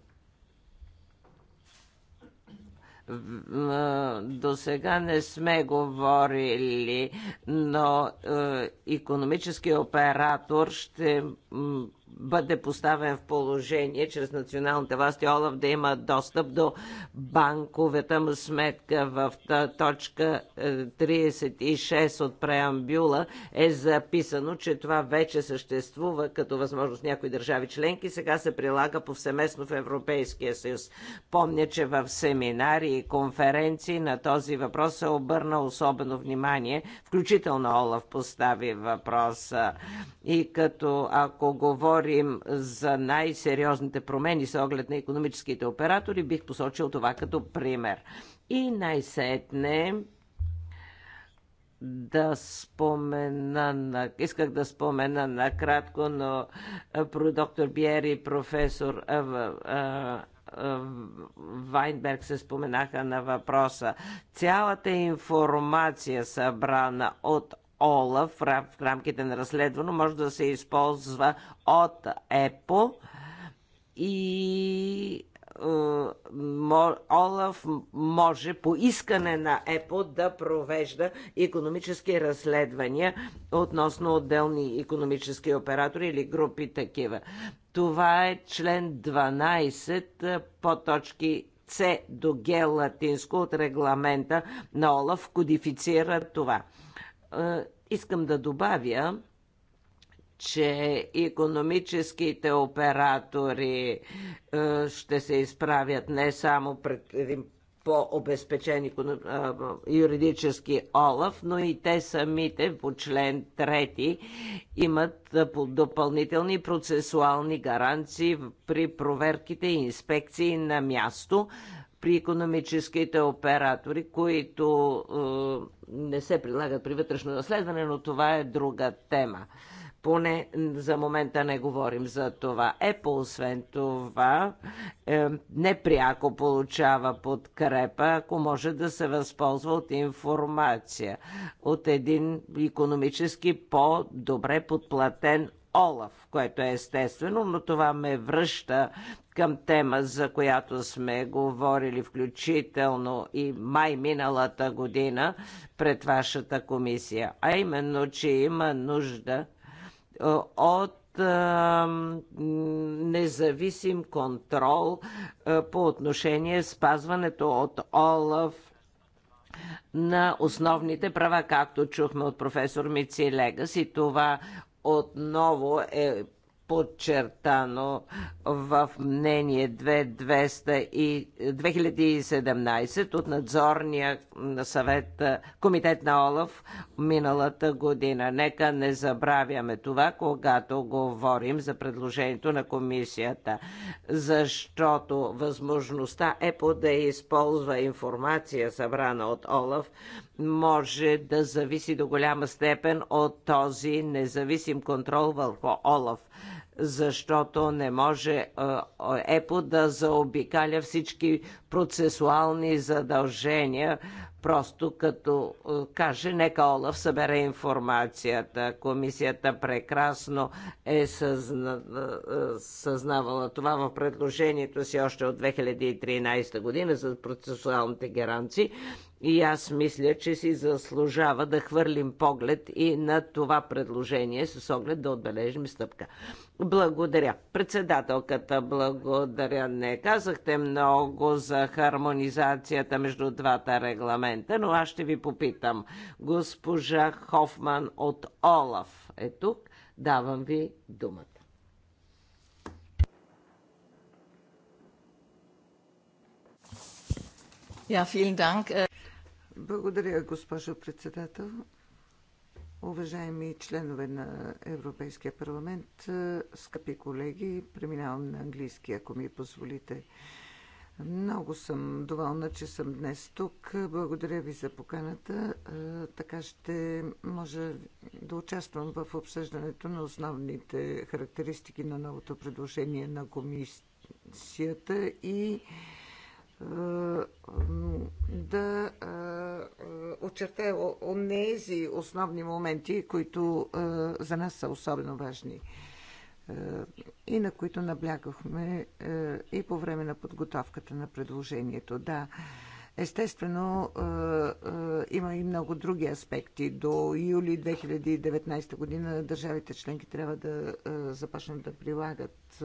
до сега не сме говорили, но економически оператор ще бъде поставен в положение чрез националните власти Олаф да има достъп до банковата му сметка в точка 36 е, от преамбюла е записано, че това вече съществува като възможност някои държави членки. Сега се прилага повсеместно в Европейския съюз. Помня, че в семинари и конференции на този въпрос се обърна особено внимание, включително Олаф постави въпроса. И като ако говори говорим за най-сериозните промени с оглед на економическите оператори, бих посочил това като пример. И най-сетне да спомена, на... исках да спомена накратко, но доктор Биери и професор Вайнберг се споменаха на въпроса. Цялата информация събрана от ОЛА в рамките на разследване може да се използва от ЕПО и е, Олаф може по искане на ЕПО да провежда економически разследвания относно отделни економически оператори или групи такива. Това е член 12 по точки С до Г латинско от регламента на Олаф кодифицира това. Искам да добавя, че економическите оператори ще се изправят не само пред един по-обезпечен юридически олаф, но и те самите по член 3 имат допълнителни процесуални гаранции при проверките и инспекции на място, при економическите оператори, които е, не се прилагат при вътрешно разследване, но това е друга тема. Поне за момента не говорим за това. Apple, освен това, е, непряко получава подкрепа, ако може да се възползва от информация от един економически по-добре подплатен Олаф, което е естествено, но това ме връща към тема, за която сме говорили включително и май миналата година пред вашата комисия, а именно, че има нужда е, от е, независим контрол е, по отношение спазването от ОЛАВ на основните права, както чухме от професор Мици Легас и това отново е подчертано в мнение 2017 от надзорния съвет Комитет на Олаф миналата година. Нека не забравяме това, когато говорим за предложението на комисията, защото възможността ЕПО да използва информация събрана от Олаф може да зависи до голяма степен от този независим контрол върху Олаф, защото не може е, ЕПО да заобикаля всички процесуални задължения, просто като е, каже, нека Олаф събере информацията. Комисията прекрасно е съзна, е, съзнавала това в предложението си още от 2013 година за процесуалните гаранции, и аз мисля, че си заслужава да хвърлим поглед и на това предложение с оглед да отбележим стъпка. Благодаря. Председателката, благодаря. Не казахте много за хармонизацията между двата регламента, но аз ще ви попитам. Госпожа Хофман от Олаф е тук. Давам ви думата.
Ja, vielen Dank. Äh, благодаря, госпожо председател. Уважаеми членове на Европейския парламент, е, скъпи колеги, преминавам на английски, ако ми позволите. Много съм доволна, че съм днес тук. Благодаря ви за поканата. Е, така ще може да участвам в обсъждането на основните характеристики на новото предложение на комисията и да очертая онези основни моменти, които за нас са особено важни и на които наблягахме и по време на подготовката на предложението. Да, Естествено, е, е, има и много други аспекти. До юли 2019 година държавите членки трябва да е, започнат да прилагат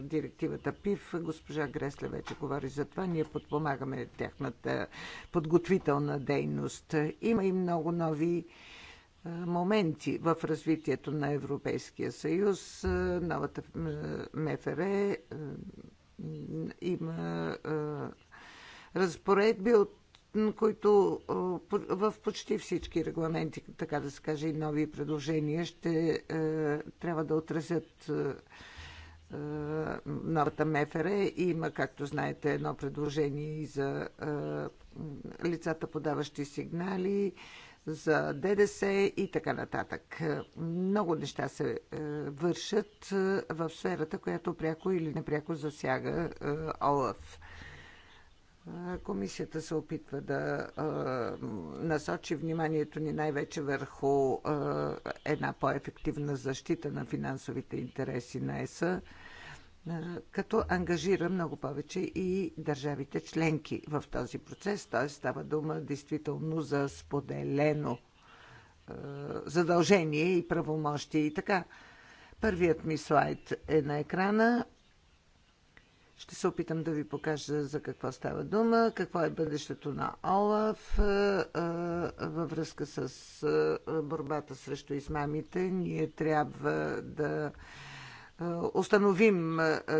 директивата ПИВ. Госпожа Гресле вече говори за това. Ние подпомагаме тяхната подготвителна дейност. Има и много нови моменти в развитието на Европейския съюз. Новата МФР има разпоредби, от, които в почти всички регламенти, така да се каже, и нови предложения ще е, трябва да отразят е, е, новата МФР. Има, както знаете, едно предложение и за лицата подаващи сигнали, за ДДС и така нататък. Много неща се вършат в сферата, която пряко или непряко засяга ОЛАФ. Комисията се опитва да а, насочи вниманието ни най-вече върху а, една по-ефективна защита на финансовите интереси на ЕСА, а, като ангажира много повече и държавите членки в този процес. Т.е. става дума действително за споделено а, задължение и правомощие и така. Първият ми слайд е на екрана. Ще се опитам да ви покажа за какво става дума, какво е бъдещето на ОЛАФ е, е, във връзка с е, борбата срещу измамите. Ние трябва да установим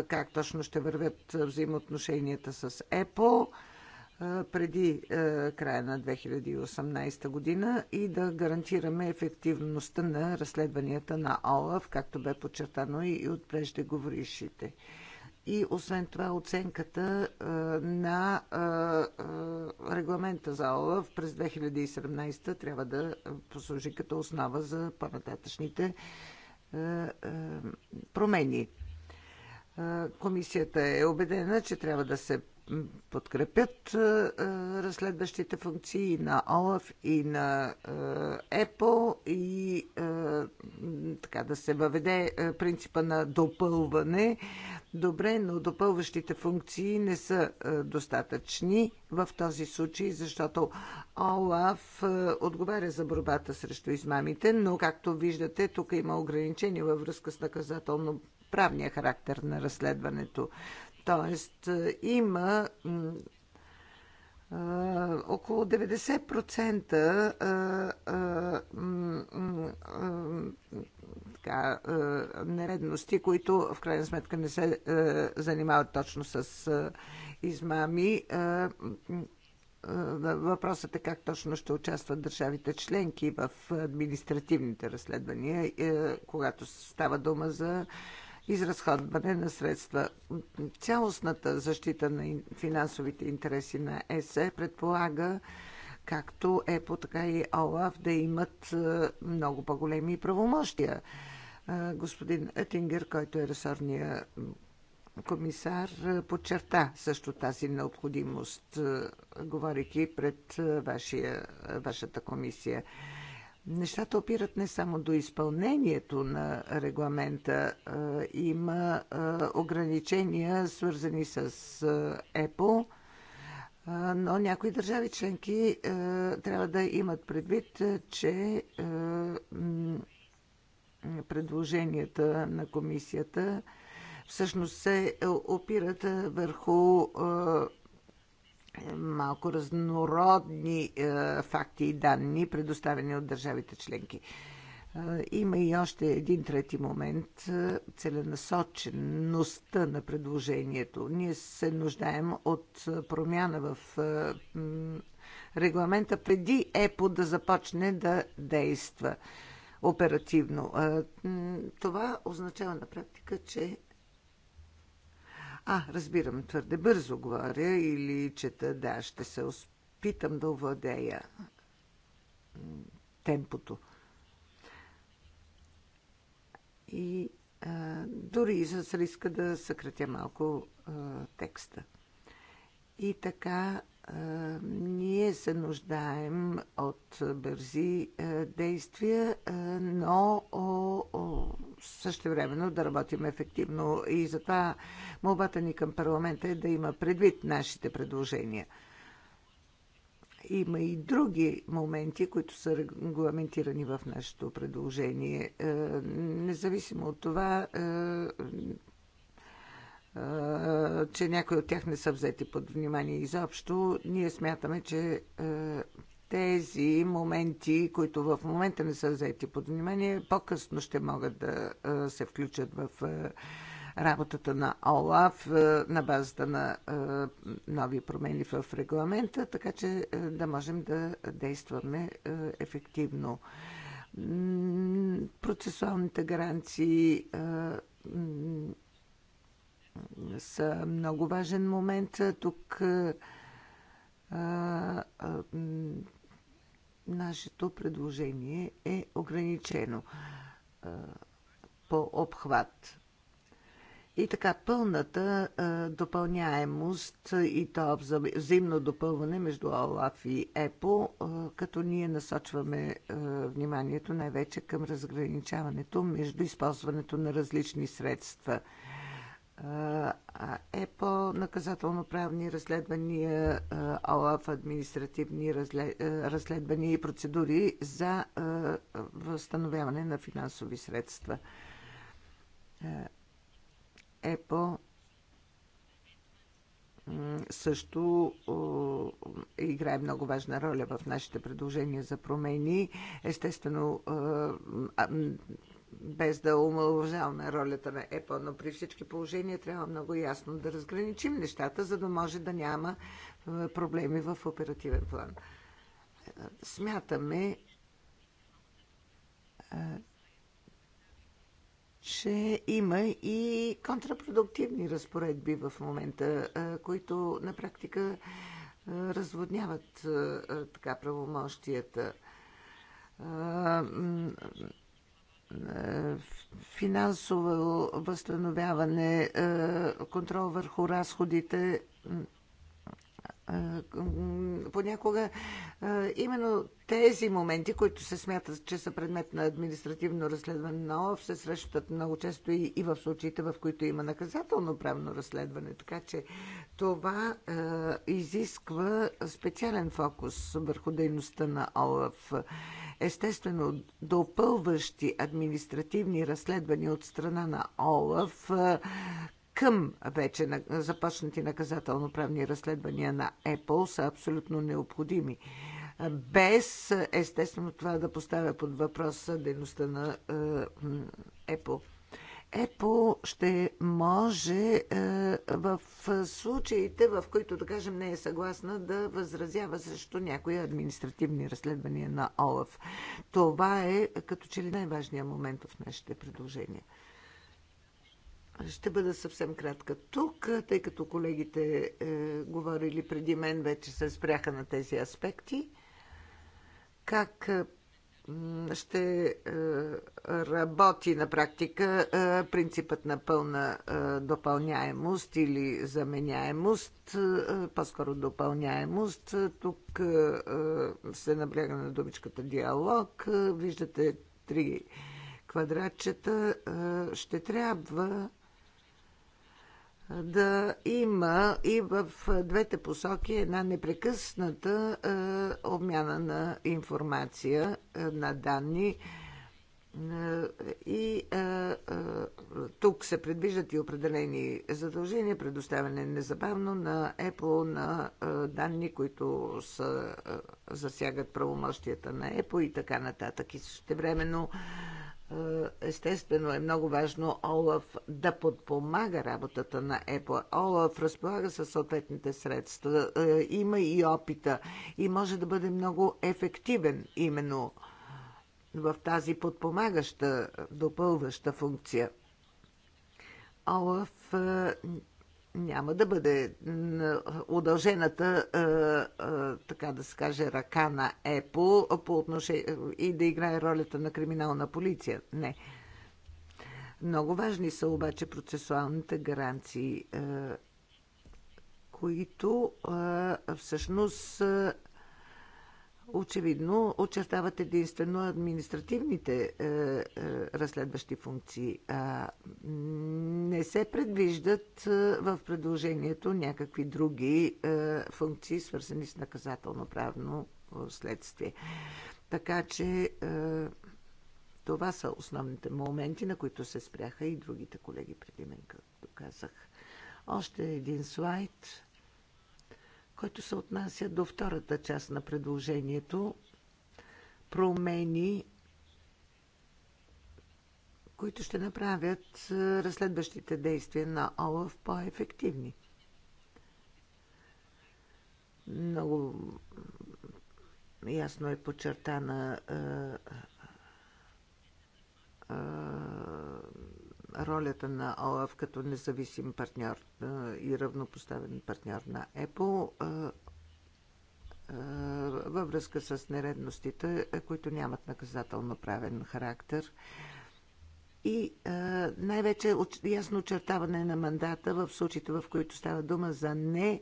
как точно ще вървят взаимоотношенията с ЕПО преди края на 2018 година и да гарантираме ефективността на разследванията на ОЛАФ, както бе подчертано и от преждеговорившите и освен това оценката на регламента за ОЛАВ през 2017 трябва да послужи като основа за по-нататъчните промени. Комисията е убедена, че трябва да се подкрепят разследващите функции на ОЛАФ и на ЕПО и така да се въведе принципа на допълване добре, но допълващите функции не са е, достатъчни в този случай, защото ОЛАФ е, отговаря за борбата срещу измамите, но както виждате, тук има ограничения във връзка с наказателно правния характер на разследването. Тоест, е, има около 90% така, е, нередности, които в крайна сметка не се е, занимават точно с е, измами. Въпросът е как точно ще участват държавите членки в административните разследвания, когато става дума за изразходване на средства. Цялостната защита на финансовите интереси на ЕСЕ предполага както ЕПО, така и ОЛАФ да имат много по-големи правомощия Господин Етингер, който е ресорния комисар, подчерта също тази необходимост, говорейки пред вашия, вашата комисия. Нещата опират не само до изпълнението на регламента. Има ограничения, свързани с Apple, но някои държави членки трябва да имат предвид, че предложенията на комисията всъщност се опират върху е, малко разнородни е, факти и данни, предоставени от държавите членки. Е, има и още един трети момент целенасочеността на предложението. Ние се нуждаем от промяна в регламента преди ЕПО да започне да действа оперативно. Това означава на практика, че а, разбирам, твърде бързо говоря или чета, да, ще се опитам да овладея темпото. И а, дори и с риска да съкратя малко а, текста. И така ние се нуждаем от бързи действия, но също времено да работим ефективно. И затова молбата ни към парламента е да има предвид нашите предложения. Има и други моменти, които са регламентирани в нашето предложение. Е, независимо от това, е, че някои от тях не са взети под внимание изобщо. Ние смятаме, че тези моменти, които в момента не са взети под внимание, по-късно ще могат да се включат в работата на ОЛАФ на базата на нови промени в регламента, така че да можем да действаме ефективно. Процесуалните гаранции са много важен момент. Тук а, а, нашето предложение е ограничено а, по обхват. И така, пълната а, допълняемост и то взаимно допълване между ОЛАФ и ЕПО, а, като ние насочваме а, вниманието най-вече към разграничаването между използването на различни средства – е по наказателно-правни разследвания, ОЛАФ, административни разследвания и процедури за възстановяване на финансови средства. ЕПО също играе много важна роля в нашите предложения за промени. Естествено, без да омалуважаваме ролята на ЕПО, но при всички положения трябва много ясно да разграничим нещата, за да може да няма е, проблеми в оперативен план. Е, смятаме, е, че има и контрапродуктивни разпоредби в момента, които на практика разводняват така правомощията финансово възстановяване, е, контрол върху разходите Понякога именно тези моменти, които се смятат, че са предмет на административно разследване на ОФ, се срещат много често и, и в случаите, в които има наказателно правно разследване. Така че това е, изисква специален фокус върху дейността на ОЛАФ. Естествено, допълващи административни разследвания от страна на ОЛАФ, към вече започнати наказателно-правни разследвания на Apple са абсолютно необходими. Без, естествено, това да поставя под въпрос дейността на е, Apple. Apple ще може е, в случаите, в които, да кажем, не е съгласна да възразява срещу някои административни разследвания на ОЛАФ. Това е като че ли най-важният момент в нашите предложения. Ще бъда съвсем кратка тук, тъй като колегите е, говорили преди мен, вече се спряха на тези аспекти. Как е, ще е, работи на практика е, принципът на пълна допълняемост или заменяемост, по-скоро допълняемост. Тук се набляга на думичката диалог. Виждате три квадратчета. Ще трябва да има и в двете посоки една непрекъсната е, обмяна на информация, е, на данни. Е, и тук се предвиждат и определени задължения, предоставяне незабавно на ЕПО на данни, които са, засягат правомощията на ЕПО и така нататък. И също времено е, естествено е много важно ОЛАФ да подпомага работата на ЕПО. ОЛАФ разполага със съответните средства, е, има и опита и може да бъде много ефективен именно в тази подпомагаща, допълваща функция. ОЛАФ е, няма да бъде удължената, е, е, така да се каже, ръка на ЕПО по отношение и да играе ролята на криминална полиция. Не. Много важни са обаче процесуалните гаранции, е, които всъщност очевидно очертават единствено административните е, е, разследващи функции. А, не се предвиждат е, в предложението някакви други е, функции, свързани с наказателно-правно е, следствие. Така че е, това са основните моменти, на които се спряха и другите колеги преди мен, както казах. Още един слайд който се отнася до втората част на предложението промени, които ще направят разследващите действия на ОЛАФ по-ефективни. Много ясно е подчертана ролята на ОЛАФ като независим партньор и равнопоставен партньор на ЕПО във връзка с нередностите, които нямат наказателно-правен характер и най-вече ясно очертаване на мандата в случаите, в които става дума за не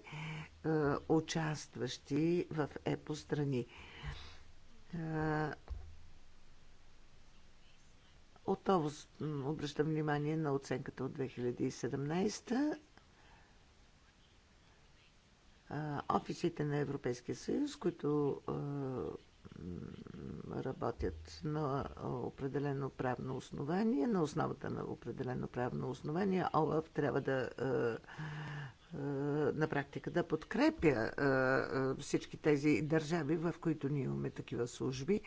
участващи в ЕПО страни. Отново обръщам внимание на оценката от 2017 офисите на Европейския съюз, които работят на определено правно основание, на основата на определено правно основание, ОЛАФ трябва да на практика да подкрепя всички тези държави, в които ние имаме такива служби,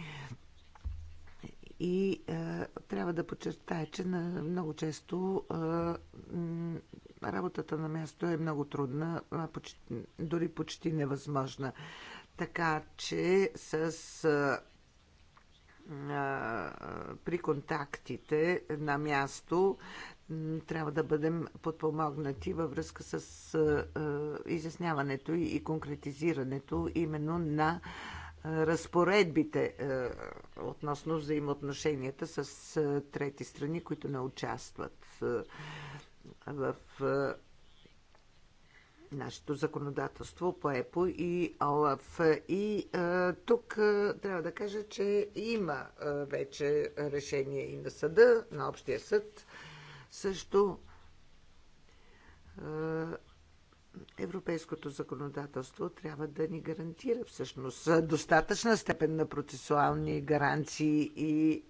и а, е, трябва да подчертая, че на, много често е, м, работата на място е много трудна, почти, дори почти невъзможна. Така че с е, а, при контактите на място трябва да бъдем подпомогнати във връзка с изясняването и конкретизирането именно на разпоредбите относно взаимоотношенията с трети страни, които не участват в нашето законодателство по ЕПО и ОЛАФ. И а, тук а, трябва да кажа, че има а, вече решение и на съда, на общия съд също европейското законодателство трябва да ни гарантира всъщност достатъчна степен на процесуални гаранции и е,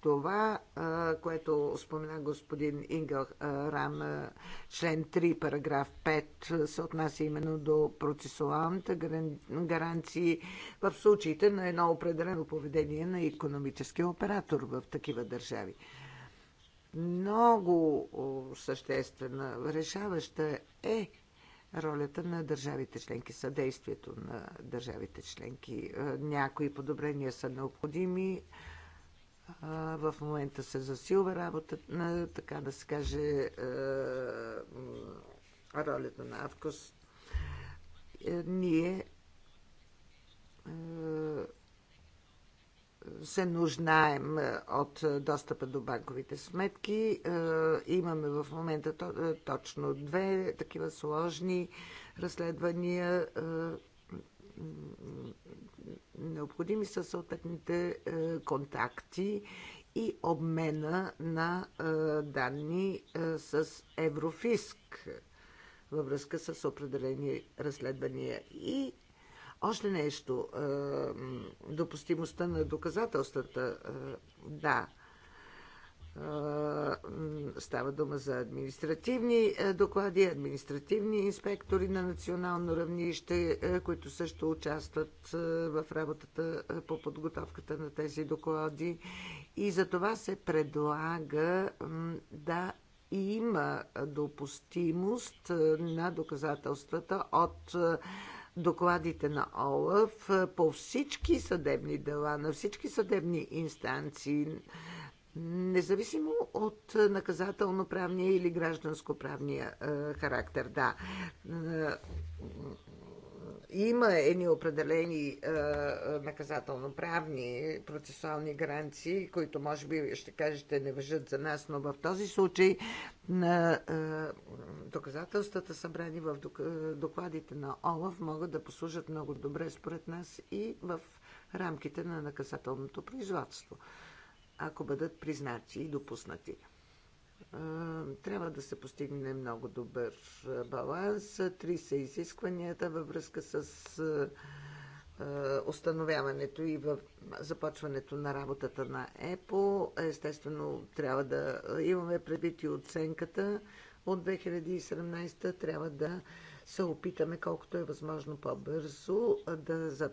това, е, което спомена господин Ингел е, Рам, е, член 3, параграф 5, е, се отнася именно до процесуалните гаранции в случаите на едно определено поведение на економическия оператор в такива държави. Много съществена, решаваща е ролята на държавите членки, съдействието на държавите членки. Е, някои подобрения са необходими. Е, в момента се засилва работата, така да се каже, е, ролята на Авкос. Ние се нуждаем е, от е, достъпа до банковите сметки. Е, имаме в момента точно две такива сложни разследвания. Необходими са съответните контакти и обмена на данни с Еврофиск във връзка с определени разследвания. И още нещо. Е, допустимостта на доказателствата. Е, да. Е, става дума за административни доклади, административни инспектори на национално равнище, които също участват в работата по подготовката на тези доклади. И за това се предлага да има допустимост на доказателствата от докладите на ОЛАФ по всички съдебни дела, на всички съдебни инстанции, независимо от наказателно-правния или гражданско-правния характер. Да, има едни определени е, е, наказателно-правни процесуални гаранции, които може би ще кажете не въжат за нас, но в този случай на е, доказателствата събрани в докладите на ОЛАВ могат да послужат много добре според нас и в рамките на наказателното производство, ако бъдат признати и допуснати трябва да се постигне много добър баланс. Три са изискванията във връзка с установяването и в започването на работата на ЕПО. Естествено, трябва да имаме предвид и оценката от 2017. Трябва да се опитаме колкото е възможно по-бързо да за...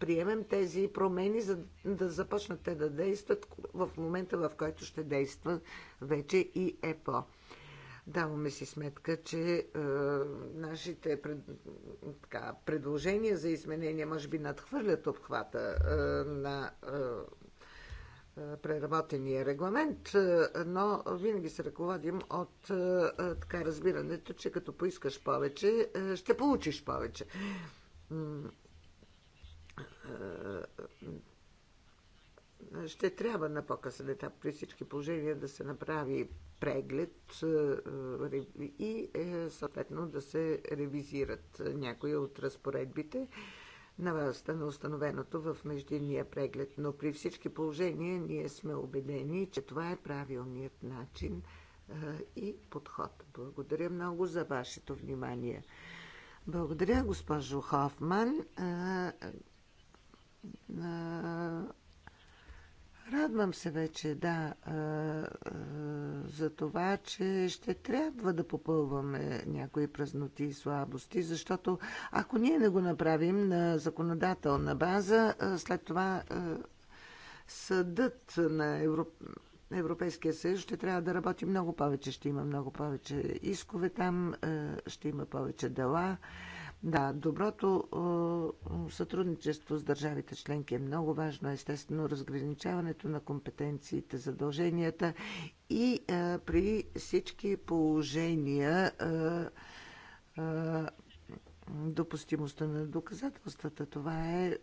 приемем тези промени, за да започнат те да действат в момента, в който ще действа вече и ЕПО. Даваме си сметка, че е, нашите пред, така, предложения за изменения може би надхвърлят обхвата е, на е, преработения регламент, е, но винаги се ръководим от е, е, така разбирането, че като поискаш повече, ще получиш повече. Ще трябва на по-късен етап при всички положения да се направи преглед и съответно да се ревизират някои от разпоредбите на базата на установеното в междинния преглед. Но при всички положения ние сме убедени, че това е правилният начин и подход. Благодаря много за вашето внимание. Благодаря, госпожо Хофман. Радвам се вече, да, за това, че ще трябва да попълваме някои празноти и слабости, защото ако ние не го направим на законодателна база, след това съдът на Европ... Европейския съюз ще трябва да работи много повече, ще има много повече искове там, ще има повече дела. Да, доброто сътрудничество с държавите членки е много важно. Естествено, разграничаването на компетенциите, задълженията и при всички положения допустимостта на доказателствата. Това е,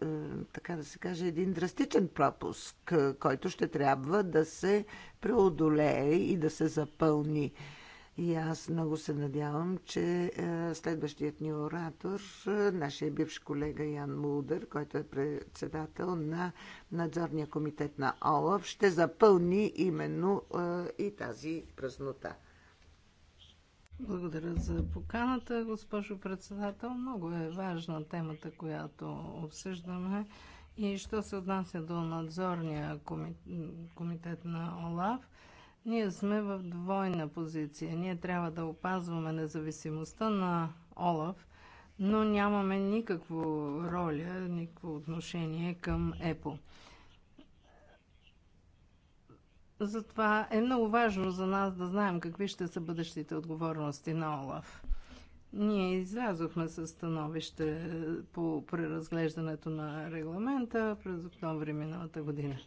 така да се каже, един драстичен пропуск, който ще трябва да се преодолее и да се запълни. И аз много се надявам, че е, следващият ни оратор, е, нашия бивш колега Ян Мулдър, който е председател на надзорния комитет на ОЛАФ, ще запълни именно е, и тази празнота.
Благодаря за поканата, госпожо председател. Много е важна темата, която обсъждаме. И що се отнася до надзорния комитет на ОЛАФ, ние сме в двойна позиция. Ние трябва да опазваме независимостта на Олаф, но нямаме никакво роля, никакво отношение към ЕПО. Затова е много важно за нас да знаем какви ще са бъдещите отговорности на Олаф. Ние излязохме със становище по преразглеждането на регламента през октомври миналата година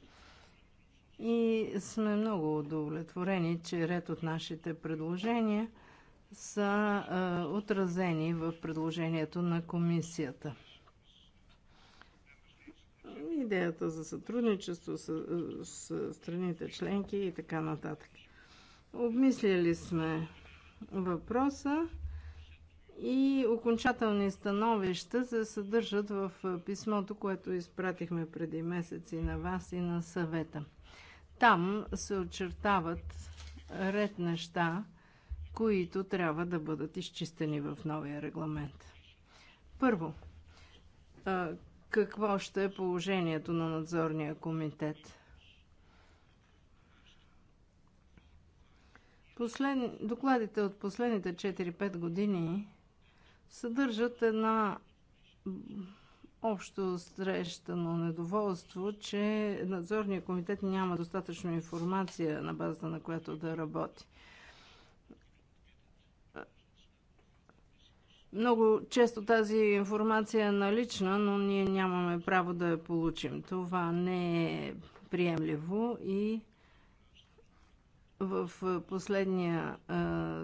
и сме много удовлетворени, че ред от нашите предложения са а, отразени в предложението на комисията. Идеята за сътрудничество с, с страните членки и така нататък. Обмислили сме въпроса и окончателни становища се съдържат в писмото, което изпратихме преди месеци на вас и на съвета. Там се очертават ред неща, които трябва да бъдат изчистени в новия регламент. Първо, какво ще е положението на надзорния комитет? Послед... Докладите от последните 4-5 години съдържат една общо срещано недоволство, че надзорният комитет няма достатъчно информация на базата на която да работи. Много често тази информация е налична, но ние нямаме право да я получим. Това не е приемливо и в последния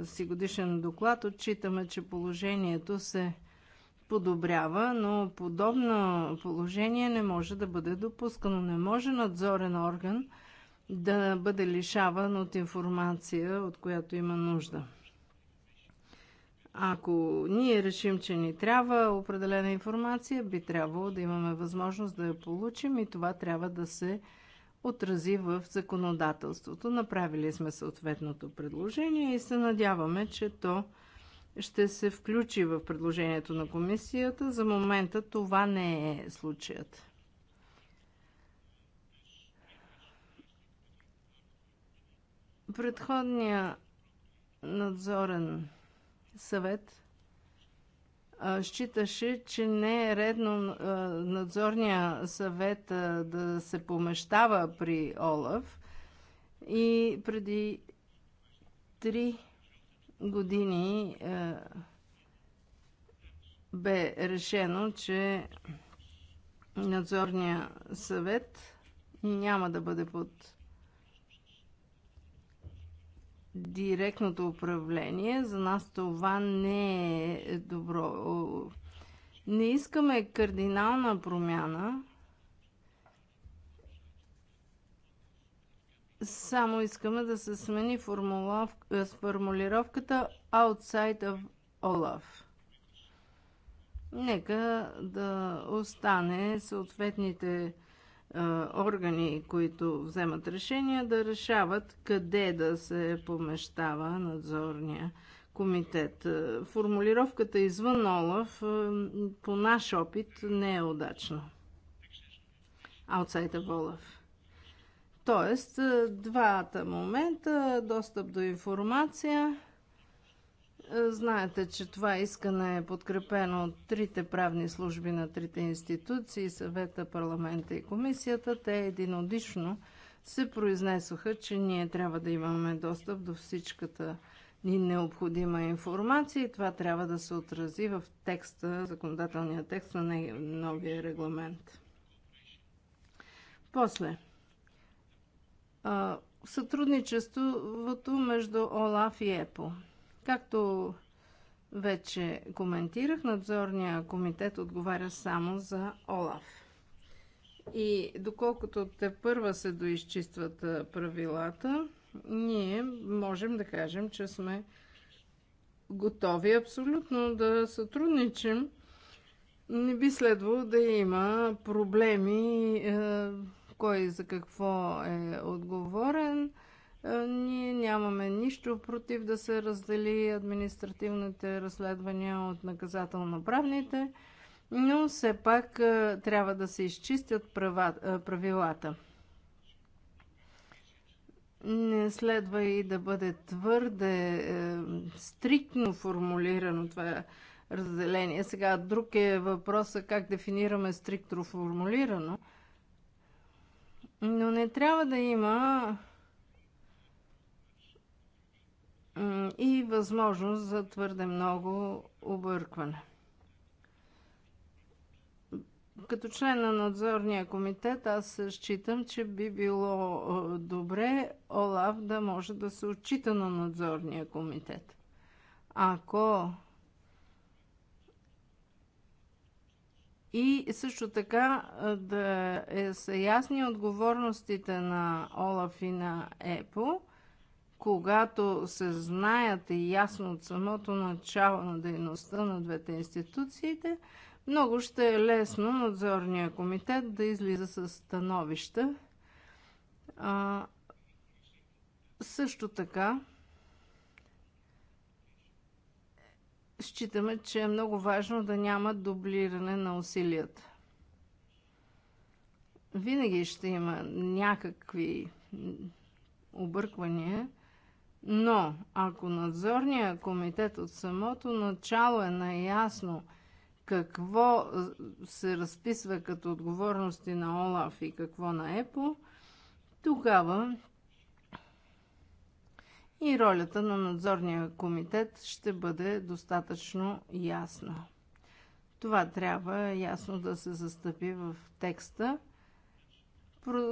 си годишен доклад отчитаме, че положението се подобрява, но подобно положение не може да бъде допускано. Не може надзорен орган да бъде лишаван от информация, от която има нужда. Ако ние решим, че ни трябва определена информация, би трябвало да имаме възможност да я получим и това трябва да се отрази в законодателството. Направили сме съответното предложение и се надяваме, че то ще се включи в предложението на комисията. За момента това не е случаят. Предходния надзорен съвет считаше, че не е редно надзорния съвет да се помещава при Олаф и преди три години е, бе решено, че надзорния съвет няма да бъде под директното управление. За нас това не е добро. Не искаме кардинална промяна, Само искаме да се смени е, формулировката outside of OLAF. Нека да остане съответните е, органи, които вземат решения, да решават къде да се помещава надзорния комитет. Е, формулировката извън ОЛАФ по наш опит не е удачна. Outside of ОЛАФ. Тоест, е, двата момента достъп до информация. Е, знаете, че това искане е подкрепено от трите правни служби на трите институции съвета, парламента и комисията. Те единодишно се произнесоха, че ние трябва да имаме достъп до всичката ни необходима информация и това трябва да се отрази в текста, законодателния текст на новия регламент. После, сътрудничеството между ОЛАФ и ЕПО. Както вече коментирах, надзорния комитет отговаря само за ОЛАФ. И доколкото те първа се доизчистват правилата, ние можем да кажем, че сме готови абсолютно да сътрудничим. Не би следвало да има проблеми кой за какво е отговорен. Е, ние нямаме нищо против да се раздели административните разследвания от наказателно-правните, но все пак е, трябва да се изчистят права, е, правилата. Не следва и да бъде твърде е, стриктно формулирано това разделение. Сега друг е въпросът как дефинираме стриктно формулирано – но не трябва да има и възможност за твърде много объркване. Като член на надзорния комитет, аз считам, че би било е, добре Олаф да може да се отчита на надзорния комитет. Ако и също така да е, са ясни отговорностите на Олаф и на ЕПО, когато се знаят и ясно от самото начало на дейността на двете институциите, много ще е лесно надзорния комитет да излиза с становища. А, също така, считаме, че е много важно да няма дублиране на усилията. Винаги ще има някакви обърквания, но ако надзорният комитет от самото начало е наясно какво се разписва като отговорности на ОЛАФ и какво на ЕПО, тогава и ролята на надзорния комитет ще бъде достатъчно ясна. Това трябва ясно да се застъпи в текста.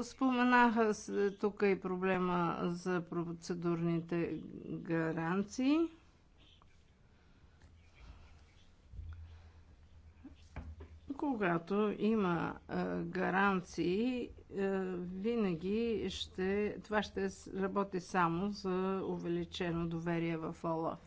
Споменаха се тук и проблема за процедурните гаранции. когато има гаранции, винаги ще, това ще работи само за увеличено доверие в ОЛАФ.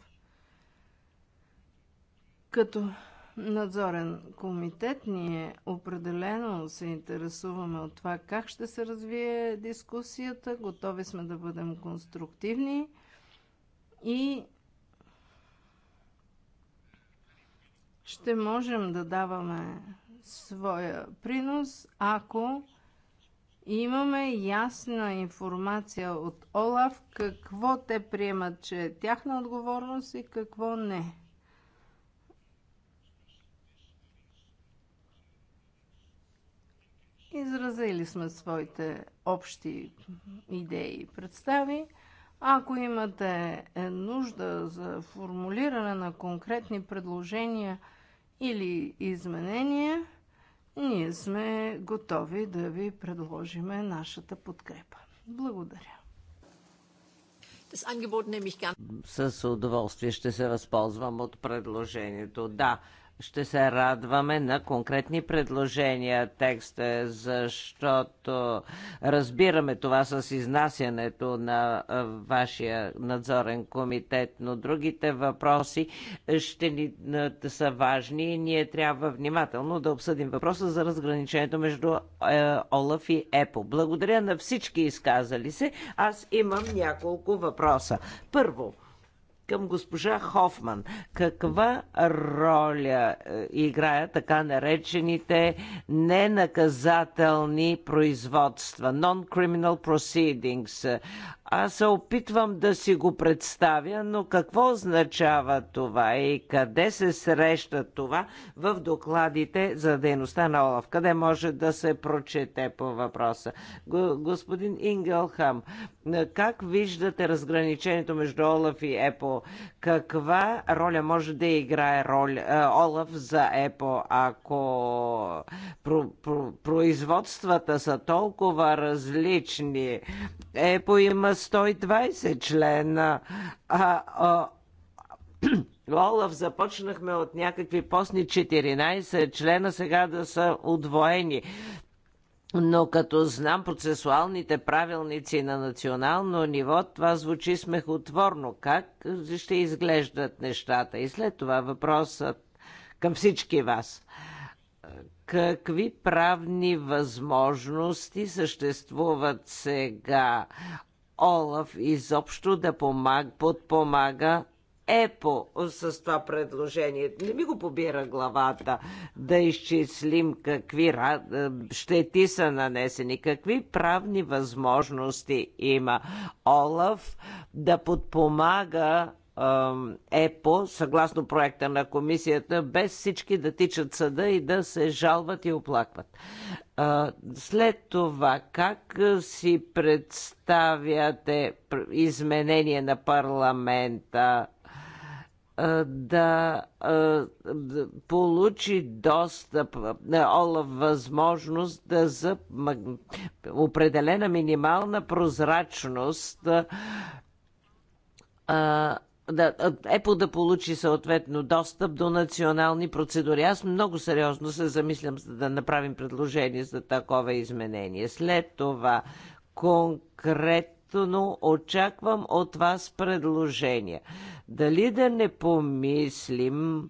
Като надзорен комитет ние определено се интересуваме от това как ще се развие дискусията, готови сме да бъдем конструктивни и ще можем да даваме своя принос, ако имаме ясна информация от ОЛАФ, какво те приемат, че е тяхна отговорност и какво не. Изразили сме своите общи идеи и представи. Ако имате нужда за формулиране на конкретни предложения или изменения, ние сме готови да ви предложиме нашата подкрепа.
Благодаря. С
удоволствие ще се възползвам от предложението. Да, ще се радваме на конкретни предложения текста, е, защото разбираме това с изнасянето на вашия надзорен комитет, но другите въпроси ще ни са важни и ние трябва внимателно да обсъдим въпроса за разграничението между Олаф и ЕПО. Благодаря на всички изказали се. Аз имам няколко въпроса. Първо, към госпожа Хофман. Каква роля е, играят така наречените ненаказателни производства, non-criminal proceedings? Аз се опитвам да си го представя, но какво означава това и къде се среща това в докладите за дейността на Олаф? Къде може да се прочете по въпроса? Господин Ингелхам, как виждате разграничението между Олаф и ЕПО? Каква роля може да играе роль, е, Олаф за ЕПО, ако про, про, производствата са толкова различни? ЕПО има 120 члена. А, а, [CLEARS THROAT] Олаф започнахме от някакви постни 14 члена, сега да са удвоени. Но като знам процесуалните правилници на национално ниво, това звучи смехотворно. Как ще изглеждат нещата? И след това въпросът към всички вас. Какви правни възможности съществуват сега Олаф изобщо да помаг, подпомага ЕПО с това предложение. Не ми го побира главата да изчислим какви е, щети са нанесени, какви правни възможности има Олаф да подпомага ЕПО, съгласно проекта на комисията, без всички да тичат съда и да се жалват и оплакват. След това, как си представяте изменение на парламента да получи достъп, Олаф, възможност да за определена минимална прозрачност да, ЕПО да получи съответно достъп до национални процедури. Аз много сериозно се замислям за да направим предложение за такова изменение. След това конкретно очаквам от вас предложения. Дали да не помислим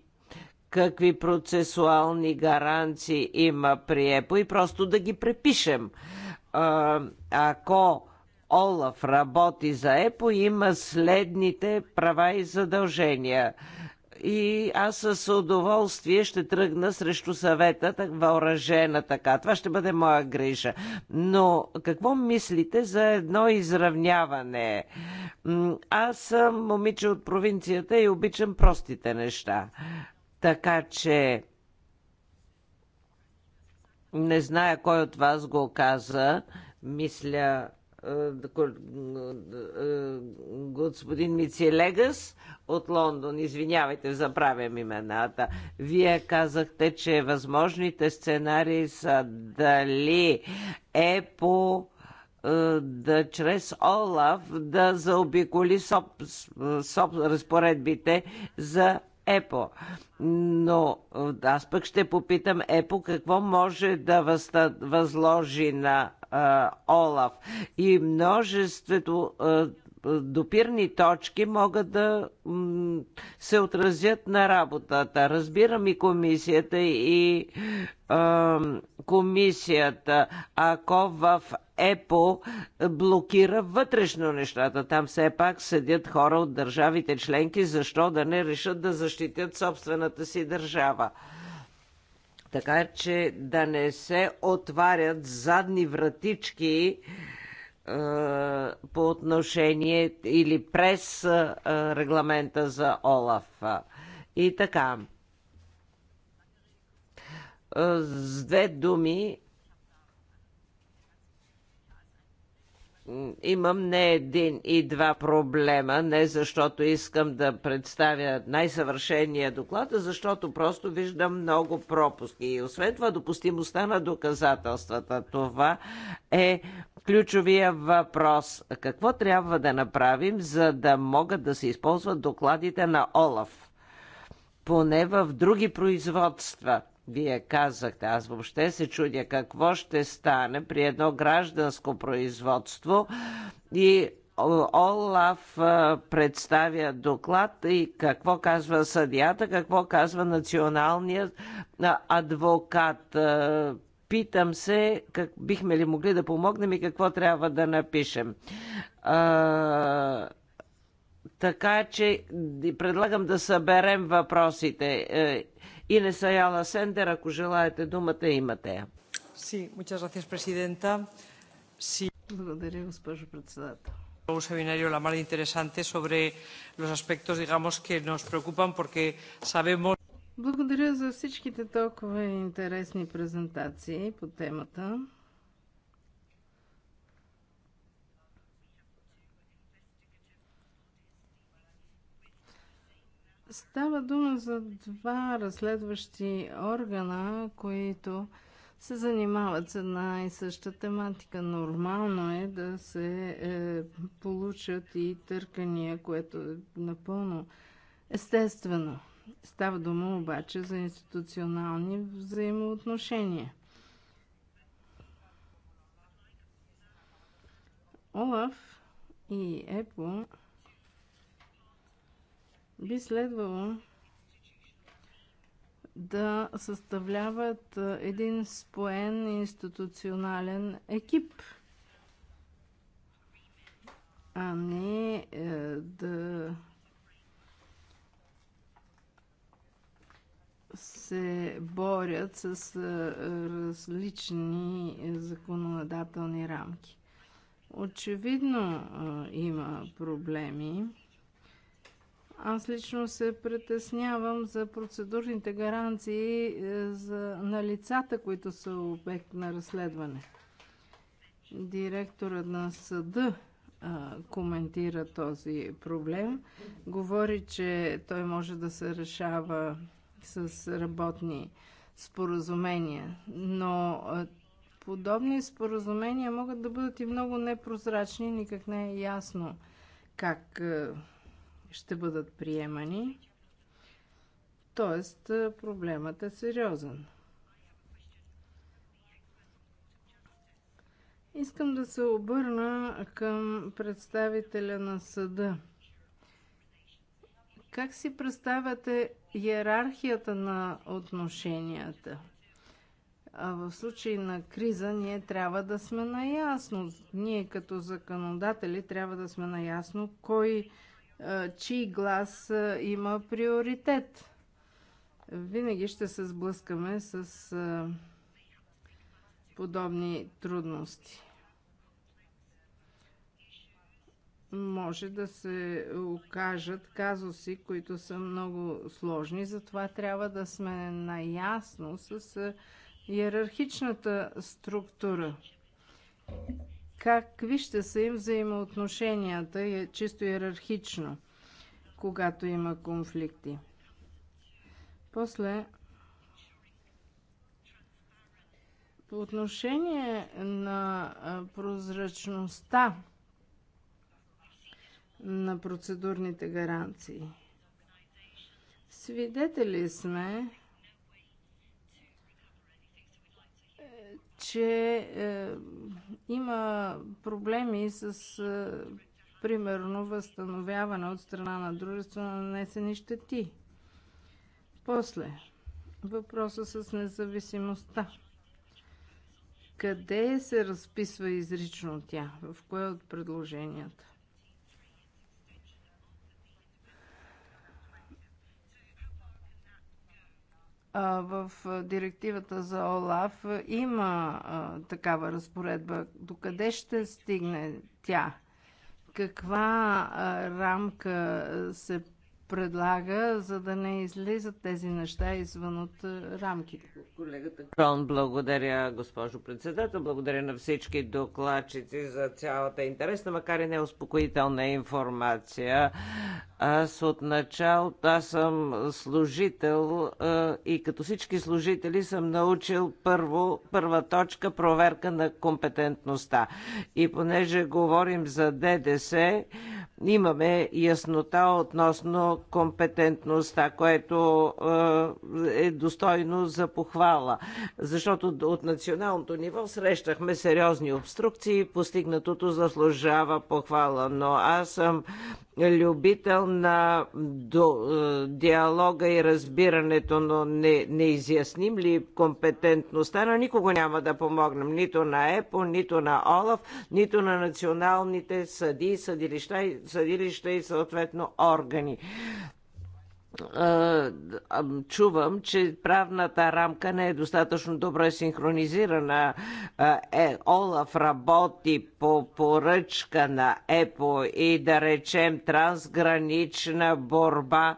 какви процесуални гаранции има при ЕПО и просто да ги препишем. А, ако Олаф работи за ЕПО, има следните права и задължения и аз с удоволствие ще тръгна срещу съвета так, въоръжена така. Това ще бъде моя грижа. Но какво мислите за едно изравняване? Аз съм момиче от провинцията и обичам простите неща. Така че не зная кой от вас го каза. Мисля, господин Мицелегас от Лондон. Извинявайте, заправям имената. Вие казахте, че възможните сценарии са дали е по е, да чрез Олаф да заобиколи соп, е, соп, разпоредбите за ЕПО. Но аз пък ще попитам ЕПО какво може да възложи на Олаф и множеството допирни точки могат да се отразят на работата. Разбирам и комисията и а, комисията, ако в ЕПО блокира вътрешно нещата. Там все пак седят хора от държавите членки, защо да не решат да защитят собствената си държава така че да не се отварят задни вратички е, по отношение или през е, регламента за ОЛАФ. И така. Е, с две думи имам не един и два проблема, не защото искам да представя най-съвършения доклад, а защото просто виждам много пропуски. И освен това допустимостта на доказателствата, това е ключовия въпрос. Какво трябва да направим, за да могат да се използват докладите на ОЛАФ? Поне в други производства. Вие казахте, аз въобще се чудя какво ще стане при едно гражданско производство и Олаф представя доклад и какво казва съдията, какво казва националният адвокат. Питам се, как бихме ли могли да помогнем и какво трябва да напишем. А, така че предлагам да съберем въпросите. Е, и не са Яла Сендер, ако желаете думата, имате я.
Sí, muchas gracias, presidenta. Sí. Благодаря, госпожо председател. Un seminario la más interesante sobre los aspectos, digamos, que nos preocupan porque sabemos. Благодаря за всичките толкова интересни презентации по темата. Става дума за два разследващи органа, които се занимават с една и съща тематика. Нормално е да се е, получат и търкания, което е напълно естествено. Става дума обаче за институционални взаимоотношения. Олаф и ЕПО би следвало да съставляват един споен институционален екип, а не е, да се борят с е, различни законодателни рамки. Очевидно е, има проблеми. Аз лично се притеснявам за процедурните гаранции е, на лицата, които са обект на разследване. Директорът на съда коментира този проблем. Говори, че той може да се решава с работни споразумения. Но подобни споразумения могат да бъдат и много непрозрачни, никак не е ясно как ще бъдат приемани. Тоест, проблемът е сериозен. Искам да се обърна към представителя на съда. Как си представяте иерархията на отношенията. А в случай на криза ние трябва да сме наясно. Ние като законодатели трябва да сме наясно кой, е, чий глас е, има приоритет. Винаги ще се сблъскаме с е, подобни трудности. може да се окажат казуси, които са много сложни. Затова трябва да сме наясно с е, иерархичната структура. Какви ще са им взаимоотношенията е чисто иерархично, когато има конфликти. После по отношение на прозрачността, на процедурните гаранции. Свидетели сме, че е, има проблеми с, е, примерно, възстановяване от страна на дружество на нанесени щети. После, въпроса с независимостта. Къде се разписва изрично тя? В кое от предложенията? в директивата за ОЛАФ има такава разпоредба. Докъде ще стигне тя? Каква рамка се предлага, за да не излизат тези неща извън от е, рамките.
Колегата Крон, благодаря, госпожо председател. Благодаря на всички докладчици за цялата интересна, макар и не успокоителна информация. Аз от началото, аз съм служител е, и като всички служители съм научил първо, първа точка проверка на компетентността. И понеже говорим за ДДС, имаме яснота относно компетентността, което е, е достойно за похвала. Защото от националното ниво срещахме сериозни обструкции, постигнатото заслужава похвала. Но аз съм любител на до, е, диалога и разбирането, но не, не изясним ли компетентността, но никога няма да помогнем нито на ЕПО, нито на ОЛАФ, нито на националните съди, съдилища, съдилища и съответно органи чувам, че правната рамка не е достатъчно добре синхронизирана. Е, Олаф работи по поръчка на ЕПО и да речем трансгранична борба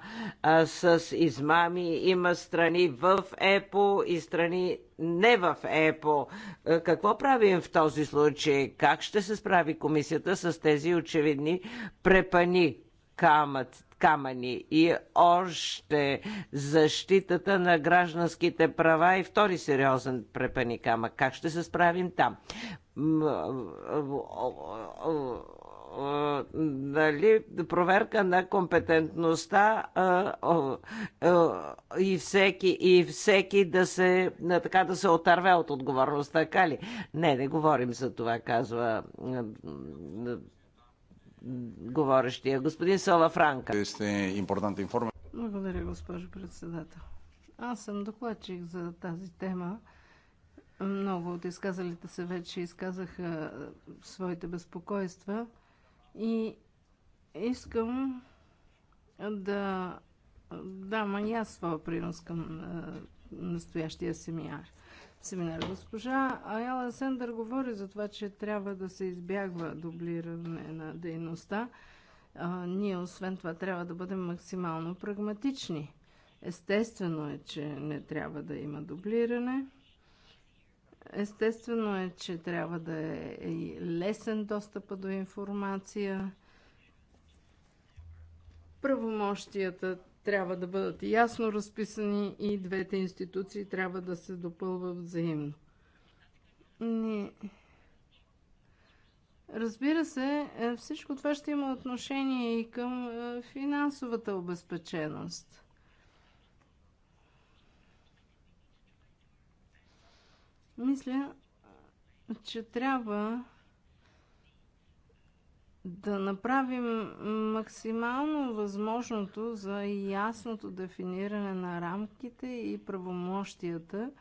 с измами. Има страни в ЕПО и страни не в ЕПО. Какво правим в този случай? Как ще се справи комисията с тези очевидни препани камъци? камъни и още защитата на гражданските права и втори сериозен препани камък. Как ще се справим там? Дали, проверка на компетентността а, а, а, и, всеки, и всеки да се, така да се отърве от отговорността. така ли? Не, не говорим за това, казва говорещия. Господин Сола Франка.
Благодаря, госпожо председател. Аз съм докладчик за тази тема. Много от изказалите се вече изказаха своите безпокойства и искам да дам и аз своя принос към настоящия семинар семинар. Госпожа Аяла Сендър говори за това, че трябва да се избягва дублиране на дейността. А, ние, освен това, трябва да бъдем максимално прагматични. Естествено е, че не трябва да има дублиране. Естествено е, че трябва да е и лесен достъпа до информация правомощията трябва да бъдат ясно разписани и двете институции трябва да се допълват взаимно. Не. Разбира се, е, всичко това ще има отношение и към е, финансовата обезпеченост. Мисля, че трябва да направим максимално възможното за ясното дефиниране на рамките и правомощията,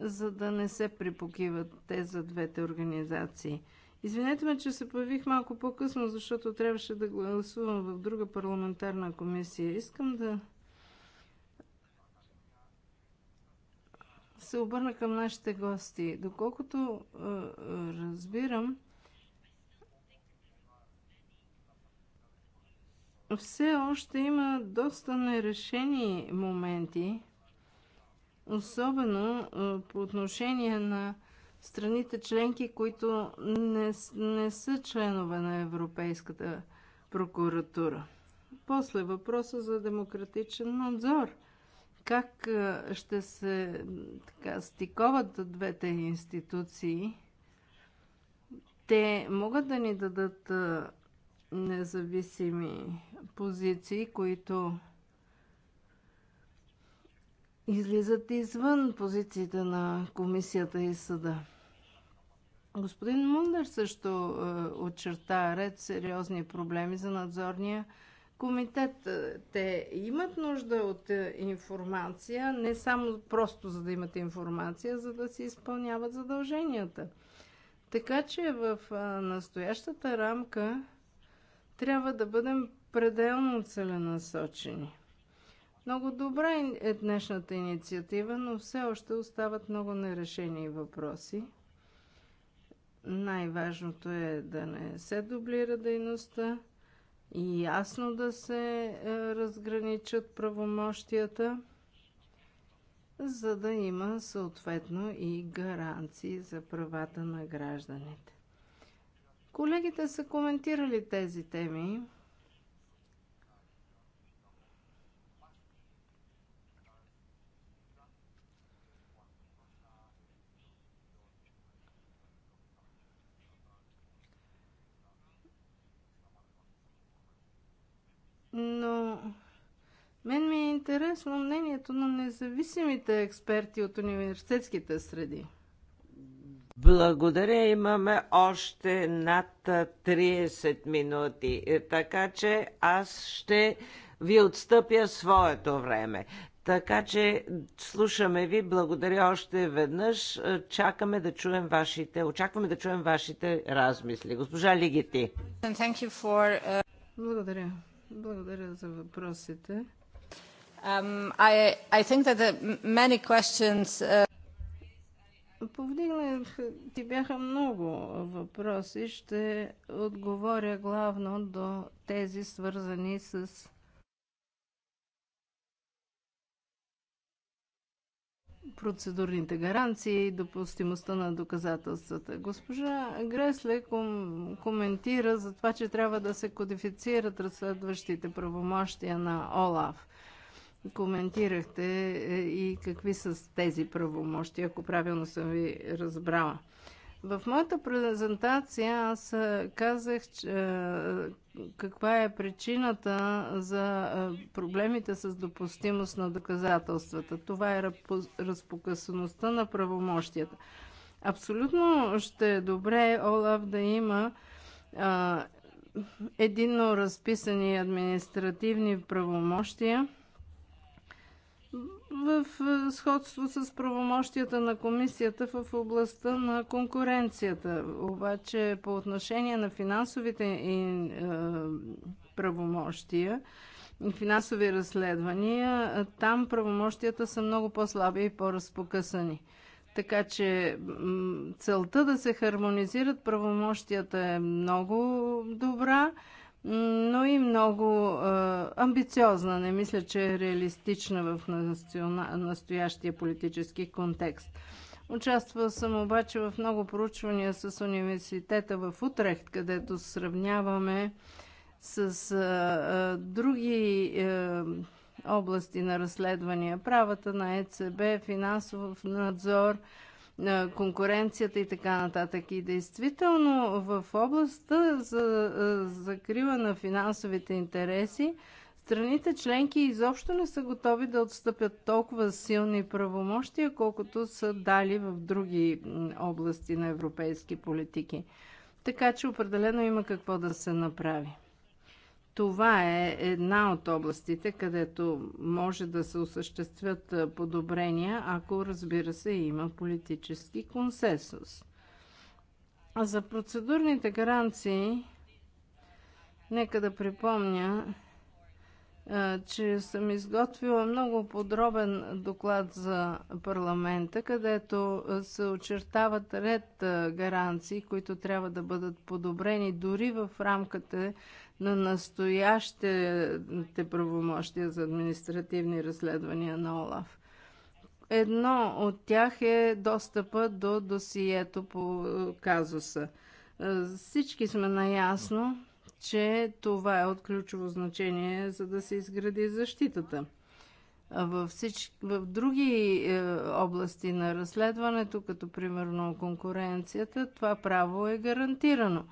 за да не се припокиват те за двете организации. Извинете ме, че се появих малко по-късно, защото трябваше да гласувам в друга парламентарна комисия. Искам да се обърна към нашите гости. Доколкото разбирам, все още има доста нерешени моменти, особено по отношение на страните членки, които не, не са членове на Европейската прокуратура. После въпроса за демократичен надзор. Как ще се така, стиковат двете институции? Те могат да ни дадат независими позиции, които излизат извън позициите на комисията и съда. Господин Мундър също е, очерта ред сериозни проблеми за надзорния комитет. Е, те имат нужда от е, информация, не само просто за да имат информация, за да си изпълняват задълженията. Така че в настоящата рамка трябва да бъдем пределно целенасочени. Много добра е днешната инициатива, но все още остават много нерешени въпроси. Най-важното е да не се дублира дейността и ясно да се е, разграничат правомощията, за да има съответно и гаранции за правата на гражданите. Колегите са коментирали тези теми. Мен ми е интересно мнението на независимите експерти от университетските среди.
Благодаря, имаме още над 30 минути, е, така че аз ще ви отстъпя своето време. Така че слушаме ви, благодаря още веднъж. Е, чакаме да чуем вашите, очакваме да чуем вашите размисли. Госпожа
Лигити. Uh, благодаря. Благодаря за въпросите. Um, I, think that the many questions uh, Повдигнах ти бяха много въпроси. Ще отговоря главно до тези свързани с процедурните гаранции и допустимостта на доказателствата. Госпожа Гресле ком, коментира за това, че трябва да се кодифицират разследващите правомощия на ОЛАФ коментирахте е, и какви са тези правомощи, ако правилно съм ви разбрала. В моята презентация аз е, казах че, е, каква е причината за проблемите с допустимост на доказателствата. Това е разпокъсаността на правомощията. Абсолютно ще е добре Олаф да има а, единно разписани административни правомощия – в сходство с правомощията на комисията в областта на конкуренцията. Обаче по отношение на финансовите и, е, правомощия и финансови разследвания, там правомощията са много по-слаби и по-разпокъсани. Така че целта да се хармонизират правомощията е много добра но и много а, амбициозна. Не мисля, че е реалистична в настоящия политически контекст. Участвал съм обаче в много проучвания с университета в Утрехт, където сравняваме с а, а, други а, е, области на разследвания. Правата на ЕЦБ, финансов надзор, конкуренцията и така нататък. И действително в областта за е, закрива на финансовите интереси, страните членки изобщо не са готови да отстъпят толкова силни правомощия, колкото са дали в други области на европейски политики. Така че определено има какво да се направи. Това е една от областите, където може да се осъществят подобрения, ако разбира се има политически консенсус. А за процедурните гаранции, нека да припомня, че съм изготвила много подробен доклад за парламента, където се очертават ред гаранции, които трябва да бъдат подобрени дори в рамката на настоящите правомощия за административни разследвания на ОЛАФ. Едно от тях е достъпа до досието по казуса. Всички сме наясно, че това е от ключово значение, за да се изгради защитата. Във всич... В други е, области на разследването, като примерно конкуренцията, това право е гарантирано.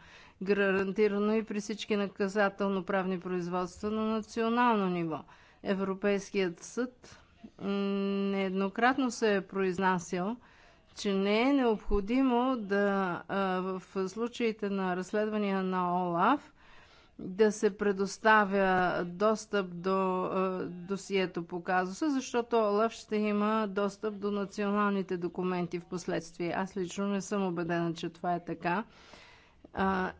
Гарантирано и при всички наказателно-правни производства на национално ниво. Европейският съд нееднократно се е произнасял, че не е необходимо да в случаите на разследвания на ОЛАФ да се предоставя достъп до е, досието по казуса, защото ОЛАФ ще има достъп до националните документи в последствие. Аз лично не съм убедена, че това е така. А,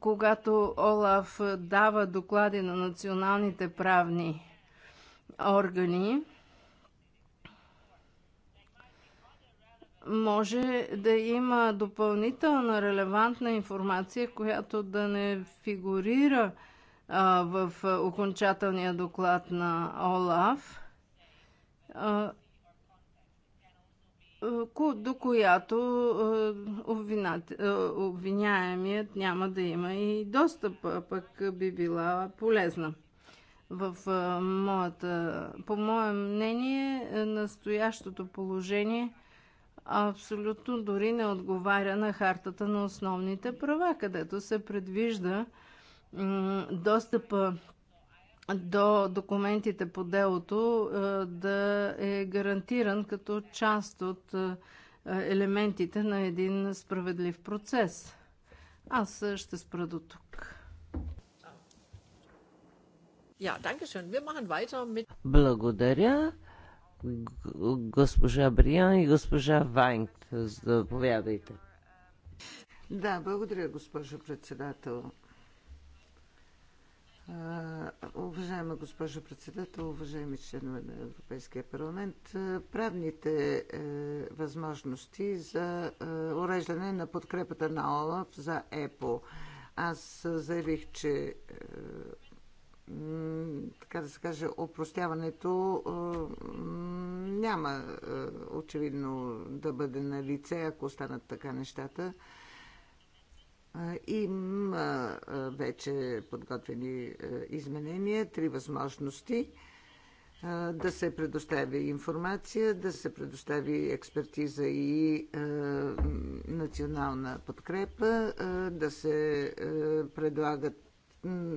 когато ОЛАФ дава доклади на националните правни органи, може да има допълнителна релевантна информация, която да не фигурира а, в окончателния доклад на ОЛАФ, а, до която обвиняемият няма да има и достъп, а пък би била полезна в моята, по мое мнение, е, настоящото положение абсолютно дори не отговаря на хартата на основните права, където се предвижда достъпа до документите по делото е, да е гарантиран като част от е, елементите на един справедлив процес. Аз е, ще
спра до тук.
Благодаря госпожа Бриан и госпожа Вайнг. Заповядайте.
Да, благодаря, госпожо председател. Uh, уважаема госпожо председател, уважаеми членове на Европейския парламент, правните uh, възможности за uh, уреждане на подкрепата на ОЛАФ за ЕПО. Аз заявих, че е, така да се каже, опростяването няма очевидно да бъде на лице, ако останат така нещата. Има вече подготвени изменения, три възможности да се предостави информация, да се предостави експертиза и национална подкрепа, да се предлагат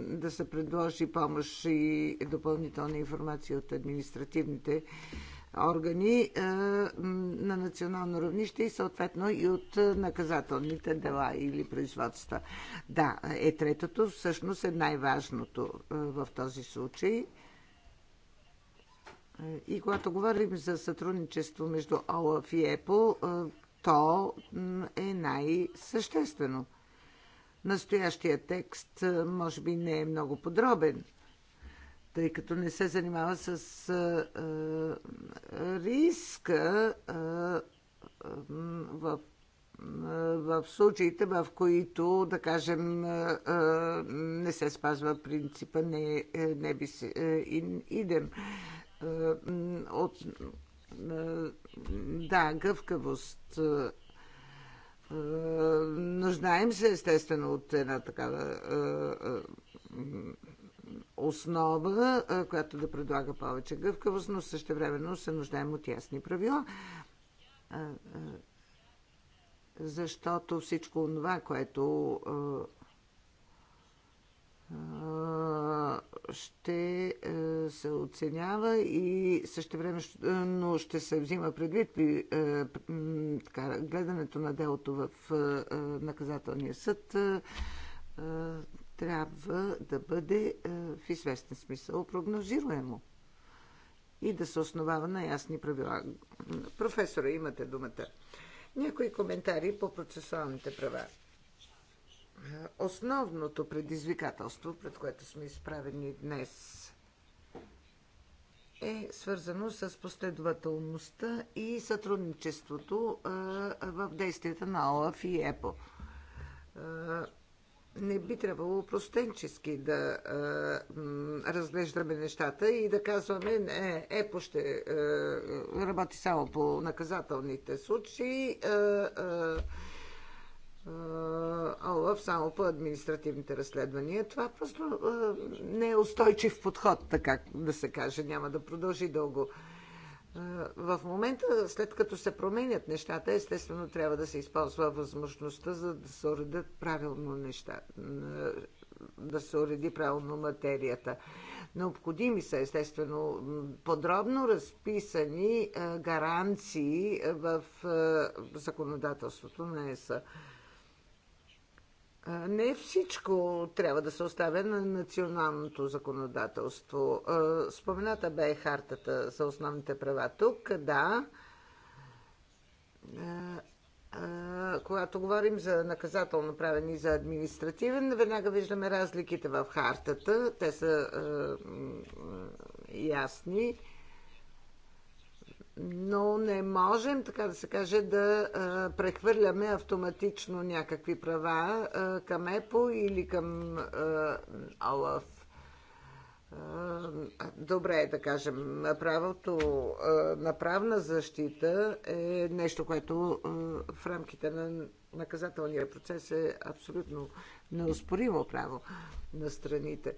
да се предложи помощ и допълнителна информация от административните органи е, на национално равнище и съответно и от наказателните дела или производства. Да, е третото, всъщност е най-важното е, в този случай. Е, и когато говорим за сътрудничество между ОЛАФ и ЕПО, то е най-съществено – Настоящия текст може би не е много подробен, тъй като не се занимава с а, а, риска а, а, в в случаите, в които, да кажем, не се спазва принципа не, е, не би си, е, идем. От, да, гъвкавост е, нуждаем се естествено от една такава е, е, основа, която да предлага повече гъвкавост, но същевременно се нуждаем от ясни правила. Защото всичко това, което ще е, се оценява и също време, но ще се взима предвид при е, така, гледането на делото в е, наказателния съд трябва да бъде в известен смисъл прогнозируемо и да се основава на ясни правила. Професора, имате думата. Някои коментари по процесуалните права основното предизвикателство, пред което сме изправени днес, е свързано с последователността и сътрудничеството в действията на ОЛАФ и ЕПО. Не би трябвало простенчески да разглеждаме нещата и да казваме, не, ЕПО ще работи само по наказателните случаи ОЛАФ само по административните разследвания. Това просто не е устойчив подход, така да се каже. Няма да продължи дълго. В момента, след като се променят нещата, естествено трябва да се използва възможността за да се уредят правилно неща, да се уреди правилно материята. Необходими са, естествено, подробно разписани гаранции в законодателството на ЕСА. Не всичко трябва да се оставя на националното законодателство. Спомената бе хартата за основните права тук, да. Когато говорим за наказателно правен и за административен, веднага виждаме разликите в хартата. Те са ясни но не можем, така да се каже, да а, прехвърляме автоматично някакви права а, към ЕПО или към ОЛАФ. Добре е да кажем, правото на правна защита е нещо, което в рамките на наказателния процес е абсолютно неоспоримо право на страните.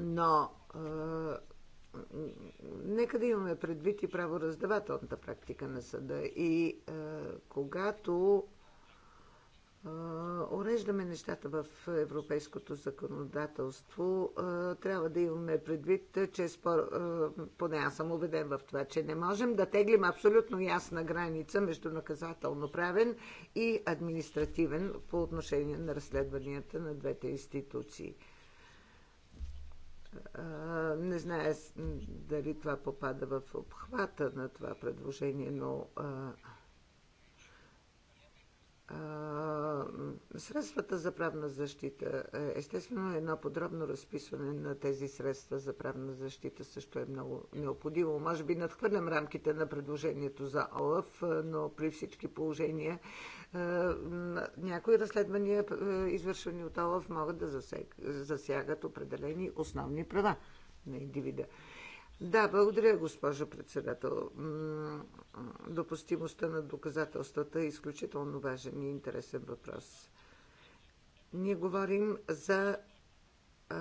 Но нека да имаме предвид и правораздавателната практика на съда. И а, е, когато е, уреждаме нещата в европейското законодателство, е, трябва да имаме предвид, че спор, поне аз съм убеден в това, че не можем да теглим абсолютно ясна граница между наказателно-правен и административен по отношение на разследванията на двете институции. Не знае дали това попада в обхвата на това предложение, но средствата за правна защита. Е, естествено, едно подробно разписване на тези средства за правна защита също е много необходимо. Може би надхвърлям рамките на предложението за ОЛАФ, но при всички положения е, някои разследвания, е, извършвани от ОЛАФ, могат да засягат определени основни права на индивида. Да, благодаря, госпожо председател. Допустимостта на доказателствата е изключително важен и интересен въпрос. Ние говорим за а,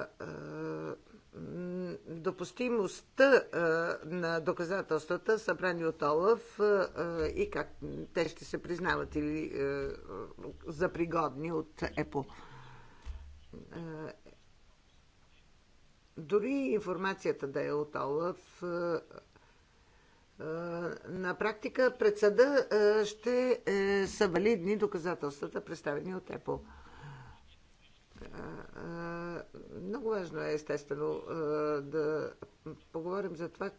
е, а, допустимостта на доказателствата, събрани от Олаф и как те ще се признават или за пригодни от ЕПО. Дори информацията да е от Олаф, на практика пред съда ще е, са валидни доказателствата, представени от ЕПО. Много важно е, естествено, да поговорим за това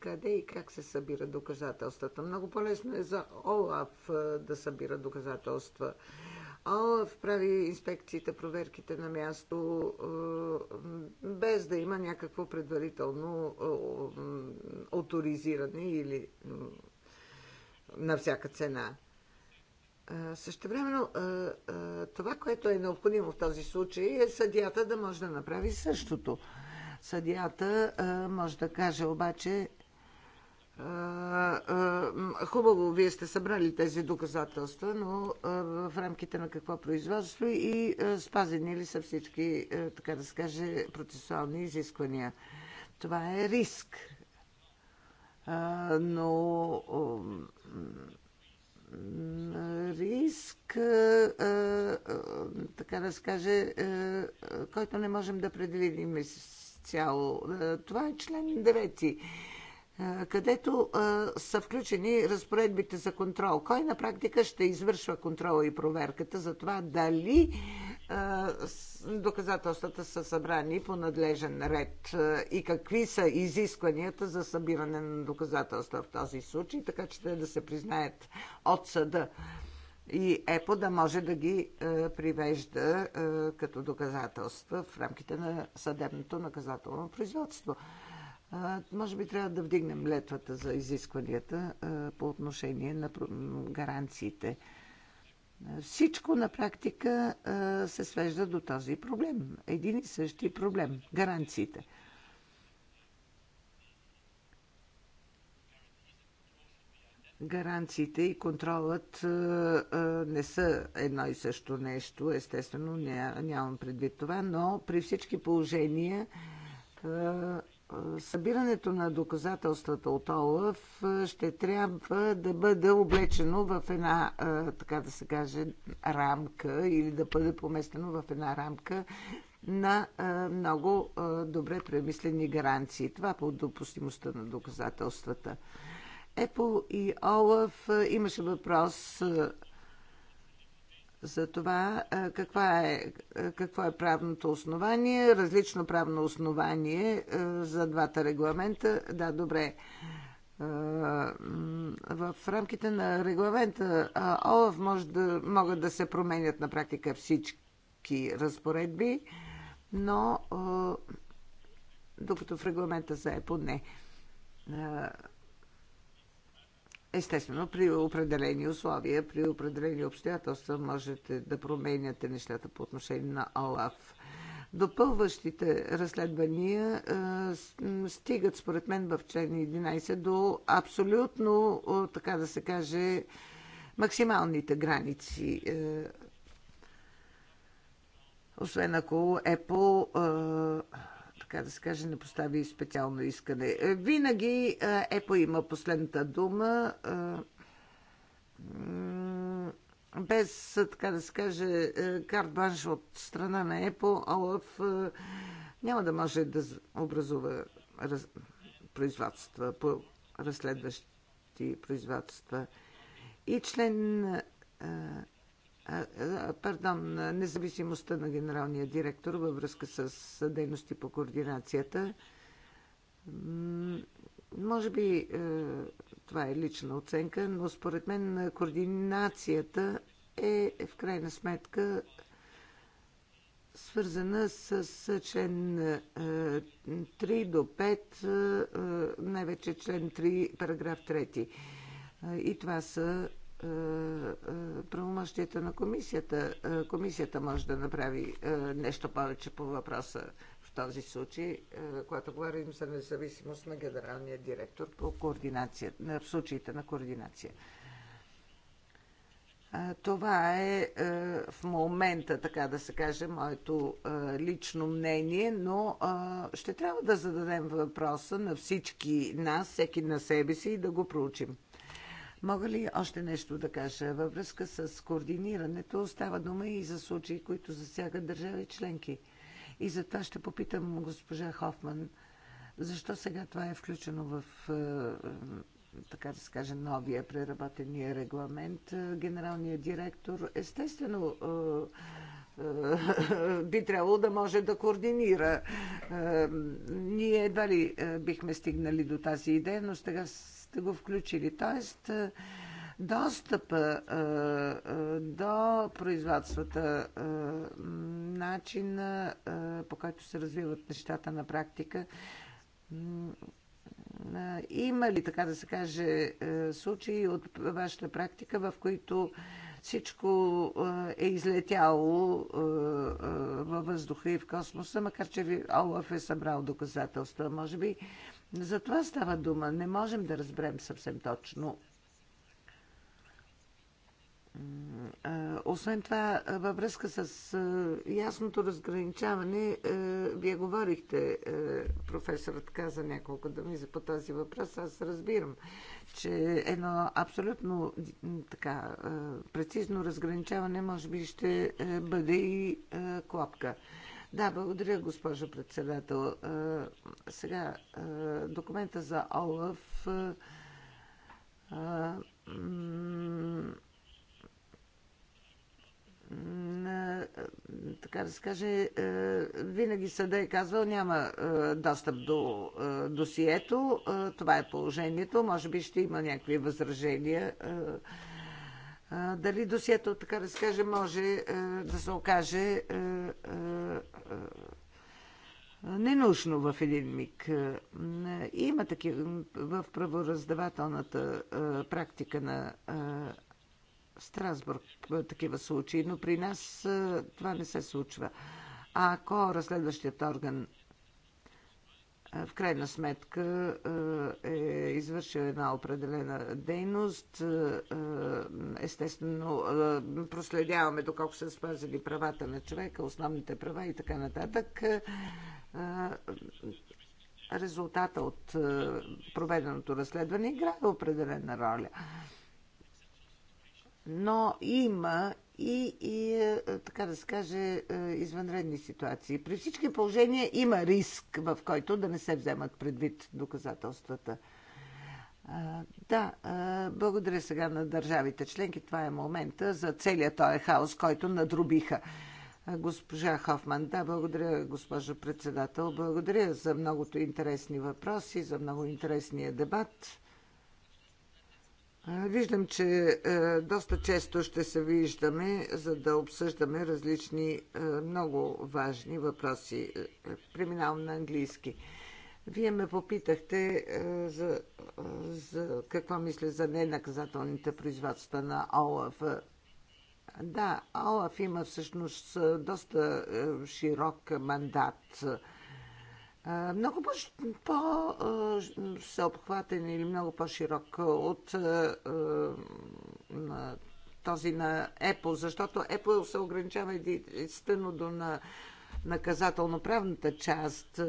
къде и как се събира доказателствата. Много по-лесно е за ОЛАФ да събира доказателства. ОЛАФ прави инспекциите, проверките на място, без да има някакво предварително авторизиране или на всяка цена времено, това, което е необходимо в този случай, е съдията да може да направи същото. Съдията може да каже обаче, хубаво, вие сте събрали тези доказателства, но в рамките на какво производство и спазени ли са всички, така да се каже, процесуални изисквания. Това е риск. Но риск, така да се каже, който не можем да предвидим изцяло. Това е член 9 където а, са включени разпоредбите за контрол. Кой на практика ще извършва контрола и проверката за това дали доказателствата са събрани по надлежен ред и какви са изискванията за събиране на доказателства в този случай, така че те да се признаят от съда и ЕПО да може да ги привежда като доказателства в рамките на съдебното наказателно производство. Може би трябва да вдигнем летвата за изискванията по отношение на гаранциите всичко на практика се свежда до този проблем. Един и същи проблем гаранциите. гаранциите и контролът не са едно и също нещо. Естествено, нямам предвид това, но при всички положения събирането на доказателствата от ОЛАФ ще трябва да бъде облечено в една, така да се каже, рамка или да бъде поместено в една рамка на много добре премислени гаранции. Това по допустимостта на доказателствата. Епо и Олаф имаше въпрос за това каква е, какво е правното основание, различно правно основание за двата регламента. Да, добре. В рамките на регламента ОЛАВ може да, могат да се променят на практика всички разпоредби, но докато в регламента за ЕПО не Естествено, при определени условия, при определени обстоятелства можете да променяте нещата по отношение на ОЛАФ. Допълващите разследвания э, стигат, според мен, в член 11 до абсолютно, е, така да се каже, максималните граници. Э, освен ако Apple э, така да се каже, не постави специално искане. Е, винаги е, ЕПО има последната дума. Е, без, така да се каже, карт от страна на ЕПО, ОЛАФ няма да може да образува раз... производства по разследващи производства. И член пардон, независимостта на генералния директор във връзка с дейности по координацията. Може би е, това е лична оценка, но според мен координацията е, е в крайна сметка свързана с член 3 е, до 5, най-вече член 3, параграф 3. И това са е, е, правомощията на комисията. Е, комисията може да направи нещо повече по въпроса в този случай, когато говорим за независимост на генералния директор по координация, в случаите на координация. Това е в момента, така да се каже, моето лично мнение, но ще трябва да зададем въпроса на всички нас, всеки на себе си и да го проучим. Мога ли още нещо да кажа във връзка с координирането? Става дума и за случаи, които засягат държави членки. И за това ще попитам госпожа Хофман, защо сега това е включено в е, така да се каже, новия преработения регламент, генералният директор естествено е, е, би трябвало да може да координира. Ние едва ли бихме стигнали до тази идея, но сега сте го включили. Тоест, е, достъпа е, е, до производствата, начина по който се развиват нещата на практика, има ли, така да се каже, случаи от вашата практика, в които всичко е излетяло във въздуха и в космоса, макар че Олаф е събрал доказателства? Може би за това става дума. Не можем да разберем съвсем точно. Освен това, във връзка с ясното разграничаване, вие говорихте, професорът каза няколко думи за по този въпрос. Аз разбирам, че едно абсолютно така прецизно разграничаване може би ще бъде и клопка. Да, благодаря, госпожо председател. Е, сега, е, документа за ОЛАФ е, така да се каже, винаги съда е казвал, няма достъп до досието. Това е положението. Може би ще има някакви възражения дали досието, така да се каже, може е, да се окаже е, е, ненужно в един миг. Има такива в правораздавателната практика на Страсбург такива случаи, но при нас това не се случва. А ако разследващият орган в крайна сметка е, е извършил една определена дейност. Е, е, естествено, проследяваме доколко са спазили правата на човека, основните права и така нататък. Резултата от проведеното разследване играе определена роля но има и, и е, така да се каже, е, извънредни ситуации. При всички положения има риск, в който да не се вземат предвид доказателствата. Да, благодаря сега на държавите членки. Това е момента за целият този хаос, който надрубиха. Госпожа Хофман, да, благодаря, госпожо председател. Благодаря за многото интересни въпроси, за много интересния дебат. Виждам, че е, доста често ще се виждаме, за да обсъждаме различни е, много важни въпроси. Е, преминавам на английски. Вие ме попитахте за, за какво мисля за ненаказателните производства на ОЛАФ. Да, ОЛАФ има всъщност доста широк мандат много по-всеобхватен или много по-широк от този на Apple, защото Apple се ограничава единствено до на наказателно-правната част,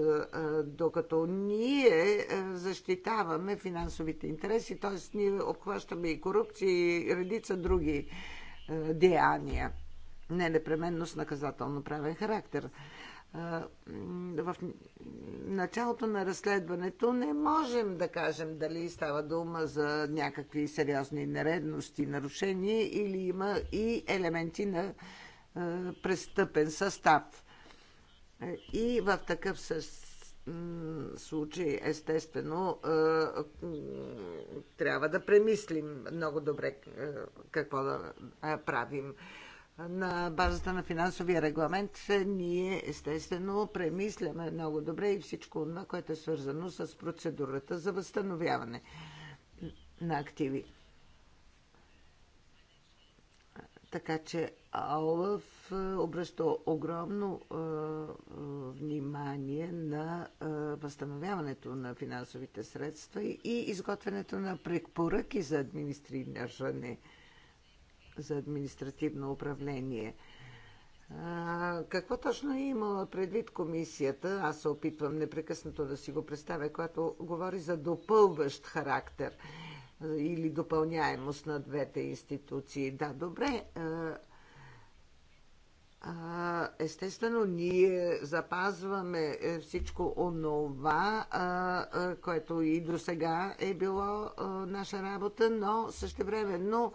докато ние защитаваме финансовите интереси, т.е. ние обхващаме и корупция и редица други деяния, не непременно с наказателно-правен характер в началото на разследването не можем да кажем дали става дума за някакви сериозни нередности, нарушения или има и елементи на престъпен състав. И в такъв случай, естествено, трябва да премислим много добре какво да правим на базата на финансовия регламент ние естествено премисляме много добре и всичко това, което е свързано с процедурата за възстановяване на активи. Така че Олаф е, обръща огромно е, внимание на е, възстановяването на финансовите средства и изготвянето на препоръки за администриране за административно управление. А, какво точно е имала предвид комисията? Аз се опитвам непрекъснато да си го представя, когато говори за допълващ характер или допълняемост на двете институции. Да, добре. Естествено, ние запазваме е, всичко онова, което и до сега е било наша работа, но време, но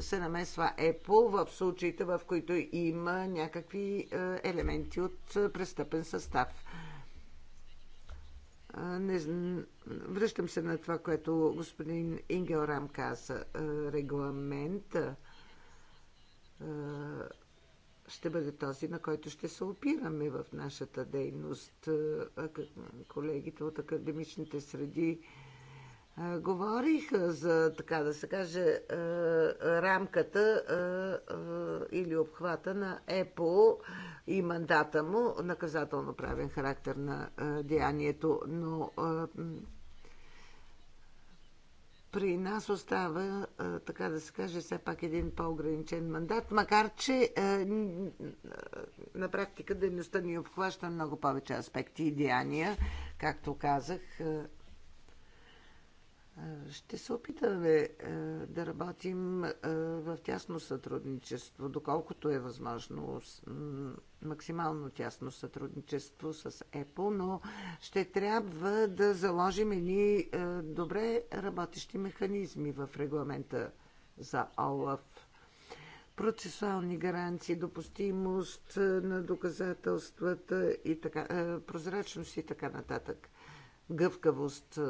се намесва Apple в случаите, в които има някакви елементи от престъпен състав. Не, връщам се на това, което господин Ингелрам каза. Регламент ще бъде този, на който ще се опираме в нашата дейност. Колегите от академичните среди Говорих за, така да се каже, рамката или обхвата на ЕПО и мандата му, наказателно-правен характер на деянието, но при нас остава, така да се каже, все пак един по-ограничен мандат, макар че на практика дейността ни обхваща много повече аспекти и деяния, както казах, ще се опитаме е, да работим е, в тясно сътрудничество, доколкото е възможно, максимално тясно сътрудничество с Apple, но ще трябва да заложим едни е, добре работещи механизми в регламента за ОЛАФ. Процесуални гаранции, допустимост на доказателствата и така, прозрачност и така нататък. Гъвкавост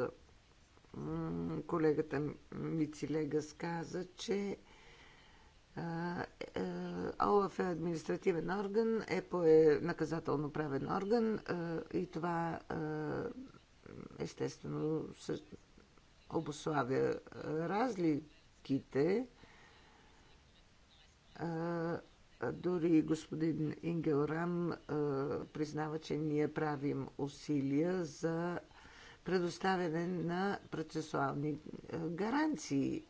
колегата Мицилега каза, че е, е, ОЛАФ е административен орган, ЕПО е наказателно-правен орган и това естествено обославя разликите. Дори господин Ингелрам признава, че ние правим усилия за предоставяне на процесуални е, гаранции.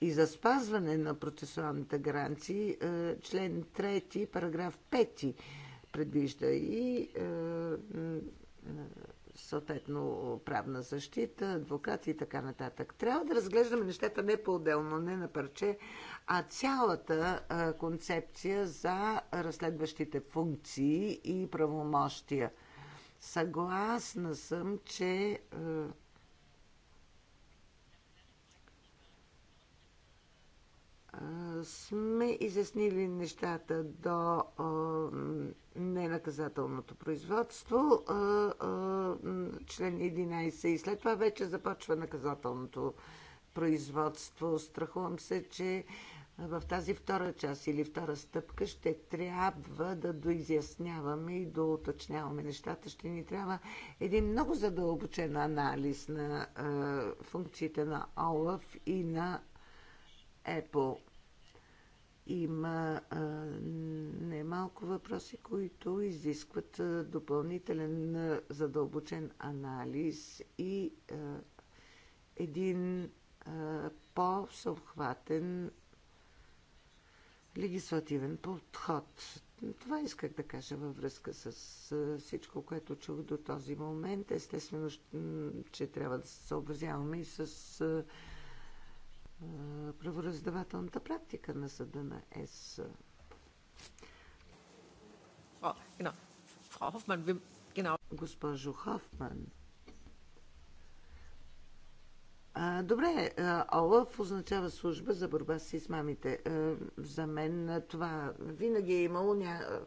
И за спазване на процесуалните гаранции е, член 3, параграф 5 предвижда и е, съответно правна защита, адвокат и така нататък. Трябва да разглеждаме нещата не по-отделно, не на парче, а цялата концепция за разследващите функции и правомощия – Съгласна съм, че е, е, сме изяснили нещата до е, ненаказателното производство, член 11 и след това вече започва наказателното производство. Страхувам се, че в тази втора част или втора стъпка ще трябва да доизясняваме и доуточняваме нещата. Ще ни трябва един много задълбочен анализ на е, функциите на ОЛАФ и на Apple. Има е, немалко въпроси, които изискват е, допълнителен е, задълбочен анализ и е, един е, по съвхватен легислативен подход. Това исках да кажа във връзка с всичко, което чух до този момент. Естествено, че трябва да се съобразяваме и с правораздавателната практика на съда на ЕС.
Госпожо Хофман,
Добре, ОЛАФ означава служба за борба с измамите. За мен това винаги е имало ня...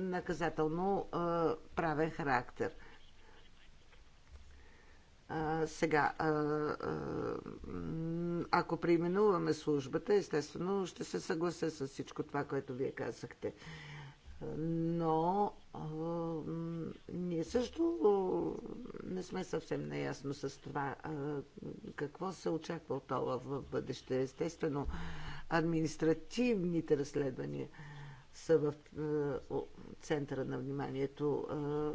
наказателно правен характер. Сега, ако преименуваме службата, естествено ще се съглася с всичко това, което вие казахте но а, ние също не сме съвсем наясно с това а, какво се очаква от това в бъдеще. Естествено, административните разследвания са в а, центъра на вниманието. А,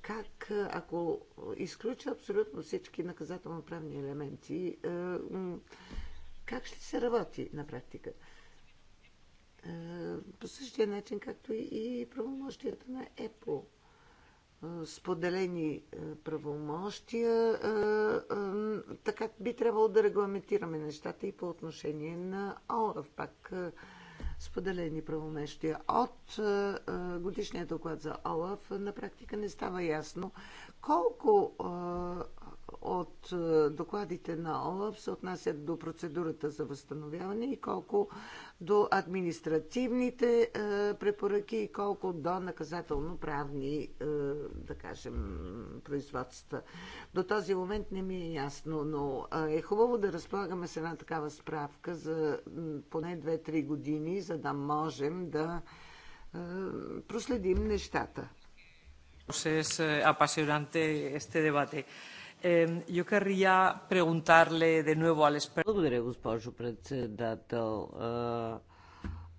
как, ако изключа абсолютно всички наказателно-правни елементи, а, как ще се работи на практика? Е, по същия начин, както и правомощията на ЕПО. Споделени е, правомощия, е, така би трябвало да регламентираме нещата и по отношение на ОЛАВ, пак споделени правомощия. От годишния доклад за ОЛАФ на практика не става ясно колко от е, докладите на ОЛАФ се отнасят до процедурата за възстановяване и колко до административните е, препоръки и колко до наказателно-правни, е, да кажем, производства. До този момент не ми е ясно, но е хубаво да разполагаме с една такава справка за поне 2-3 години, за да можем да проследим нещата.
Es apasionante este debate. Благодаря, госпожо председател.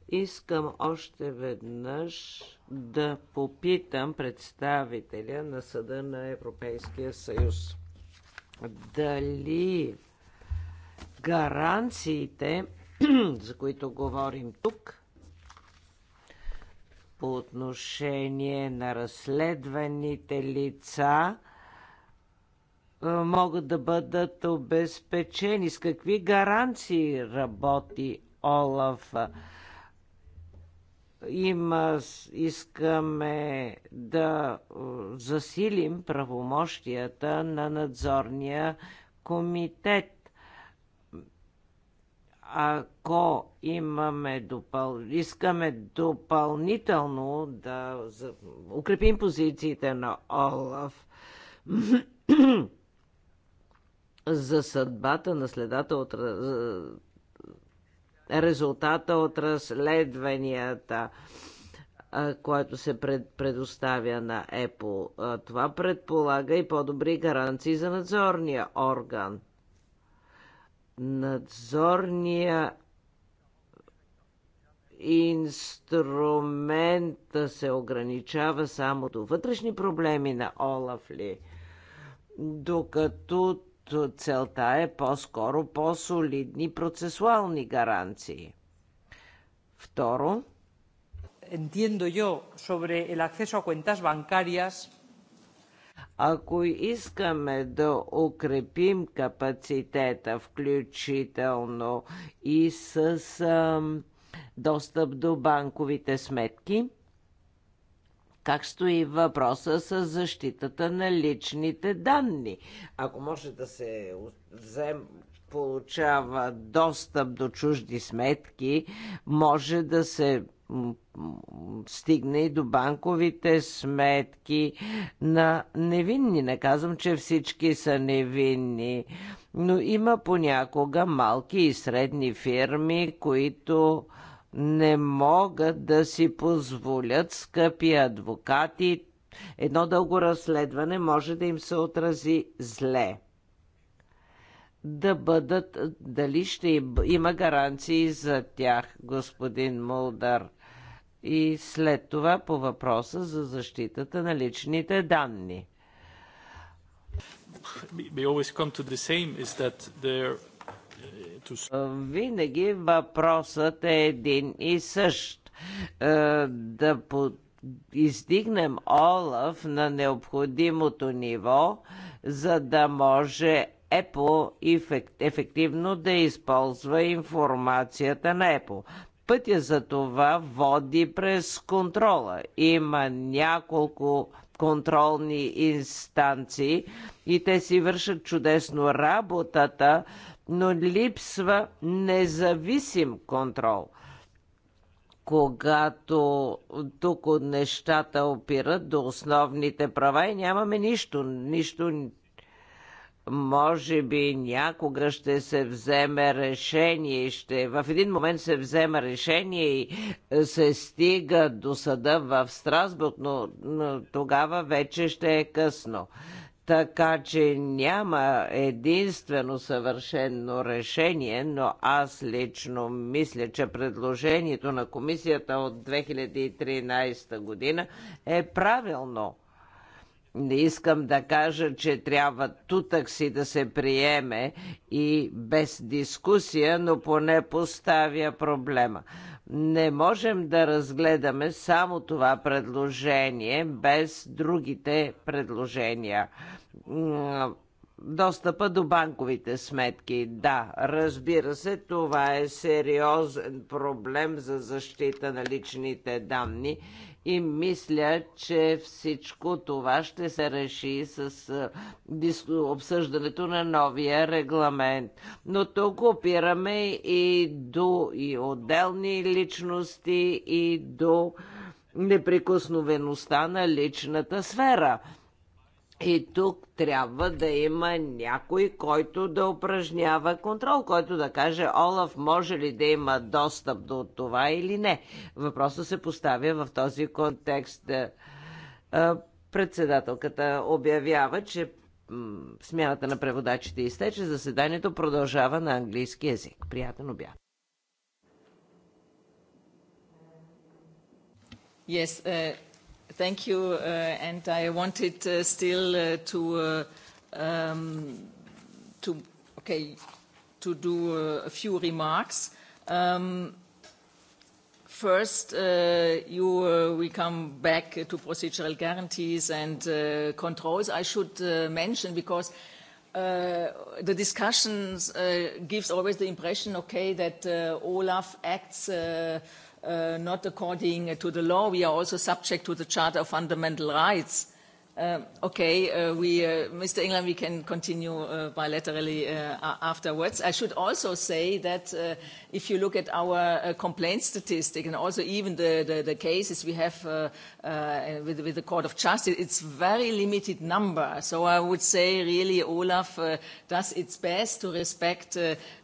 Искам още веднъж да попитам представителя на Съда на Европейския съюз. Дали гаранциите, [CLEARS THROAT] за които говорим тук, по отношение на разследваните лица, е, могат да бъдат обезпечени? С какви гаранции работи Олаф? Има, искаме да е, засилим правомощията на надзорния комитет ако имаме допъл... искаме допълнително да укрепим позициите на Олаф, за съдбата на следата от е, резултата от разследванията, е, което се пред, предоставя на ЕПО. Е, това предполага и по-добри гаранции за надзорния орган. Надзорния инструмент се ограничава само до вътрешни проблеми на Олаф ли, докато целта е по-скоро по-солидни процесуални гаранции. Второ, Entiendo yo sobre el acceso a cuentas bancarias. Ако искаме да укрепим капацитета, включително и с ам, достъп до банковите сметки, как стои въпроса с защитата на личните данни. Ако може да се взем, получава достъп до чужди сметки, може да се стигне и до банковите сметки на невинни. Не казвам, че всички са невинни, но има понякога малки и средни фирми, които не могат да си позволят скъпи адвокати. Едно дълго разследване може да им се отрази зле да бъдат, дали ще има гаранции за тях, господин Молдар. И след това по въпроса за защитата на личните данни. We always come to the same is that there винаги въпросът е един и същ. Да по издигнем Олаф на необходимото ниво, за да може ЕПО ефективно да използва информацията на ЕПО. Пътя за това води през контрола. Има няколко контролни инстанции и те си вършат чудесно работата, но липсва независим контрол – когато тук нещата опират до основните права и нямаме нищо, нищо може би някога ще се вземе решение, ще, в един момент се взема решение и се стига до съда в Страсбург, но, но тогава вече ще е късно. Така че няма единствено съвършено решение, но аз лично мисля, че предложението на комисията от 2013 година е правилно. Не искам да кажа, че трябва тутък си да се приеме и без дискусия, но поне поставя проблема. Не можем да разгледаме само това предложение без другите предложения достъпа до банковите сметки. Да, разбира се, това е сериозен проблем за защита на личните данни и мисля, че всичко това ще се реши с обсъждането на новия регламент. Но тук опираме и до и отделни личности, и до неприкосновеността на личната сфера. И тук трябва да има някой, който да упражнява контрол, който да каже Олаф може ли да има достъп до това или не. Въпросът се поставя в този контекст. Е, е, председателката обявява, че смяната на преводачите изтече, заседанието продължава на английски язик. Приятен обяд.
Yes, uh, Thank you. and I wanted uh, still to, uh, um, to, okay, to do uh, a few remarks. Um, First, we come back to procedural guarantees and controls. I should mention, because the discussions gives always the impression, okay, that Olaf acts not according to the law. We are also subject to the Charter of Fundamental Rights. okay, we, Mr. England, we can continue bilaterally afterwards. I should also say that if you look at our complaint statistic and also even the, the, the cases we have with, with the Court of Justice, it's very limited number. So I would say really Olaf does its best to respect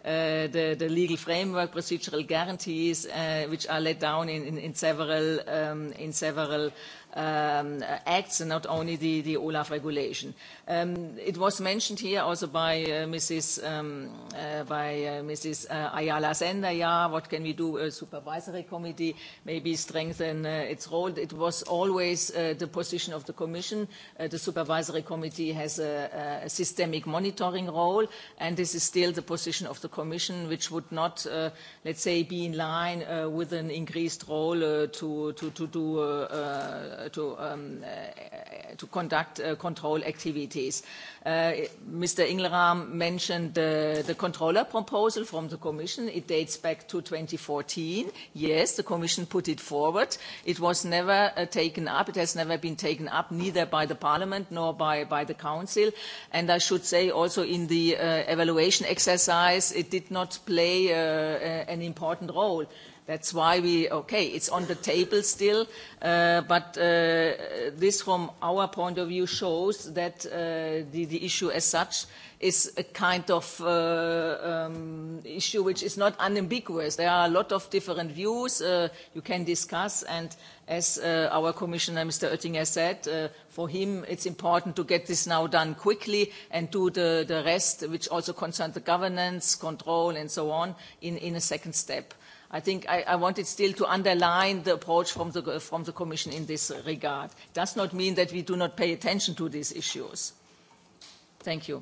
the, the legal framework, procedural guarantees, uh, which are laid down in, in, in several, um, in several um, acts and not only the, the OLAF regulation. Um, it was mentioned here also by uh, Mrs. Um, uh, by uh, Mrs. Uh, Ayala Sender, yeah, what can we do, a supervisory committee, maybe strengthen uh, its role. It was always uh, the position of the Commission. Uh, the supervisory committee has a, a systemic monitoring role, and this is still the position of the Commission, which would not, let's say, be in line with an increased role to conduct control activities. Mr. Ingleram mentioned the controller proposal from the Commission. It dates back to 2014. Yes, the Commission put it forward. It was never taken up. It has never been taken up, neither by the Parliament nor by the Council. And I should say also in the evaluation exercise, it did not play uh, an important role. That's why we, okay, it's on the table still, uh, but uh, this from our point of view shows that uh, the, the issue as such is a kind of uh, um, issue which is not unambiguous. There are a lot of different views uh, you can discuss, and as uh, our Commissioner, Mr. Oettinger, said, uh, for him it's important to get this now done quickly and do the, the rest, which also concerns the governance, control, and so on, in, in a second step. I think I, I wanted still to underline the approach from the, from the Commission in this regard. It Does not mean that we do not pay attention to these issues. Thank you.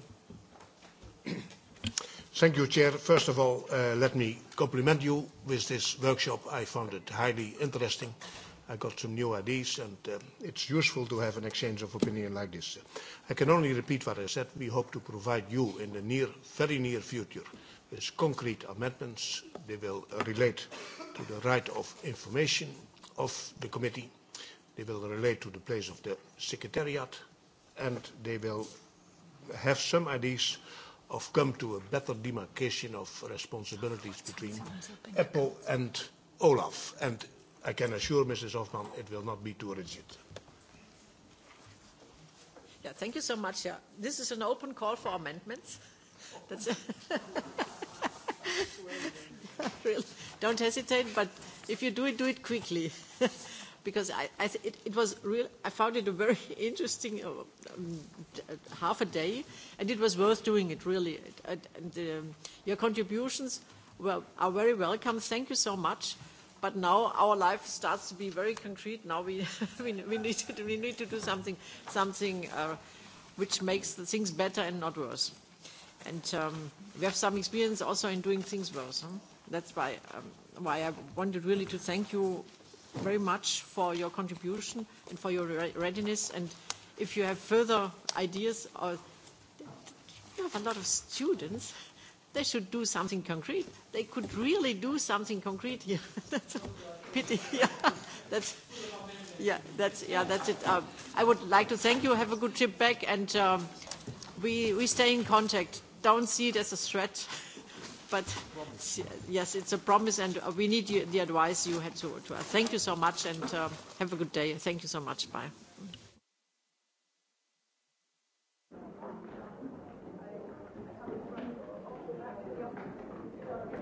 Thank you, Chair. First of all, uh, let me compliment you with this workshop. I found it highly interesting. I got some new ideas, and uh, it's useful to have an exchange of opinion like this. I can only repeat what I said. We hope to provide you in the near, very near future with concrete amendments. They will relate to the right of information of the committee. They will relate to the place of the Secretariat, and they will have some ideas of come to a better demarcation of responsibilities between Apple and Olaf. And I can assure Mrs. Hoffman it will not be too rigid.
Yeah, thank you so much. Yeah. This is an open call for amendments. That's it. really, don't hesitate, but if you do it, do it quickly because I, I it, it was real. I found it a very interesting uh um, half a day, and it was worth doing it really. It And, um, your contributions were, are very welcome. Thank you so much. But now our life starts to be very concrete. Now we we, we need to we need to do something something uh, which makes the things better and not worse. And um, we have some experience also in doing things worse. Huh? That's why um, why I wanted really to thank you very much for your contribution and for your readiness. And if you have further ideas, or you have a lot of students, they should do something concrete. They could really do something concrete here. That's a pity. Yeah, that's. Yeah, that's yeah, that's it. I would like to thank you. Have a good trip back, and um, we we stay in contact. Don't see it as a threat but yes, it's a promise, and we need the advice you had to, to us. Thank you so much, and have a good day. Thank you so much. Bye.